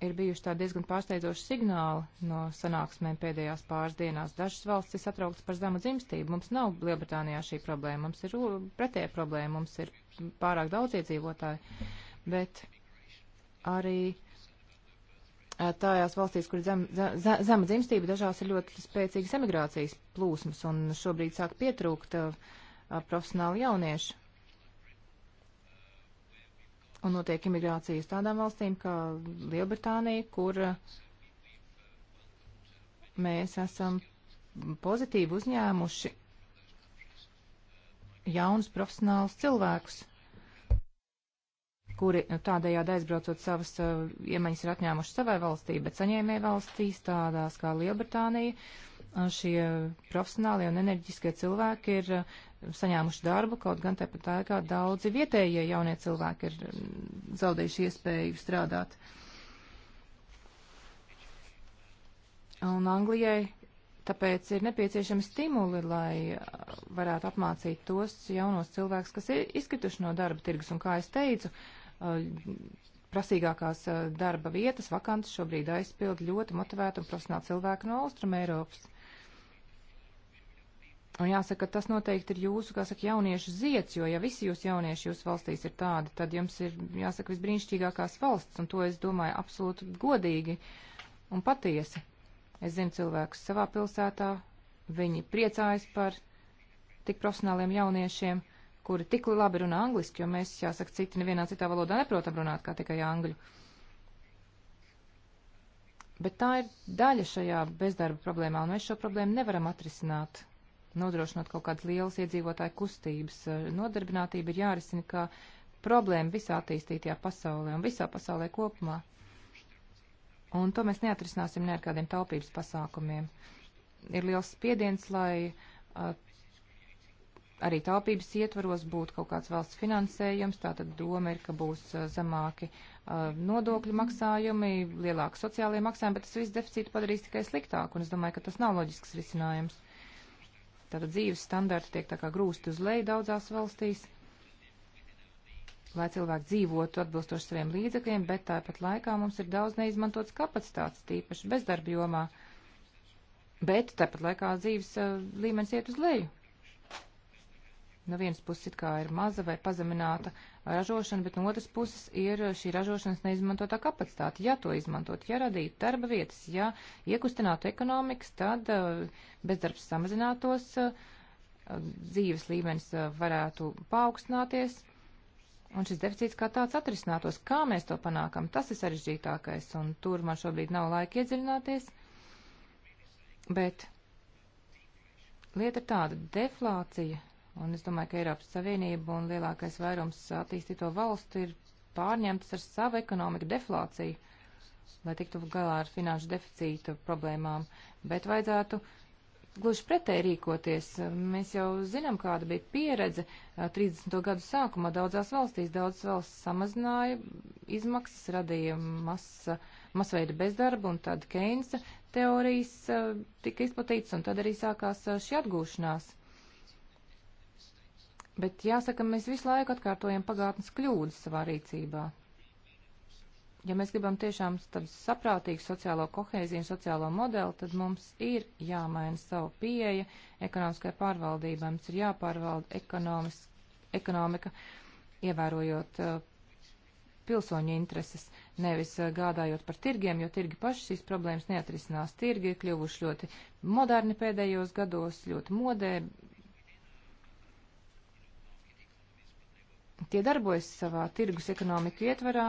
ir bijuši tādi diezgan pārsteidzoši signāli no sanāksmēm pēdējās pāris dienās. Dažas valstis ir satrauktas par zemu dzimstību. Mums nav Lielbritānijā šī problēma, mums ir pretēja problēma, mums ir pārāk daudz iedzīvotāju, bet arī tajās valstīs, kur zem, zem, zema dzimstība, dažās ir ļoti spēcīgas emigrācijas plūsmas, un šobrīd sāk pietrūkt uh, profesionāli jaunieši. Un notiek imigrācijas tādām valstīm kā Lielbritānija, kur uh, mēs esam pozitīvi uzņēmuši jaunus profesionālus cilvēkus kuri nu, tādējādi aizbraucot savas uh, iemaņas ir atņēmuši savai valstī, bet saņēmē valstīs tādās kā Lielbritānija, eh, šie profesionālie un enerģiskie cilvēki ir uh, saņēmuši darbu, kaut gan tāpat tā kā daudzi vietējie jaunie cilvēki ir mm, zaudējuši iespēju strādāt. Un Anglijai Tāpēc ir nepieciešami stimuli, lai varētu apmācīt tos jaunos cilvēkus, kas ir izkrituši no darba tirgus. Un kā es teicu, Uh, prasīgākās uh, darba vietas vakantas šobrīd aizpild ļoti motivēti un profesionāli cilvēki no Austrum Eiropas. Un jāsaka, tas noteikti ir jūsu, kā saka, jauniešu ziets, jo ja visi jūs jaunieši jūsu valstīs ir tādi, tad jums ir, jāsaka, visbrīnišķīgākās valsts, un to es domāju absolūti godīgi un patiesi. Es zinu cilvēkus savā pilsētā, viņi priecājas par tik profesionāliem jauniešiem, uh, kuri tik labi runā angliski, jo mēs, jāsaka, citi nevienā citā valodā neprotam runāt kā tikai angļu. Bet tā ir daļa šajā bezdarba problēmā, un mēs šo problēmu nevaram atrisināt, nodrošinot kaut kādas lielas iedzīvotāju kustības. Nodarbinātība ir jārisina kā problēma visā attīstītajā pasaulē un visā pasaulē kopumā. Un to mēs neatrisināsim ne ar kādiem taupības pasākumiem. Ir liels spiediens, lai uh, arī taupības ietvaros būtu kaut kāds valsts finansējums, tātad doma ir, ka būs zemāki uh, nodokļu maksājumi, lielāki sociālie maksājumi, bet tas viss deficītu padarīs tikai sliktāku, un es domāju, ka tas nav loģisks risinājums. Tātad dzīves standarti tiek tā kā grūsti uz leju daudzās valstīs, lai cilvēki dzīvotu atbilstoši saviem līdzekļiem, bet tāpat laikā mums ir daudz neizmantotas kapacitātes, tīpaši bezdarba jomā, bet tāpat laikā dzīves uh, līmenis iet uz leju no vienas puses it kā ir maza vai pazemināta ražošana, bet no otras puses ir šī ražošanas neizmantotā kapacitāte. Ja to izmantot, ja radītu darba vietas, ja iekustinātu ekonomikas, tad eh, bezdarbs samazinātos, eh, dzīves līmenis eh, varētu paaugstināties. Un šis deficīts kā tāds atrisinātos, kā mēs to panākam, tas ir sarežģītākais, un tur man šobrīd nav laika iedziļināties. Bet lieta ir tāda, deflācija Un es domāju, ka Eiropas Savienība un lielākais vairums attīstīto valstu ir pārņemtas ar savu ekonomiku deflāciju, lai tiktu galā ar finanšu deficītu problēmām. Bet vajadzētu gluži pretēji rīkoties. Mēs jau zinām, kāda bija pieredze 30. gadu sākumā daudzās valstīs. Daudzas valsts samazināja izmaksas, radīja masa, masveida bezdarba un tad Keinsa teorijas tika izplatītas un tad arī sākās šī atgūšanās. Bet jāsaka, mēs visu laiku atkārtojam pagātnes kļūdas savā rīcībā. Ja mēs gribam tiešām tādu saprātīgu sociālo kohēziju un sociālo modeli, tad mums ir jāmaina savu pieeja ekonomiskai pārvaldībai. Mums ir jāpārvalda ekonomis, ekonomika, ievērojot uh, pilsoņu intereses, nevis uh, gādājot par tirgiem, jo tirgi paši šīs problēmas neatrisinās. Tirgi ir kļuvuši ļoti moderni pēdējos gados, ļoti modē, Tie darbojas savā tirgus ekonomiku ietvarā,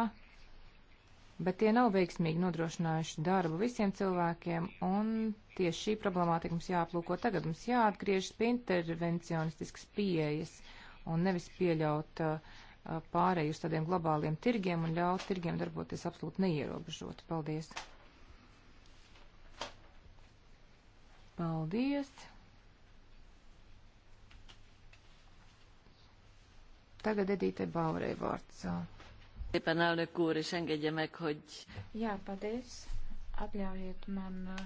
bet tie nav veiksmīgi nodrošinājuši darbu visiem cilvēkiem, un tieši šī problemātika mums jāaplūko tagad. Mums jāatgriežas pie intervencionistiskas pieejas un nevis pieļaut uh, uh pārēju uz tādiem globāliem tirgiem un ļaut tirgiem darboties absolūti neierobežot. Paldies! Paldies! Tagad Edīte Baurei vārds. Szépen, elnök úr, és engedje meg, hogy... Jā, paldies. Atļaujiet man uh,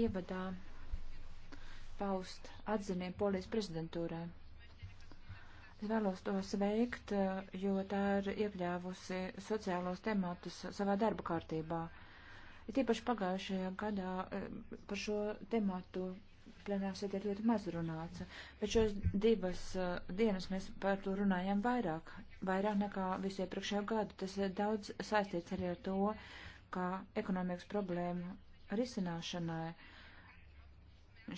ievadā paust atziniem polijas prezidentūrā. Es vēlos to sveikt, uh, jo tā ir iekļāvusi sociālos tematus savā darba kārtībā. Ir tīpaši pagājušajā gadā uh, par šo tematu plenārsēdē ļoti maz runāts, bet šos divas uh, dienas mēs par to runājam vairāk, vairāk nekā visu iepriekšējo gadu. Tas daudz saistīts arī ar to, kā ekonomikas problēmu risināšanai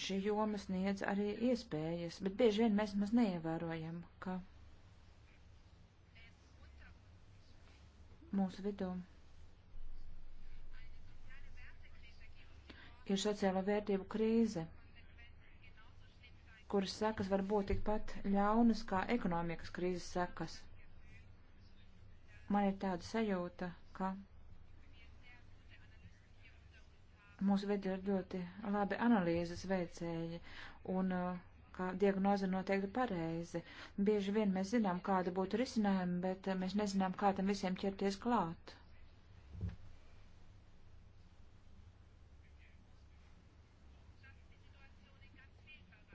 šī joma sniedz arī iespējas, bet bieži vien mēs maz neievērojam, ka mūsu vidū ir sociāla vērtību krīze kuras sekas var būt tikpat ļaunas kā ekonomikas krīzes sekas. Man ir tāda sajūta, ka mūsu vidi ir ļoti labi analīzes veicēji un uh, ka diagnoze noteikti pareizi. Bieži vien mēs zinām, kāda būtu risinājuma, bet uh, mēs nezinām, kā tam visiem ķerties klāt.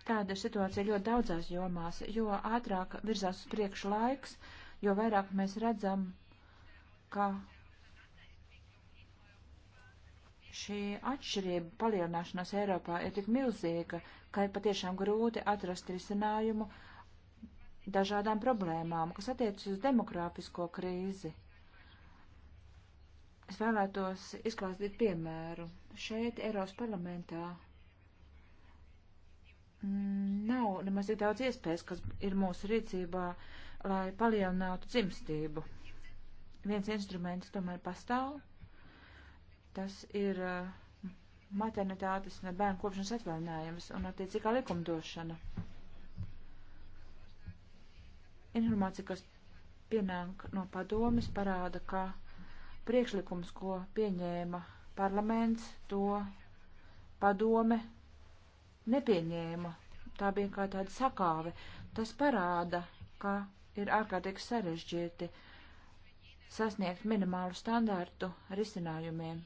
Tāda situācija ļoti daudzās jomās, jo ātrāk virzās uz priekšu laiks, jo vairāk mēs redzam, ka šī atšķirība palielināšanās Eiropā ir tik milzīga, ka ir patiešām grūti atrast risinājumu dažādām problēmām, kas attiecas uz demokrāfisko krīzi. Es vēlētos izklāstīt piemēru. Šeit Eiropas parlamentā Mm, nav nemaz tik daudz iespējas, kas ir mūsu rīcībā, lai palielinātu dzimstību. Viens instruments tomēr pastāv. Tas ir uh, maternitātes un bērnu kopšanas atvaļinājums un attiecīgā likumdošana. Informācija, kas pienāk no padomis, parāda, ka priekšlikums, ko pieņēma parlaments, to padome nepieņēma. Tā bija kā tāda sakāve. Tas parāda, ka ir ārkārtīgi sarežģīti sasniegt minimālu standārtu risinājumiem.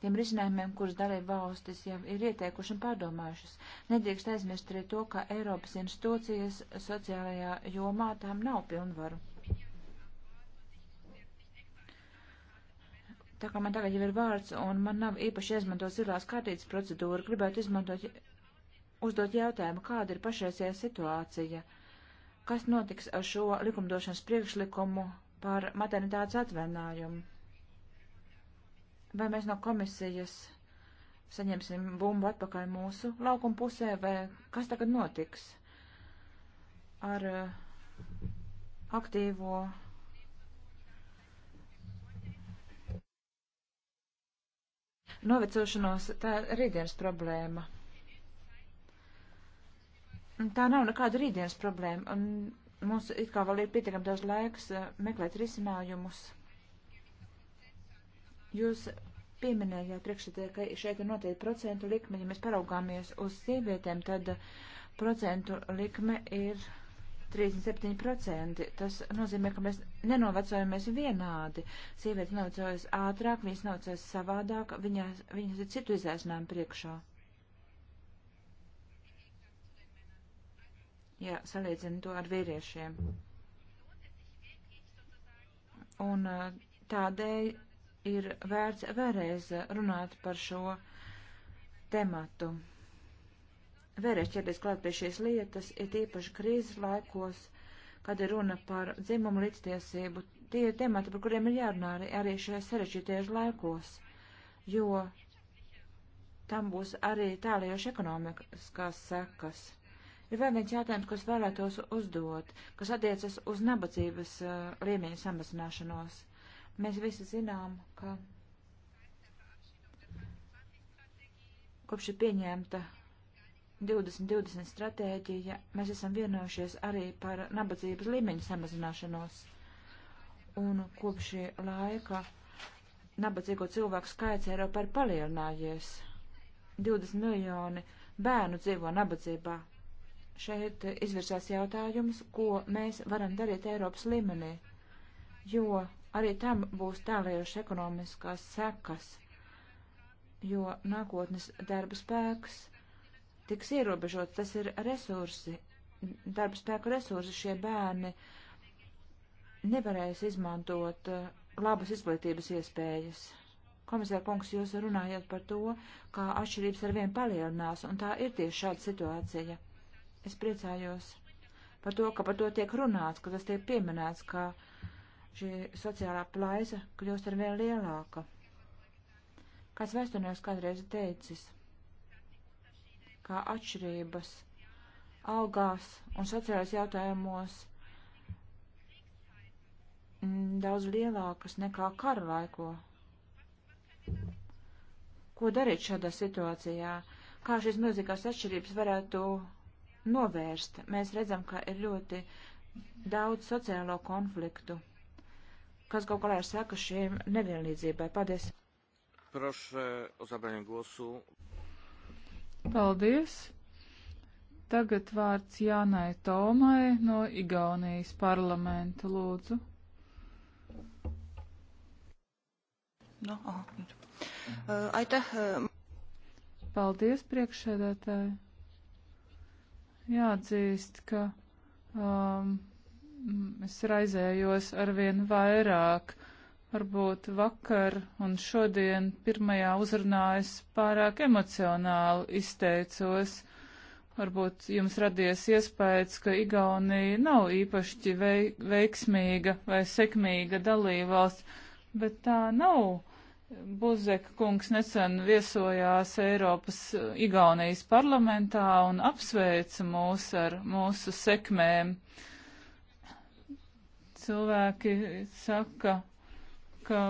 Tiem risinājumiem, kurus dalība valstis jau ir ieteikuši un pārdomājušas, nedrīkst aizmirst arī to, ka Eiropas institūcijas sociālajā jomā tām nav pilnvaru. Tā kā man tagad jau ir vārds un man nav īpaši jāizmanto zilās kārtītas procedūra, gribētu izmantot, uzdot jautājumu, kāda ir pašreizējā situācija, kas notiks ar šo likumdošanas priekšlikumu par maternitātes atvainājumu. Vai mēs no komisijas saņemsim bumbu atpakaļ mūsu laukuma pusē, vai kas tagad notiks ar uh, aktīvo Novecošanos tā ir rītdienas problēma. Tā nav nekāda rītdienas problēma, un mums it kā vēl ir pietiekami daudz laiks eh, meklēt risinājumus. Jūs pieminējāt priekšsēdē, ka šeit ir noteikti procentu likme, ja mēs paraugāmies uz sievietēm, tad procentu likme ir 37%. Tas nozīmē, ka mēs nenovecojamies vienādi. Sievietes novecojas ātrāk, viņas novecojas savādāk, viņas, viņas ir citu izaicinājumu priekšā. Ja salīdzinu to ar vīriešiem. Un tādēļ ir vērts vēlreiz runāt par šo tematu vēlreiz ķerties klāt pie šīs lietas, ir īpaši krīzes laikos, kad ir runa par dzimumu līdztiesību. Tie ir temati, par kuriem ir jārunā arī, arī šajos sarežģītajos laikos, jo tam būs arī tālējoši ekonomiskās sekas. Ir vēl viens jautājums, ko es vēlētos uzdot, kas attiecas uz nabadzības uh, līmeņa samazināšanos. Mēs visi zinām, ka kopš ir pieņemta 2020 stratēģija, mēs esam vienojušies arī par nabadzības līmeņu samazināšanos. Un kopš šī laika nabadzīgo cilvēku skaits Eiropā ir palielinājies. 20 miljoni bērnu dzīvo nabadzībā. Šeit izvirsās jautājums, ko mēs varam darīt Eiropas līmenī, jo arī tam būs tālējošas ekonomiskās sekas, jo nākotnes darba spēks tiks ierobežots, tas ir resursi, darba spēku resursi šie bērni nevarēs izmantot uh, labas izglītības iespējas. Komisāra kungs, jūs runājat par to, kā atšķirības ar vien palielinās, un tā ir tieši šāda situācija. Es priecājos par to, ka par to tiek runāts, ka tas tiek pieminēts, ka šī sociālā plaisa kļūst ar vien lielāka. Kāds vēsturnieks kādreiz teicis – kā atšķirības algās un sociālajos jautājumos mm, daudz lielākas nekā kara laiko. Ko darīt šādā situācijā? Kā šīs milzīgās atšķirības varētu novērst? Mēs redzam, ka ir ļoti daudz sociālo konfliktu, kas kaut kādā ir saka šīm nevienlīdzībai. Paldies! Prošu o zabranie głosu. Paldies! Tagad vārds Jānai Tomai no Igaunijas parlamenta lūdzu. No, aha, uh, aita, uh... Paldies, priekšsēdētāji. Jāatzīst, ka um, es raizējos arvien vairāk Varbūt vakar un šodien pirmajā uzrunā es pārāk emocionāli izteicos. Varbūt jums radies iespējas, ka Igaunija nav īpaši veiksmīga vai sekmīga dalībvalsts, bet tā nav. Buzek kungs nesen viesojās Eiropas Igaunijas parlamentā un apsveica mūs ar mūsu sekmēm cilvēki saka, ka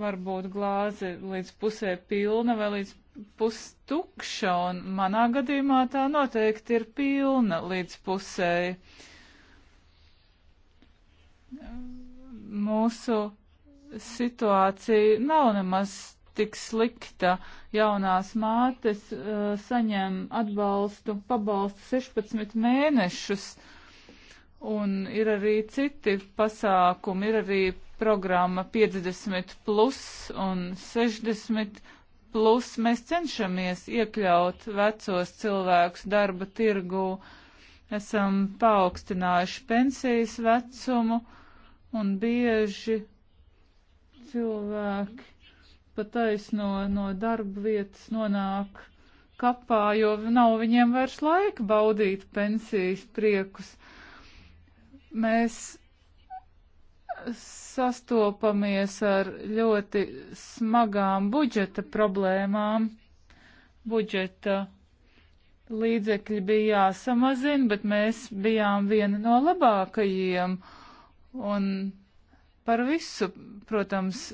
varbūt glāze līdz pusē pilna vai līdz pustukša, un manā gadījumā tā noteikti ir pilna līdz pusēji. Mūsu situācija nav nemaz tik slikta. Jaunās mātes uh, saņem atbalstu, pabalstu 16 mēnešus, un ir arī citi pasākumi, ir arī programma 50 plus un 60 plus mēs cenšamies iekļaut vecos cilvēkus darba tirgū. Esam paaugstinājuši pensijas vecumu un bieži cilvēki pataisno no darba vietas nonāk kapā, jo nav viņiem vairs laika baudīt pensijas priekus. Mēs sastopamies ar ļoti smagām budžeta problēmām. Budžeta līdzekļi bija jāsamazina, bet mēs bijām viena no labākajiem. Un par visu, protams,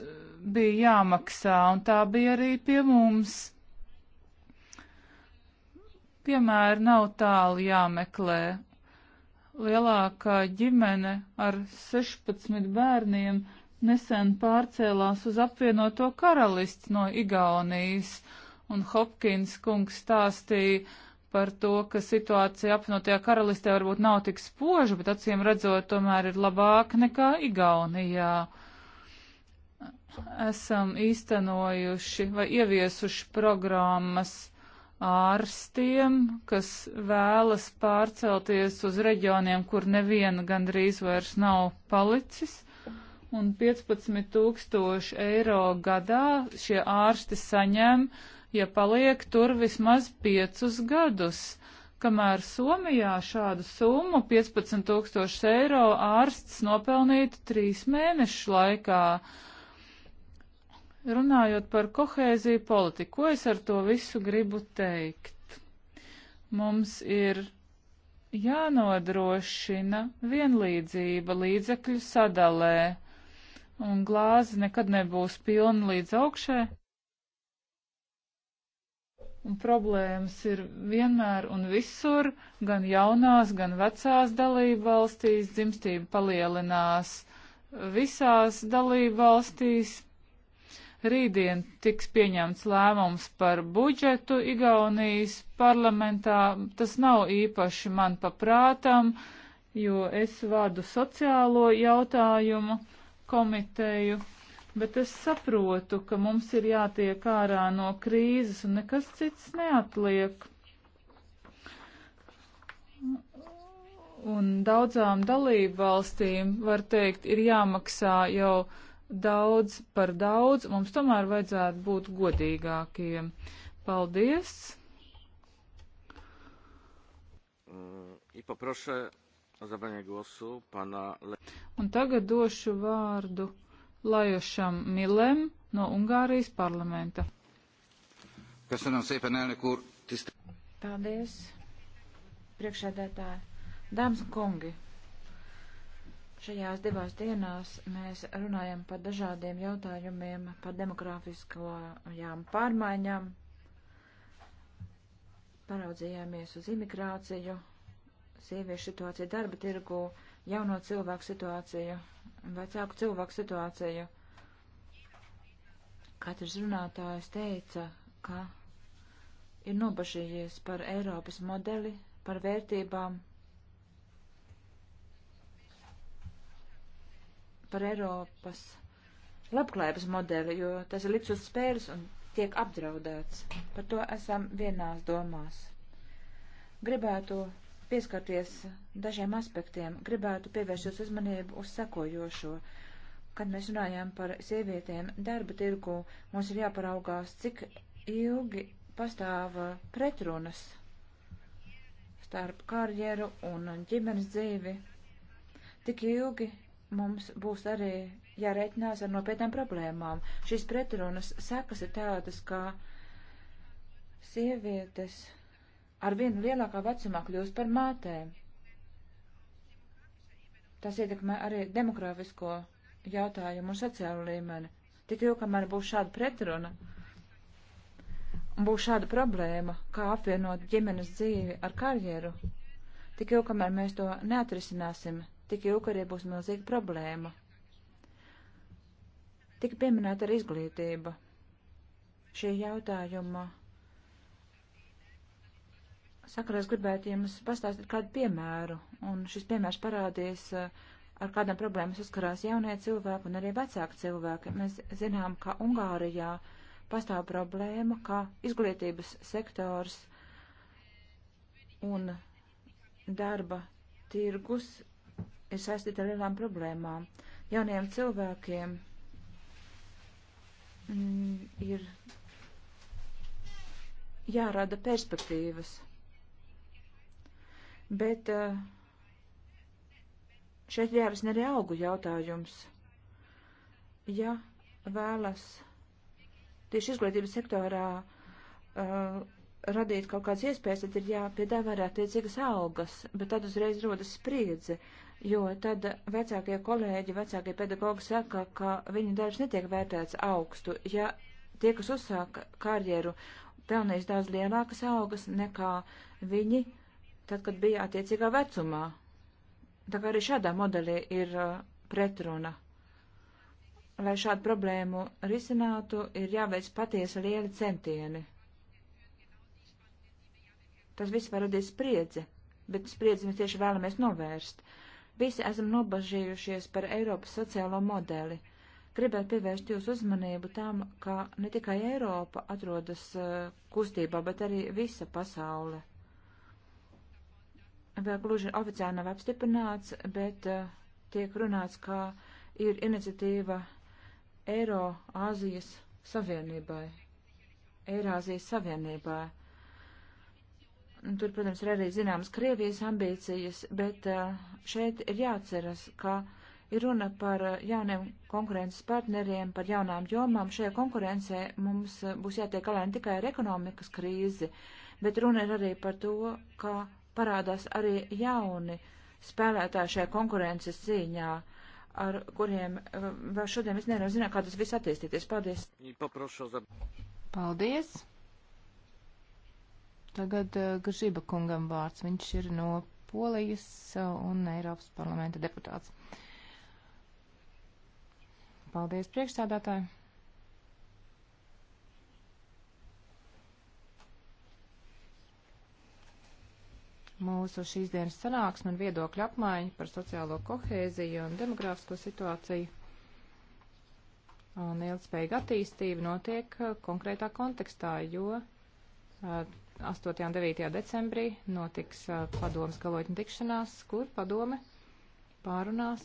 bija jāmaksā, un tā bija arī pie mums. Piemēri nav tālu jāmeklē, lielākā ģimene ar 16 bērniem nesen pārcēlās uz apvienoto karalists no Igaunijas, un Hopkins kungs stāstīja par to, ka situācija apvienotajā karalistē varbūt nav tik spoža, bet acīm redzot, tomēr ir labāka nekā Igaunijā. Esam īstenojuši vai ieviesuši programmas ārstiem, kas vēlas pārcelties uz reģioniem, kur neviena gandrīz vairs nav palicis, un 15 tūkstoši eiro gadā šie ārsti saņem, ja paliek tur vismaz piecus gadus kamēr Somijā šādu summu 15 tūkstošus eiro ārsts nopelnītu trīs mēnešu laikā. Runājot par kohēziju politiku, ko es ar to visu gribu teikt? Mums ir jānodrošina vienlīdzība līdzekļu sadalē, un glāze nekad nebūs pilna līdz augšē. Un problēmas ir vienmēr un visur, gan jaunās, gan vecās dalību valstīs, dzimstība palielinās visās dalību valstīs Rītdien tiks pieņemts lēmums par budžetu Igaunijas parlamentā. Tas nav īpaši man paprātam, jo es vadu sociālo jautājumu komiteju, bet es saprotu, ka mums ir jātiek ārā no krīzes un nekas cits neatliek. Un daudzām dalību valstīm, var teikt, ir jāmaksā jau daudz par daudz, mums tomēr vajadzētu būt godīgākiem. Paldies! Mm, un tagad došu vārdu Lajošam Milem no Ungārijas parlamenta. Paldies, priekšēdētāji, dāmas un kungi! Šajās divās dienās mēs runājam par dažādiem jautājumiem, par demografiskajām pārmaiņām, paraudzījāmies uz imigrāciju, sieviešu situāciju darba tirgu, jauno cilvēku situāciju, vecāku cilvēku situāciju. Katrs runātājs teica, ka ir nobažījies par Eiropas modeli, par vērtībām, par Eiropas labklājības modeli, jo tas ir liks uz spēles un tiek apdraudēts. Par to esam vienās domās. Gribētu pieskarties dažiem aspektiem, gribētu pievērst jūsu uzmanību uz sekojošo. Kad mēs runājam par sievietēm darba tirgu, mums ir jāparaugās, cik ilgi pastāv pretrunas starp karjeru un ģimenes dzīvi. Tik ilgi, mums būs arī jārēķinās ar nopietnām problēmām. Šīs pretrunas sekas ir tādas, ka sievietes ar vienu lielākā vecumā kļūst par mātēm. Tas ietekmē arī demografisko jautājumu un sociālo līmeni. Tik jau, kamēr būs šāda pretruna un būs šāda problēma, kā apvienot ģimenes dzīvi ar karjeru, tik jau, kamēr mēs to neatrisināsim, tik ilgi arī būs milzīga problēma. Tika pieminēta arī izglītība. Šie jautājuma sakarā es gribētu jums pastāstīt kādu piemēru, un šis piemērs parādīs, eh, ar kādām problēmām saskarās jaunie cilvēki un arī vecāki cilvēki. Mēs zinām, ka Ungārijā pastāv problēma, ka izglītības sektors un darba tirgus ir saistīta ar lielām problēmām. Jauniem cilvēkiem mm, ir jārada perspektīvas. Bet eh, šeit jārisina arī augu jautājums. Ja vēlas tieši izglītības sektorā uh, radīt kaut kādas iespējas, tad ir jāpiedāvā arī attiecīgas algas, bet tad uzreiz rodas spriedze jo tad vecākie kolēģi, vecākie pedagogi saka, ka viņu darbs netiek vērtēts augstu. Ja tie, kas uzsāka karjeru, pelnīs daudz lielākas augas nekā viņi, tad, kad bija attiecīgā vecumā. Tā kā arī šādā modelī ir uh, pretruna. Lai šādu problēmu risinātu, ir jāveic patiesi lieli centieni. Tas viss var radīt spriedzi, bet spriedzi mēs tieši vēlamies novērst. Uh, Visi esam nobažījušies par Eiropas sociālo modeli. Gribētu pievērst jūsu uzmanību tam, ka ne tikai Eiropa atrodas eh, kustībā, bet arī visa pasaule. Vēl gluži oficiāli nav apstiprināts, bet eh, tiek runāts, ka ir iniciatīva Eiro Āzijas Savienībai. Eirāzijas Savienībā. Tur, protams, ir arī zināmas Krievijas ambīcijas, bet šeit ir jāatceras, ka ir runa par jauniem konkurences partneriem, par jaunām jomām. Šajā konkurencē mums būs jātiek galā ne tikai ar ekonomikas krīzi, bet runa ir arī par to, ka parādās arī jauni spēlētāji šajā konkurences cīņā, ar kuriem vēl šodien es nevienu zinu, kā tas viss attīstīties. Paldies! Paldies! Tagad eh, Gažiba kungam vārds. Viņš ir no Polijas eh, un Eiropas parlamenta deputāts. Paldies priekšstādātāji! mūsu šīs dienas sanāksmi un viedokļu apmaiņu par sociālo kohēziju un demogrāfisko situāciju un ilgspējīgu attīstību notiek eh, konkrētā kontekstā, jo 8. un 9. decembrī notiks uh, padomas galotņu tikšanās, kur padome pārunās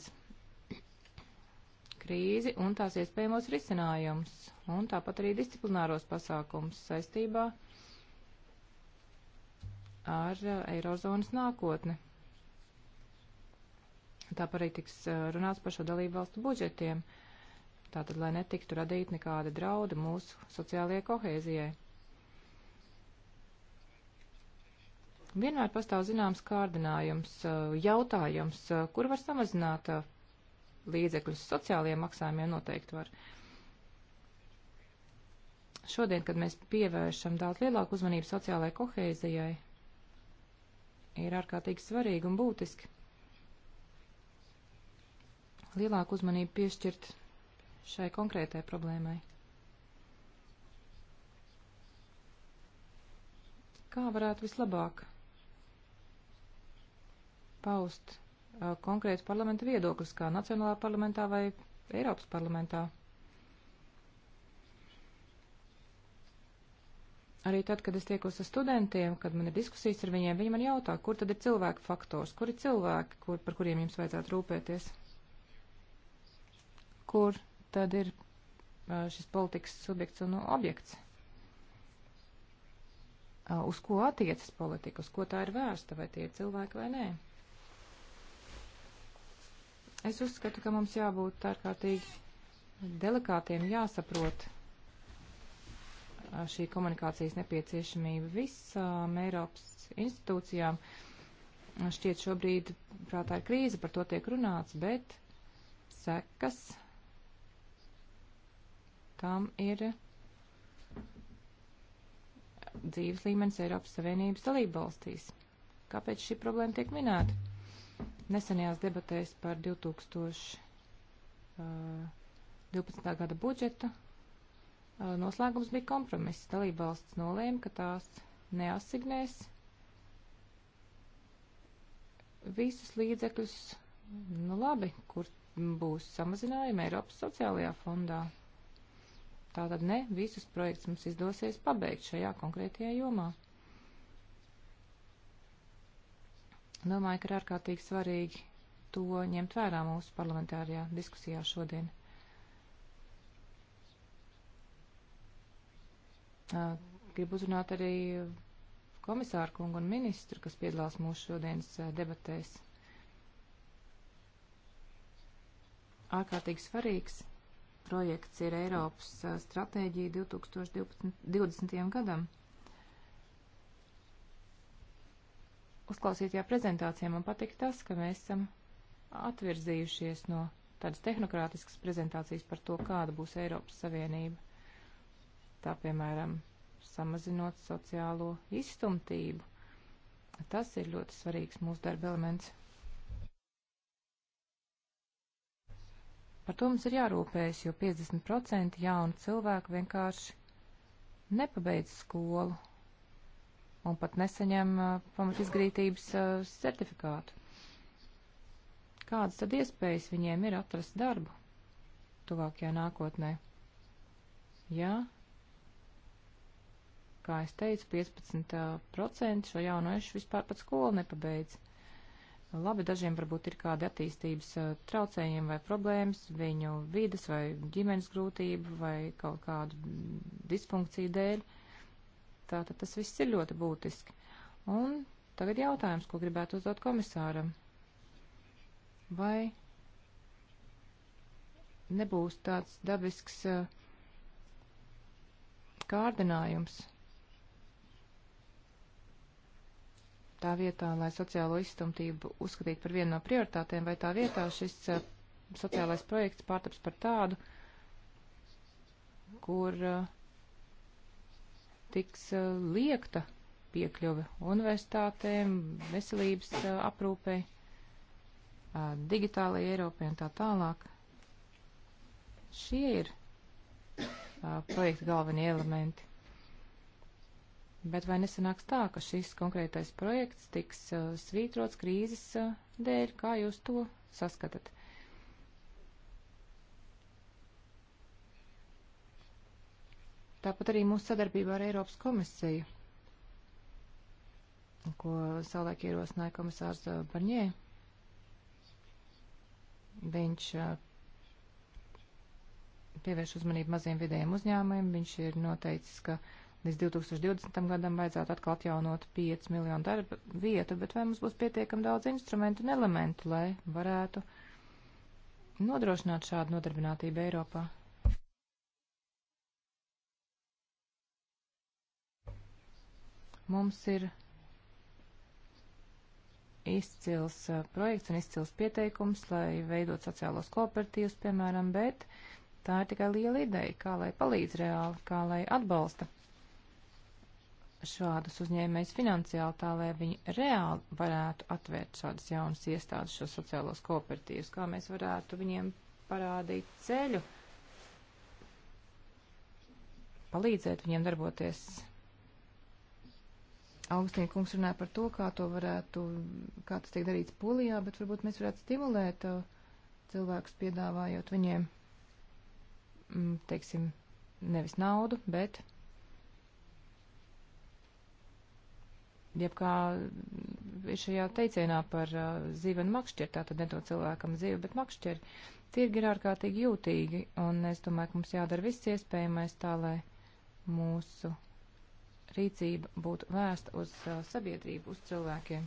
krīzi un tās iespējamos risinājumus, un tāpat arī disciplināros pasākums saistībā ar uh, Eirozonas nākotni. Tāpat arī tiks uh, runāts par šo dalību valstu budžetiem, tātad, lai netiktu radīt nekāda drauda mūsu sociālajai kohēzijai. vienmēr pastāv zināms kārdinājums, jautājums, kur var samazināt līdzekļus sociālajiem maksājumiem noteikti var. Šodien, kad mēs pievēršam daudz lielāku uzmanību sociālajai koheizijai, ir ārkārtīgi svarīgi un būtiski lielāku uzmanību piešķirt šai konkrētai problēmai. Kā varētu vislabāk paust uh, konkrēts parlamenta viedoklis, kā Nacionālā parlamentā vai Eiropas parlamentā. Arī tad, kad es tiekos ar studentiem, kad man ir diskusijas ar viņiem, viņi man jautā, kur tad ir cilvēku faktors, kur ir cilvēki, kur, par kuriem jums vajadzētu rūpēties, kur tad ir šis politikas subjekts un objekts, uz ko attiecas politika, uz ko tā ir vērsta, vai tie ir cilvēki vai nē. Es uzskatu, ka mums jābūt ārkārtīgi delikātiem, jāsaprot šī komunikācijas nepieciešamība visām Eiropas institūcijām. Šķiet šobrīd prātā ir krīze, par to tiek runāts, bet sekas tam ir dzīves līmenis Eiropas Savienības dalība valstīs. Kāpēc šī problēma tiek minēta? nesenajās debatēs par 2012. gada budžetu noslēgums bija kompromiss. Dalībvalsts nolēma, ka tās neasignēs visus līdzekļus, nu labi, kur būs samazinājumi Eiropas sociālajā fondā. Tātad ne visus projekts mums izdosies pabeigt šajā konkrētajā jomā. Domāju, ka ir ārkārtīgi svarīgi to ņemt vērā mūsu parlamentārajā diskusijā šodien. Gribu uzrunāt arī komisāru kungu un ministru, kas piedalās mūsu šodienas debatēs. Ārkārtīgi svarīgs projekts ir Eiropas stratēģija 2020. gadam. uzklausītajā prezentācijā man patika tas, ka mēs esam atvirzījušies no tādas tehnokrātiskas prezentācijas par to, kāda būs Eiropas Savienība. Tā, piemēram, samazinot sociālo izstumtību. Tas ir ļoti svarīgs mūsu darba elements. Par to mums ir jārūpējas, jo 50% jaunu cilvēku vienkārši nepabeidz skolu un pat nesaņem pamat izglītības certifikātu. Kādas tad iespējas viņiem ir atrast darbu tuvākajā nākotnē? Jā, kā es teicu, 15% šo jauniešu vispār pat skolu nepabeidz. Labi, dažiem varbūt ir kādi attīstības traucējumi vai problēmas, viņu vidas vai ģimenes grūtību vai kaut kādu disfunkciju dēļ. Uh, Tātad tas viss ir ļoti būtiski. Un tagad jautājums, ko gribētu uzdot komisāram. Vai nebūs tāds dabisks eh, kārdinājums tā vietā, lai sociālo izstumtību uzskatītu par vienu no prioritātēm, vai tā vietā šis eh, sociālais projekts pārtaps par tādu, kur uh, tiks eh, liekta piekļuve universitātēm, veselības eh, aprūpei, eh, digitālajai Eiropai un tā tālāk. Šie ir projekta galvenie elementi. Bet vai nesanāks tā, ka šis konkrētais projekts tiks svītrots krīzes dēļ, kā jūs to saskatat? Tāpat arī mūsu sadarbībā ar Eiropas komisiju, ko savulaik ierosināja komisārs uh, Barņē. Viņš uh, pievērš uzmanību maziem vidējiem uzņēmumiem. Viņš ir noteicis, ka līdz 2020. gadam vajadzētu atkal atjaunot 5 miljonu darba vietu, bet vai mums būs pietiekami daudz instrumentu un elementu, lai varētu nodrošināt šādu nodarbinātību Eiropā? Mums ir izcils uh, projekts un izcils pieteikums, lai veidot sociālos kooperatīvus, piemēram, bet tā ir tikai liela ideja, kā lai palīdz reāli, kā lai atbalsta šādus uzņēmējus finansiāli, tā lai viņi reāli varētu atvērt šādas jaunas iestādes, šos sociālos kooperatīvus, kā mēs varētu viņiem parādīt ceļu, palīdzēt viņiem darboties Augustīna kungs runāja par to, kā to varētu, kā tas tiek darīts Polijā, bet varbūt mēs varētu stimulēt uh, cilvēkus piedāvājot viņiem, mm, teiksim, nevis naudu, bet jebkā ir šajā teicienā par uh, zīvi un makšķeri, tātad ne to cilvēkam zīvi, bet makšķeri. Tirgi ir ārkārtīgi jūtīgi, un es domāju, ka mums jādara viss iespējamais tā, lai mūsu rīcība būtu vērsta uz uh, sabiedrību, uz cilvēkiem.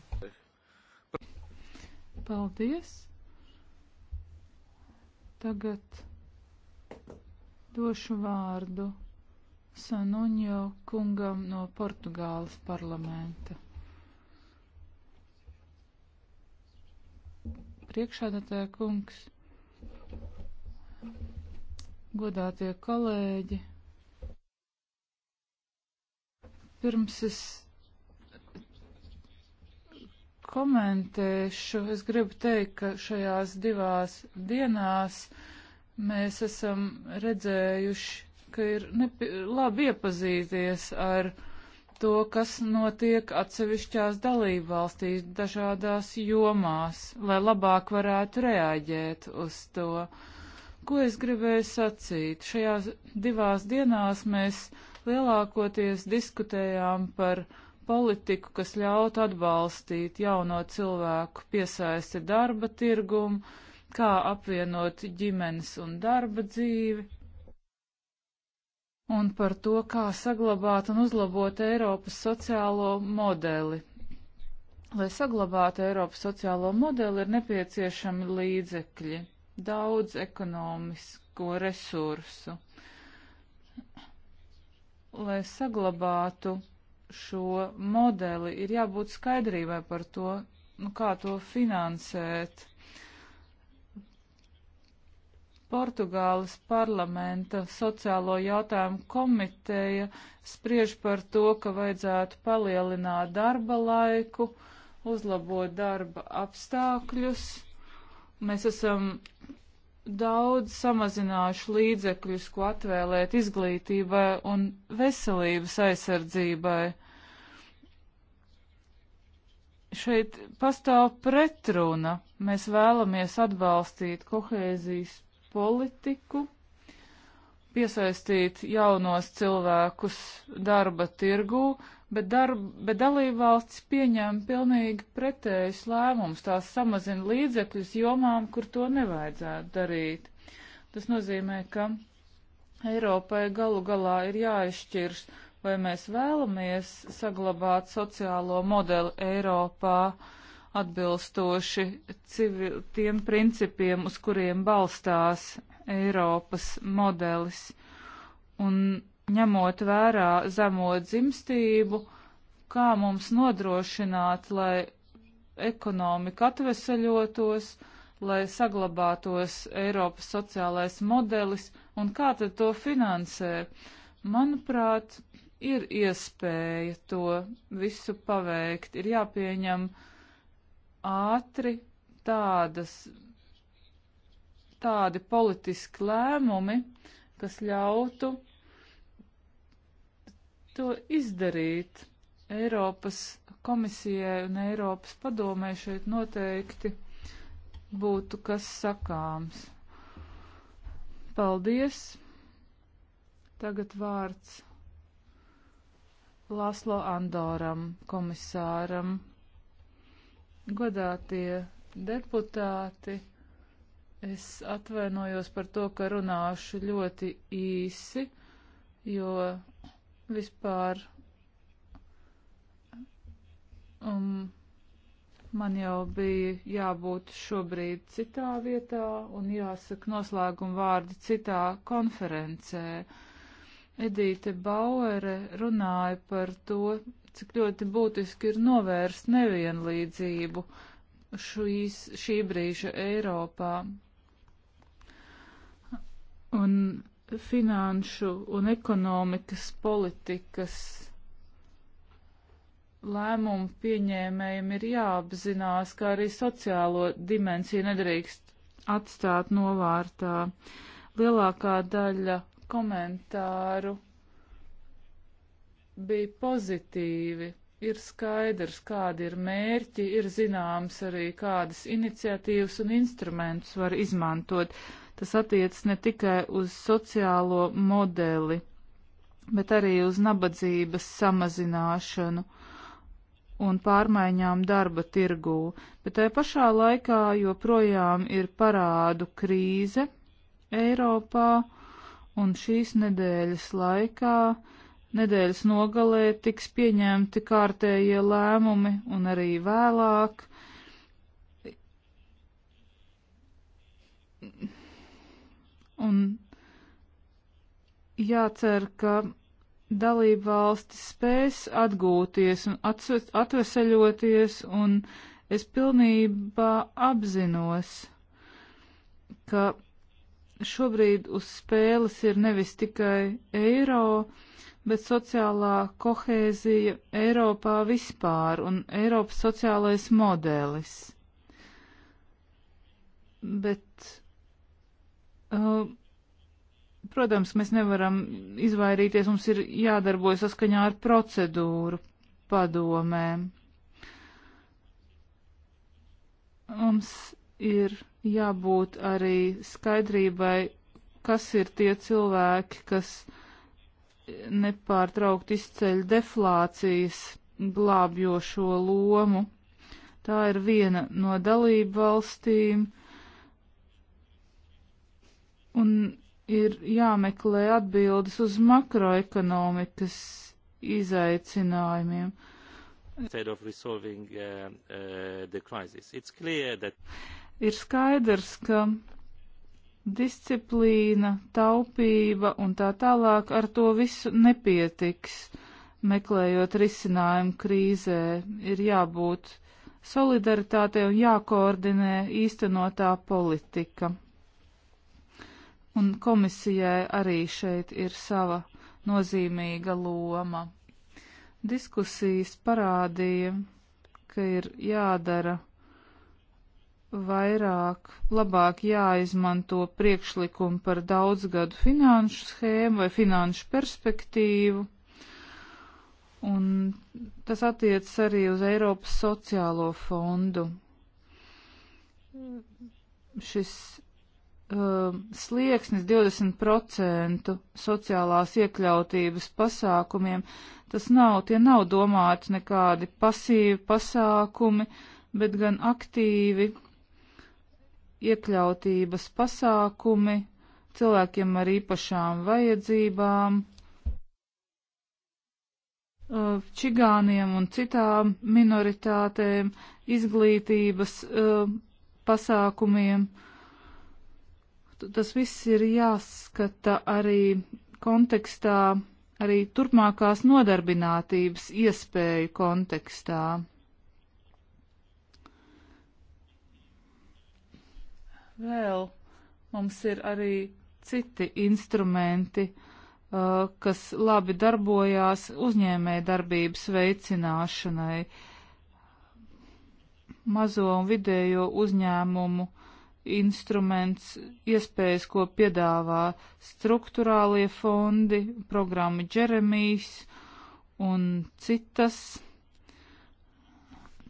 Paldies! Tagad došu vārdu Sanuņo kungam no Portugāles parlamenta. Priekšādātāja kungs, godātie kolēģi! Pirms es komentēšu, es gribu teikt, ka šajās divās dienās mēs esam redzējuši, ka ir labi iepazīties ar to, kas notiek atsevišķās dalībvalstīs dažādās jomās, lai labāk varētu reaģēt uz to. Ko es gribēju sacīt? Šajās divās dienās mēs Lielākoties diskutējām par politiku, kas ļautu atbalstīt jauno cilvēku piesaisti darba tirgumu, kā apvienot ģimenes un darba dzīvi, un par to, kā saglabāt un uzlabot Eiropas sociālo modeli. Lai saglabātu Eiropas sociālo modeli, ir nepieciešami līdzekļi, daudz ekonomisko resursu lai saglabātu šo modeli, ir jābūt skaidrībai par to, nu, kā to finansēt. Portugāles parlamenta sociālo jautājumu komiteja spriež par to, ka vajadzētu palielināt darba laiku, uzlabot darba apstākļus. Mēs esam daudz samazināšu līdzekļus, ko atvēlēt izglītībai un veselības aizsardzībai. Šeit pastāv pretruna. Mēs vēlamies atbalstīt kohēzijas politiku, piesaistīt jaunos cilvēkus darba tirgū, bet, darb, bet dalībvalstis pieņem pilnīgi pretējus lēmumus, tās samazina līdzekļus jomām, kur to nevajadzētu darīt. Tas nozīmē, ka Eiropai galu galā ir jāizšķirs, vai mēs vēlamies saglabāt sociālo modeli Eiropā atbilstoši civil, tiem principiem, uz kuriem balstās Eiropas modelis. Un ņemot vērā zemo dzimstību, kā mums nodrošināt, lai ekonomika atveseļotos, lai saglabātos Eiropas sociālais modelis un kā tad to finansē. Manuprāt, ir iespēja to visu paveikt, ir jāpieņem ātri tādas, tādi politiski lēmumi, kas ļautu to izdarīt. Eiropas komisijai un Eiropas padomē šeit noteikti būtu kas sakāms. Paldies! Tagad vārds Laslo Andoram, komisāram. Godātie deputāti, es atvainojos par to, ka runāšu ļoti īsi, jo vispār um, man jau bija jābūt šobrīd citā vietā un jāsaka noslēguma vārdi citā konferencē. Edīte Bauere runāja par to, cik ļoti būtiski ir novērst nevienlīdzību šīs, šī brīža Eiropā. Un finanšu un ekonomikas politikas lēmumu pieņēmējiem ir jāapzinās, kā arī sociālo dimensiju nedrīkst atstāt novārtā. Lielākā daļa komentāru bija pozitīvi. Ir skaidrs, kādi ir mērķi, ir zināms arī, kādas iniciatīvas un instrumentus var izmantot. Uh, Tas attiecas ne tikai uz sociālo modeli, bet arī uz nabadzības samazināšanu un pārmaiņām darba tirgū, bet tai pašā laikā joprojām ir parādu krīze Eiropā, un šīs nedēļas laikā nedēļas nogalē tiks pieņemti kārtējie lēmumi un arī vēlāk. Un jācer, ka dalība valstis spēs atgūties un atveseļoties, un es pilnībā apzinos, ka šobrīd uz spēles ir nevis tikai eiro, bet sociālā kohēzija Eiropā vispār un Eiropas sociālais modelis. Bet Uh, protams, mēs nevaram izvairīties, mums ir jādarbojas saskaņā ar procedūru padomēm. Mums ir jābūt arī skaidrībai, kas ir tie cilvēki, kas nepārtraukt izceļ deflācijas glābjošo lomu. Tā ir viena no dalību valstīm Un ir jāmeklē atbildes uz makroekonomikas izaicinājumiem. Resolving, uh, uh, that... Ir skaidrs, ka disciplīna, taupība un tā tālāk ar to visu nepietiks. Meklējot risinājumu krīzē, ir jābūt solidaritātei un jākoordinē īstenotā politika un komisijai arī šeit ir sava nozīmīga loma. Diskusijas parādīja, ka ir jādara vairāk, labāk jāizmanto priekšlikumu par daudzgadu finanšu schēmu vai finanšu perspektīvu. Un tas attiecas arī uz Eiropas sociālo fondu. Šis uh, slieksnis 20% sociālās iekļautības pasākumiem. Tas nav, tie nav domāti nekādi pasīvi pasākumi, bet gan aktīvi iekļautības pasākumi cilvēkiem ar īpašām vajadzībām, uh, čigāniem un citām minoritātēm, izglītības uh, pasākumiem. Uh, Tas viss ir jāskata arī kontekstā, arī turpmākās nodarbinātības iespēju kontekstā. Vēl mums ir arī citi instrumenti, uh, kas labi darbojās uzņēmē darbības veicināšanai, mazo un vidējo uzņēmumu uh, instruments, iespējas, ko piedāvā struktūrālie fondi, programma Džeremijs un citas.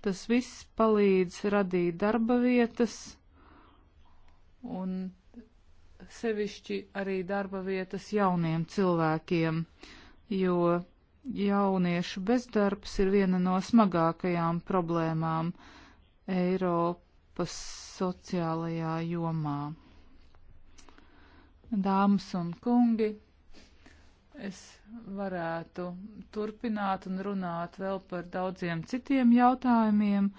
Tas viss palīdz radīt darba vietas un sevišķi arī darba vietas jauniem cilvēkiem, jo jauniešu bezdarbs ir viena no smagākajām problēmām Eiropā. Eiropas sociālajā jomā. Dāmas un kungi, es varētu turpināt un runāt vēl par daudziem citiem jautājumiem,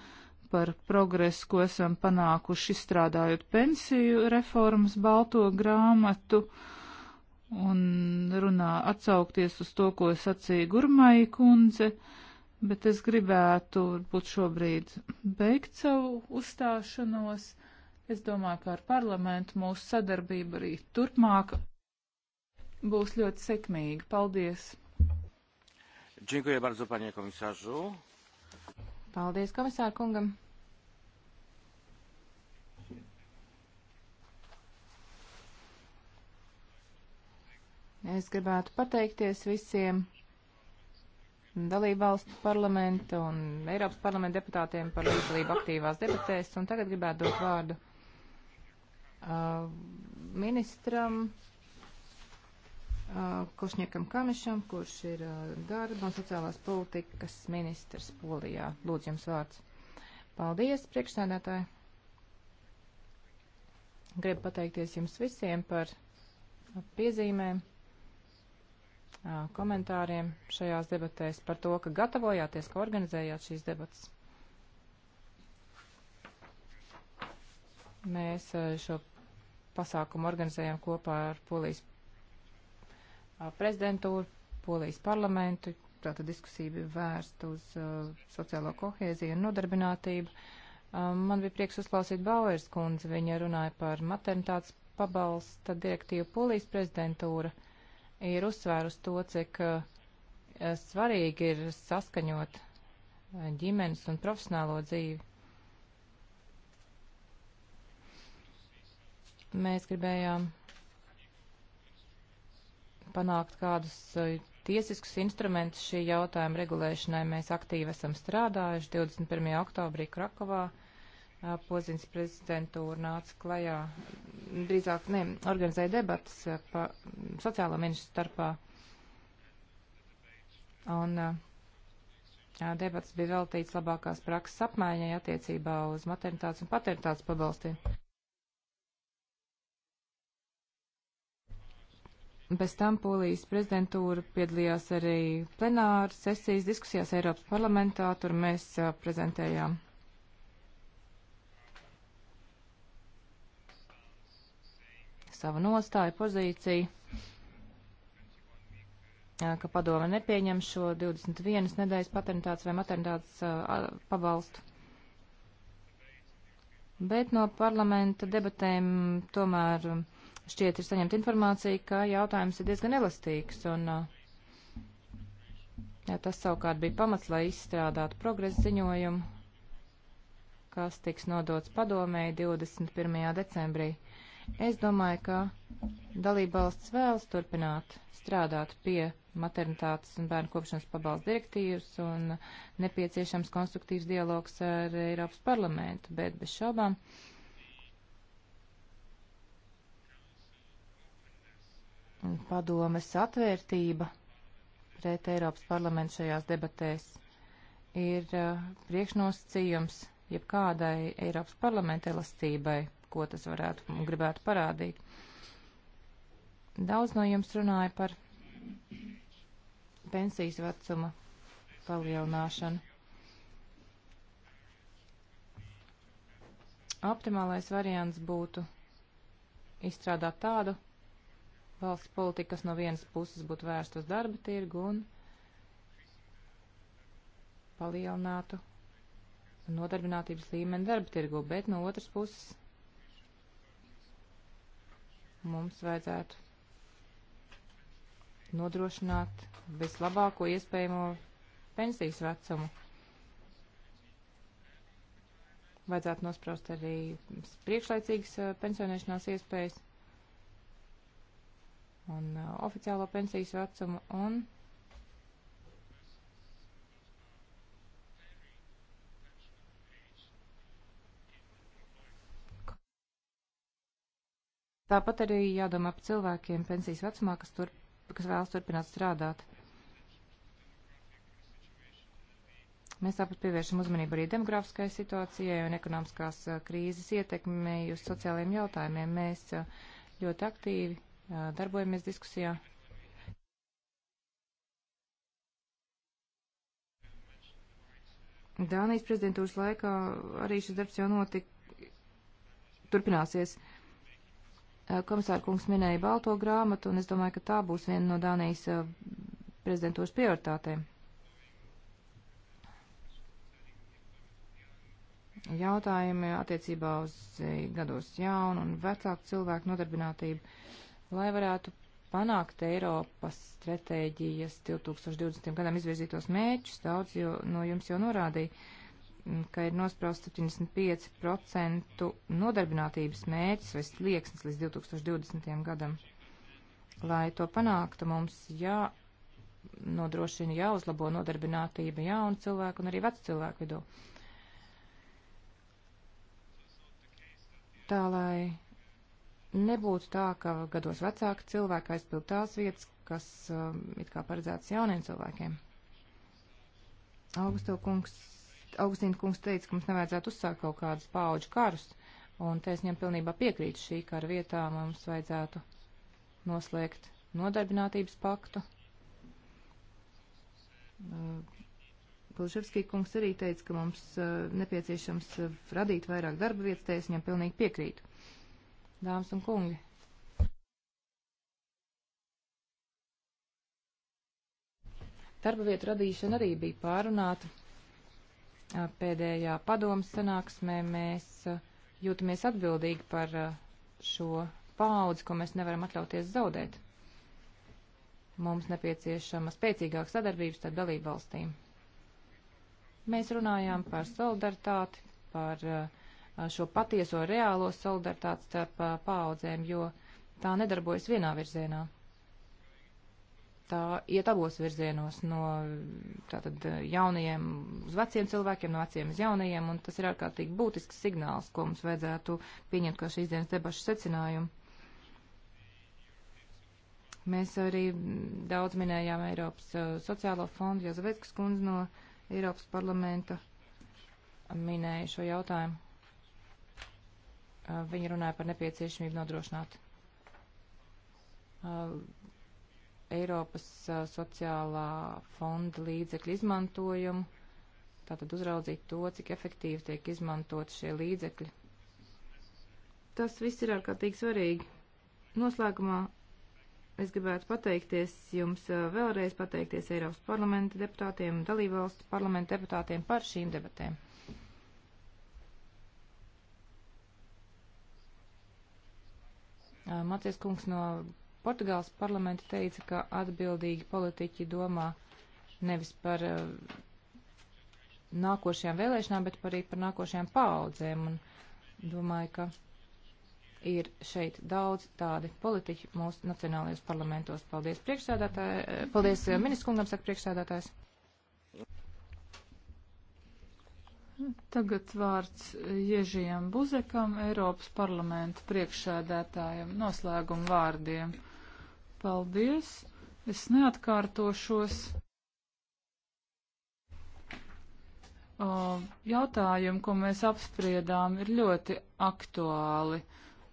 par progresu, ko esam panākuši izstrādājot pensiju reformas balto grāmatu un runā atsaukties uz to, ko sacīja Gurmai kundze. Uh, bet es gribētu būt šobrīd beigt savu uzstāšanos. Es domāju, ka ar parlamentu mūsu sadarbība arī turpmāk būs ļoti sekmīga. Paldies! Dziękuję bardzo, panie komisarzu. Paldies, komisār kungam. Es gribētu pateikties visiem dalībvalstu parlamentu un Eiropas parlamentu deputātiem par līdzdalību aktīvās debatēs. Un tagad gribētu dot vārdu uh, ministram uh, Košņiekam Kamišam, kurš ir uh, darba un sociālās politikas ministrs Polijā. Lūdzu, jums vārds. Paldies, priekšsēdētāji. Gribu pateikties jums visiem par piezīmēm komentāriem šajās debatēs par to, ka gatavojāties, ka organizējāt šīs debatas. Mēs šo pasākumu organizējam kopā ar Polijas prezidentūru, Polijas parlamentu. Tātad diskusija bija vērsta uz sociālo kohēziju un nodarbinātību. Man bija prieks uzklausīt Bauers kundzi. Viņa runāja par maternitātes pabalsta direktīvu Polijas prezidentūra. Uh, ir uzsvērus to, cik eh, svarīgi ir saskaņot eh, ģimenes un profesionālo dzīvi. Mēs gribējām panākt kādus eh, tiesiskus instrumentus šī jautājuma regulēšanai. Mēs aktīvi esam strādājuši 21. oktobrī Krakovā. Uh, Poziņas prezidentūra nāca klajā, drīzāk, ne, organizēja debatas pa sociālo ministru starpā. Un debats bija veltīts labākās prakses apmaiņai attiecībā uz maternitātes un paternitātes pabalstiem. Bez tam Polijas prezidentūra piedalījās arī plenāru sesijas diskusijās Eiropas parlamentā, tur mēs a, prezentējām savu nostāju pozīciju, ka padome nepieņem šo 21 nedēļas paternitātes vai maternitātes pabalstu. Bet no parlamenta debatēm tomēr šķiet ir saņemta informācija, ka jautājums ir diezgan elastīgs, un jā, tas savukārt bija pamats, lai izstrādātu progresa ziņojumu, kas tiks nodots padomēji 21. decembrī. Es domāju, ka dalībvalsts vēlas turpināt strādāt pie maternitātes un bērnu kopšanas pabalsta direktīvas un nepieciešams konstruktīvs dialogs ar Eiropas parlamentu, bet bez šaubām. Padomes atvērtība pret Eiropas parlamentu šajās debatēs ir eh, priekšnosacījums jebkādai Eiropas parlamenta elastībai ko tas varētu un gribētu parādīt. Daudz no jums runāja par pensijas vecuma palielināšanu. Optimālais variants būtu izstrādāt tādu valsts politiku, kas no vienas puses būtu vērst uz darba tirgu un palielinātu nodarbinātības līmeni darba tirgu, bet no otras puses mums vajadzētu nodrošināt vislabāko iespējamo pensijas vecumu. Vajadzētu nospraust arī priekšlaicīgas eh, pensionēšanās iespējas un eh, oficiālo pensijas vecumu un Tāpat arī jādomā par cilvēkiem pensijas vecumā, kas, tur, kas vēlas turpināt strādāt. Mēs tāpat pievēršam uzmanību arī demografiskai situācijai un ekonomiskās krīzes ietekmei uz sociālajiem jautājumiem. Mēs ļoti aktīvi darbojamies diskusijā. Dānijas prezidentūras laikā arī šis darbs jau notika, turpināsies. Uh, Eh, komisāra kungs minēja balto grāmatu, un es domāju, ka tā būs viena no Dānijas eh, prezidentūras prioritātēm. Jautājumi attiecībā uz eh, gados jaunu un vecāku cilvēku nodarbinātību, lai varētu panākt Eiropas stratēģijas 2020. gadam izvirzītos mērķus, daudz jo, no jums jau norādīja ka ir nospraust 75% nodarbinātības mērķis vai slieksnis līdz 2020. gadam. Lai to panāktu, mums jā nodrošina jāuzlabo nodarbinātība jaunu cilvēku un arī vecu cilvēku vidū. Tā, lai nebūtu tā, ka gados vecāki cilvēki aizpild tās vietas, kas um, it kā paredzētas jauniem cilvēkiem. Augusto kungs Augustīna kungs teica, ka mums nevajadzētu uzsākt kaut kādus pauģu karus, un te es viņam pilnībā piekrītu šī kara vietā, mums vajadzētu noslēgt nodarbinātības paktu. Uh, Pilševskī kungs arī teica, ka mums uh, nepieciešams uh, radīt vairāk darba vietas, te es viņam pilnīgi piekrītu. Dāmas un kungi, Darba vietu radīšana arī bija pārunāta pēdējā padomas sanāksmē mēs jūtamies atbildīgi par šo paudzi, ko mēs nevaram atļauties zaudēt. Mums nepieciešama spēcīgāka sadarbības starp dalībvalstīm. Mēs runājām par solidaritāti, par šo patieso reālo solidaritāti starp paudzēm, jo tā nedarbojas vienā virzienā tā iet abos virzienos no tātad eh, jaunajiem uz veciem cilvēkiem, no veciem uz jaunajiem, un tas ir ārkārtīgi būtisks signāls, ko mums vajadzētu pieņemt kā šīs dienas debašu secinājumu. Mēs arī daudz minējām Eiropas eh, sociālo fondu, Jazavetskas kundze no Eiropas parlamenta minēja šo jautājumu. Eh, viņa runāja par nepieciešamību nodrošināt Eiropas sociālā fonda līdzekļu izmantojumu, tātad uzraudzīt to, cik efektīvi tiek izmantot šie līdzekļi. Tas viss ir ārkārtīgi svarīgi. Noslēgumā es gribētu pateikties jums vēlreiz, pateikties Eiropas parlamenta deputātiem, dalībvalstu parlamenta deputātiem par šīm debatēm. Maties kungs no Portugāles parlamenta teica, ka atbildīgi politiķi domā nevis par uh, nākošajām vēlēšanām, bet arī par nākošajām paaudzēm. Un domāju, ka ir šeit daudz tādi politiķi mūsu nacionālajos parlamentos. Paldies priekšsēdētāji, eh, paldies eh, ministrkungam, saka priekšsēdētājs. Tagad vārds Ježijam Buzekam, Eiropas parlamenta priekšsēdētājam, noslēguma vārdiem. Paldies! Es neatkārtošos. Jautājumi, ko mēs apspriedām, ir ļoti aktuāli.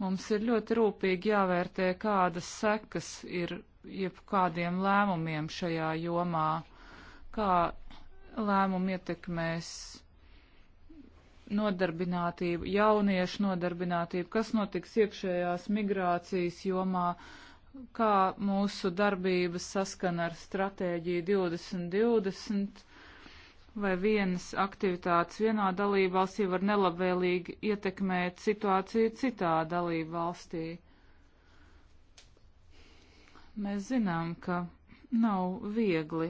Mums ir ļoti rūpīgi jāvērtē, kādas sekas ir jebkādiem lēmumiem šajā jomā, kā lēmumi ietekmēs nodarbinātību, jauniešu nodarbinātību, kas notiks iekšējās migrācijas jomā. Uh, kā mūsu darbības saskana ar stratēģiju 2020 vai vienas aktivitātes vienā dalībvalstī var nelabvēlīgi ietekmēt situāciju citā dalībvalstī. Mēs zinām, ka nav viegli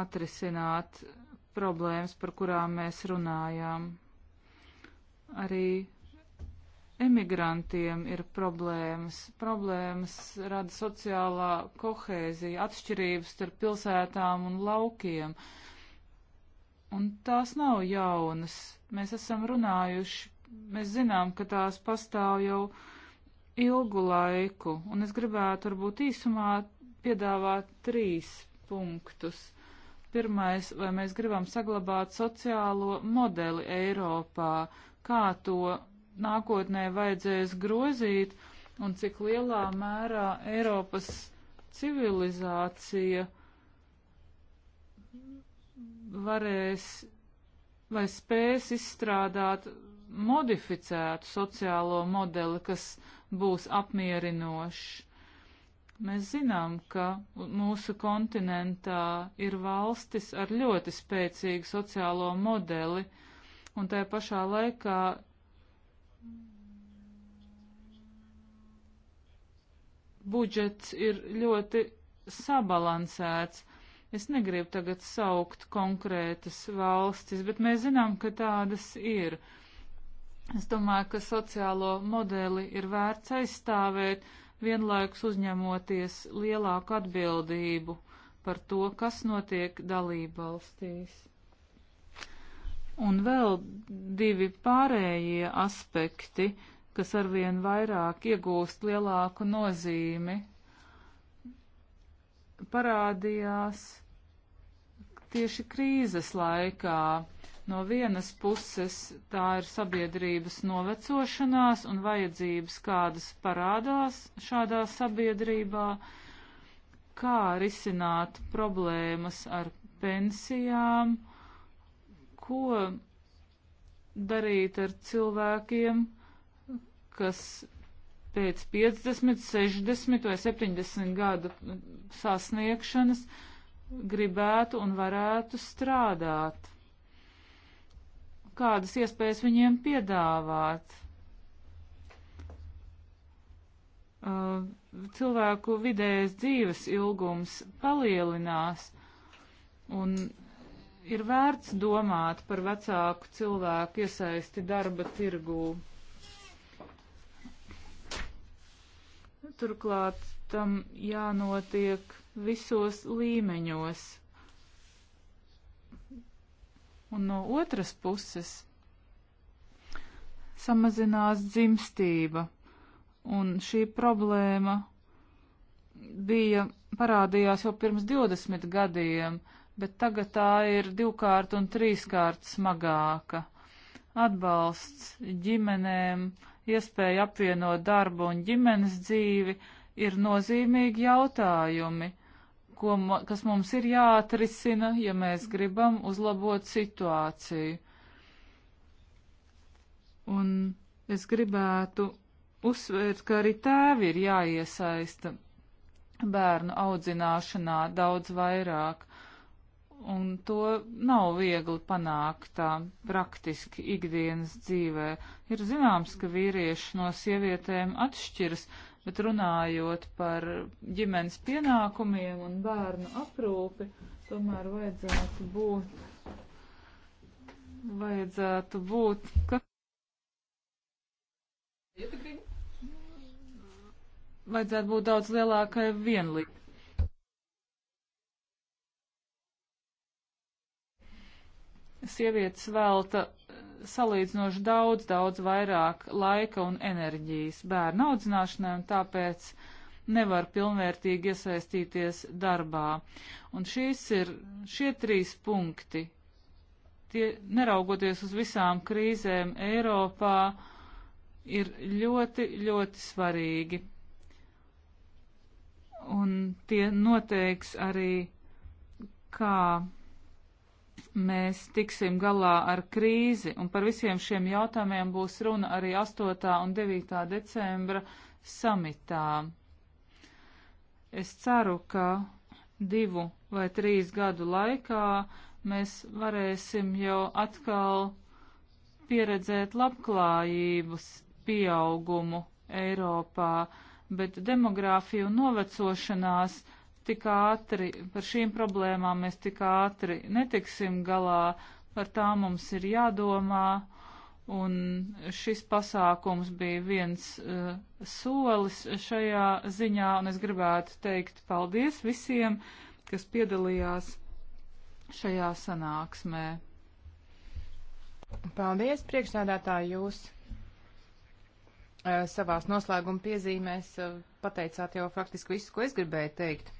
atrisināt problēmas, par kurām mēs runājām. Arī emigrantiem ir problēmas. Problēmas rada sociālā kohēzija, atšķirības starp pilsētām un laukiem. Un tās nav jaunas. Mēs esam runājuši, mēs zinām, ka tās pastāv jau ilgu laiku. Un es gribētu varbūt īsumā piedāvāt trīs punktus. Pirmais, vai mēs gribam saglabāt sociālo modeli Eiropā, kā to nākotnē vajadzēs grozīt un cik lielā mērā Eiropas civilizācija varēs vai spēs izstrādāt modificētu sociālo modeli, kas būs apmierinošs. Mēs zinām, ka mūsu kontinentā ir valstis ar ļoti spēcīgu sociālo modeli, un tajā pašā laikā budžets ir ļoti sabalansēts. Es negribu tagad saukt konkrētas valstis, bet mēs zinām, ka tādas ir. Es domāju, ka sociālo modeli ir vērts aizstāvēt, vienlaikus uzņemoties lielāku atbildību par to, kas notiek dalībvalstīs. Un vēl divi pārējie aspekti, uh, kas arvien vairāk iegūst lielāku nozīmi, parādījās tieši krīzes laikā. No vienas puses tā ir sabiedrības novecošanās un vajadzības, kādas parādās šādā sabiedrībā, kā risināt problēmas ar pensijām, ko darīt ar cilvēkiem, kas pēc 50, 60 vai 70 gadu sasniegšanas gribētu un varētu strādāt. Kādas iespējas viņiem piedāvāt? Uh, cilvēku vidējais dzīves ilgums palielinās, un ir vērts domāt par vecāku cilvēku iesaisti darba tirgū. Turklāt tam jānotiek visos līmeņos. Un no otras puses samazinās dzimstība, un šī problēma bija, parādījās jau pirms 20 gadiem, bet tagad tā ir divkārt un trīskārt smagāka. Atbalsts ģimenēm, uh, iespēja apvienot darbu un ģimenes dzīvi, ir nozīmīgi jautājumi, ko, kas mums ir jāatrisina, ja mēs gribam uzlabot situāciju. Un es gribētu uzsvērt, ka arī tēvi ir jāiesaista bērnu audzināšanā daudz vairāk un to nav viegli panākt tā praktiski ikdienas dzīvē. Ir zināms, ka vīrieši no sievietēm atšķiras, bet runājot par ģimenes pienākumiem un bērnu aprūpi, tomēr vajadzētu būt, vajadzētu būt, ka. Vajadzētu būt daudz lielākai vienlīdzībai. sievietes velta eh, salīdzinoši daudz, daudz vairāk laika un enerģijas bērnu audzināšanai, un tāpēc nevar pilnvērtīgi iesaistīties darbā. Un šīs ir šie trīs punkti. Tie, neraugoties uz visām krīzēm Eiropā, ir ļoti, ļoti svarīgi. Un tie noteiks arī, kā mēs tiksim galā ar krīzi, un par visiem šiem jautājumiem būs runa arī 8. un 9. decembra samitā. Es ceru, ka divu vai trīs gadu laikā mēs varēsim jau atkal pieredzēt labklājības pieaugumu Eiropā, bet demogrāfija un novecošanās tik ātri, par šīm problēmām mēs tik ātri netiksim galā, par tā mums ir jādomā. Un šis pasākums bija viens uh, solis šajā ziņā, un es gribētu teikt paldies visiem, kas piedalījās šajā sanāksmē. Paldies, priekšsēdētāji, jūs uh, savās noslēguma piezīmēs uh, pateicāt jau faktiski visu, ko es gribēju teikt.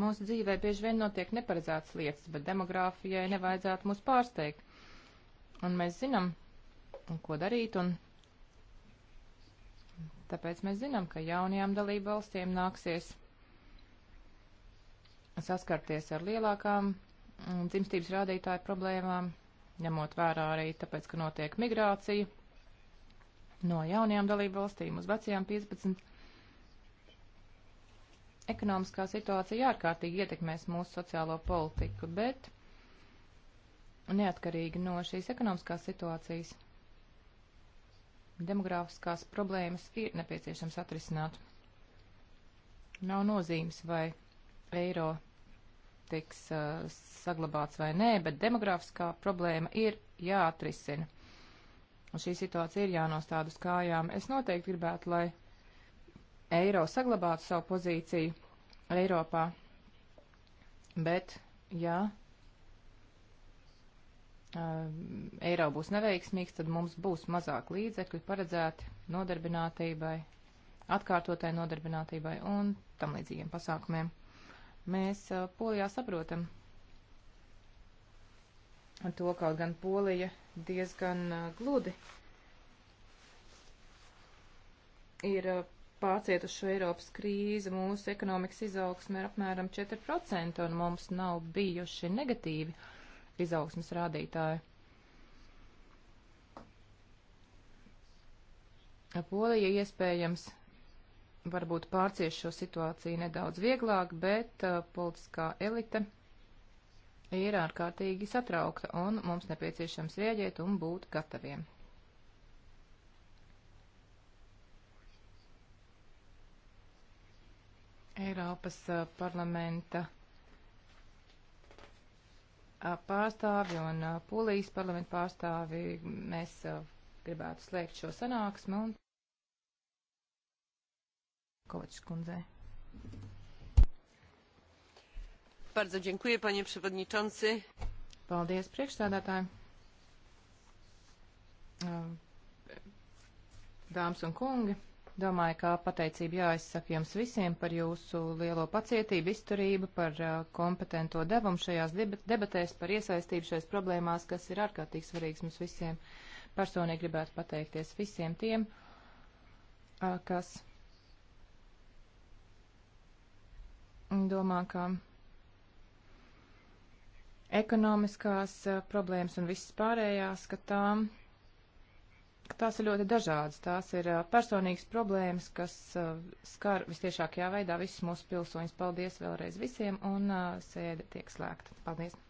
Mūsu dzīvē bieži vien notiek neparedzētas lietas, bet demogrāfijai nevajadzētu mūs pārsteigt. Un mēs zinām, ko darīt, un tāpēc mēs zinām, ka jaunajām dalību valstīm nāksies saskarties ar lielākām mm, dzimstības rādītāju problēmām, ņemot vērā arī tāpēc, ka notiek migrācija no jaunajām dalību valstīm uz vecajām 15 Ekonomiskā situācija ārkārtīgi ietekmēs mūsu sociālo politiku, bet neatkarīgi no šīs ekonomiskās situācijas demogrāfiskās problēmas ir nepieciešams atrisināt. Nav nozīmes, vai eiro tiks uh, saglabāts vai nē, bet demogrāfiskā problēma ir jāatrisina. Un šī situācija ir jānostāda uz kājām. Es noteikti gribētu, lai eiro saglabātu savu pozīciju Eiropā. Bet, ja um, eiro būs neveiksmīgs, tad mums būs mazāk līdzekļu paredzēti nodarbinātībai, atkārtotai nodarbinātībai un tam līdzīgiem pasākumiem. Mēs uh, polijā saprotam to, kaut gan polija diezgan uh, gludi ir uh, pārcietušo Eiropas krīzi mūsu ekonomikas izaugsme ir apmēram 4% un mums nav bijuši negatīvi izaugsmes rādītāji. Polija iespējams varbūt pārcieš šo situāciju nedaudz vieglāk, bet uh, politiskā elite ir ārkārtīgi satraukta un mums nepieciešams rieģēt un būt gataviem. Eiropas parlamenta pārstāvi un Polijas parlamenta pārstāvi. Mēs gribētu slēgt šo sanāksmu un Kovačs kundzei. Bardzo dziękuję, panie przewodniczący. Paldies, priekšstādātāji. Dāmas un kungi. Domāju, ka pateicība jāizsaka jums visiem par jūsu lielo pacietību, izturību, par uh, kompetento devumu šajās debatēs, par iesaistību šajās problēmās, kas ir ārkārtīgi svarīgs mums visiem. Personīgi gribētu pateikties visiem tiem, uh, kas domā, ka ekonomiskās uh, problēmas un viss pārējās, ka tām tās ir ļoti dažādas. Tās ir personīgas problēmas, kas skar vistiešākajā veidā visus mūsu pilsoņus. Paldies vēlreiz visiem un sēde tiek slēgta. Paldies!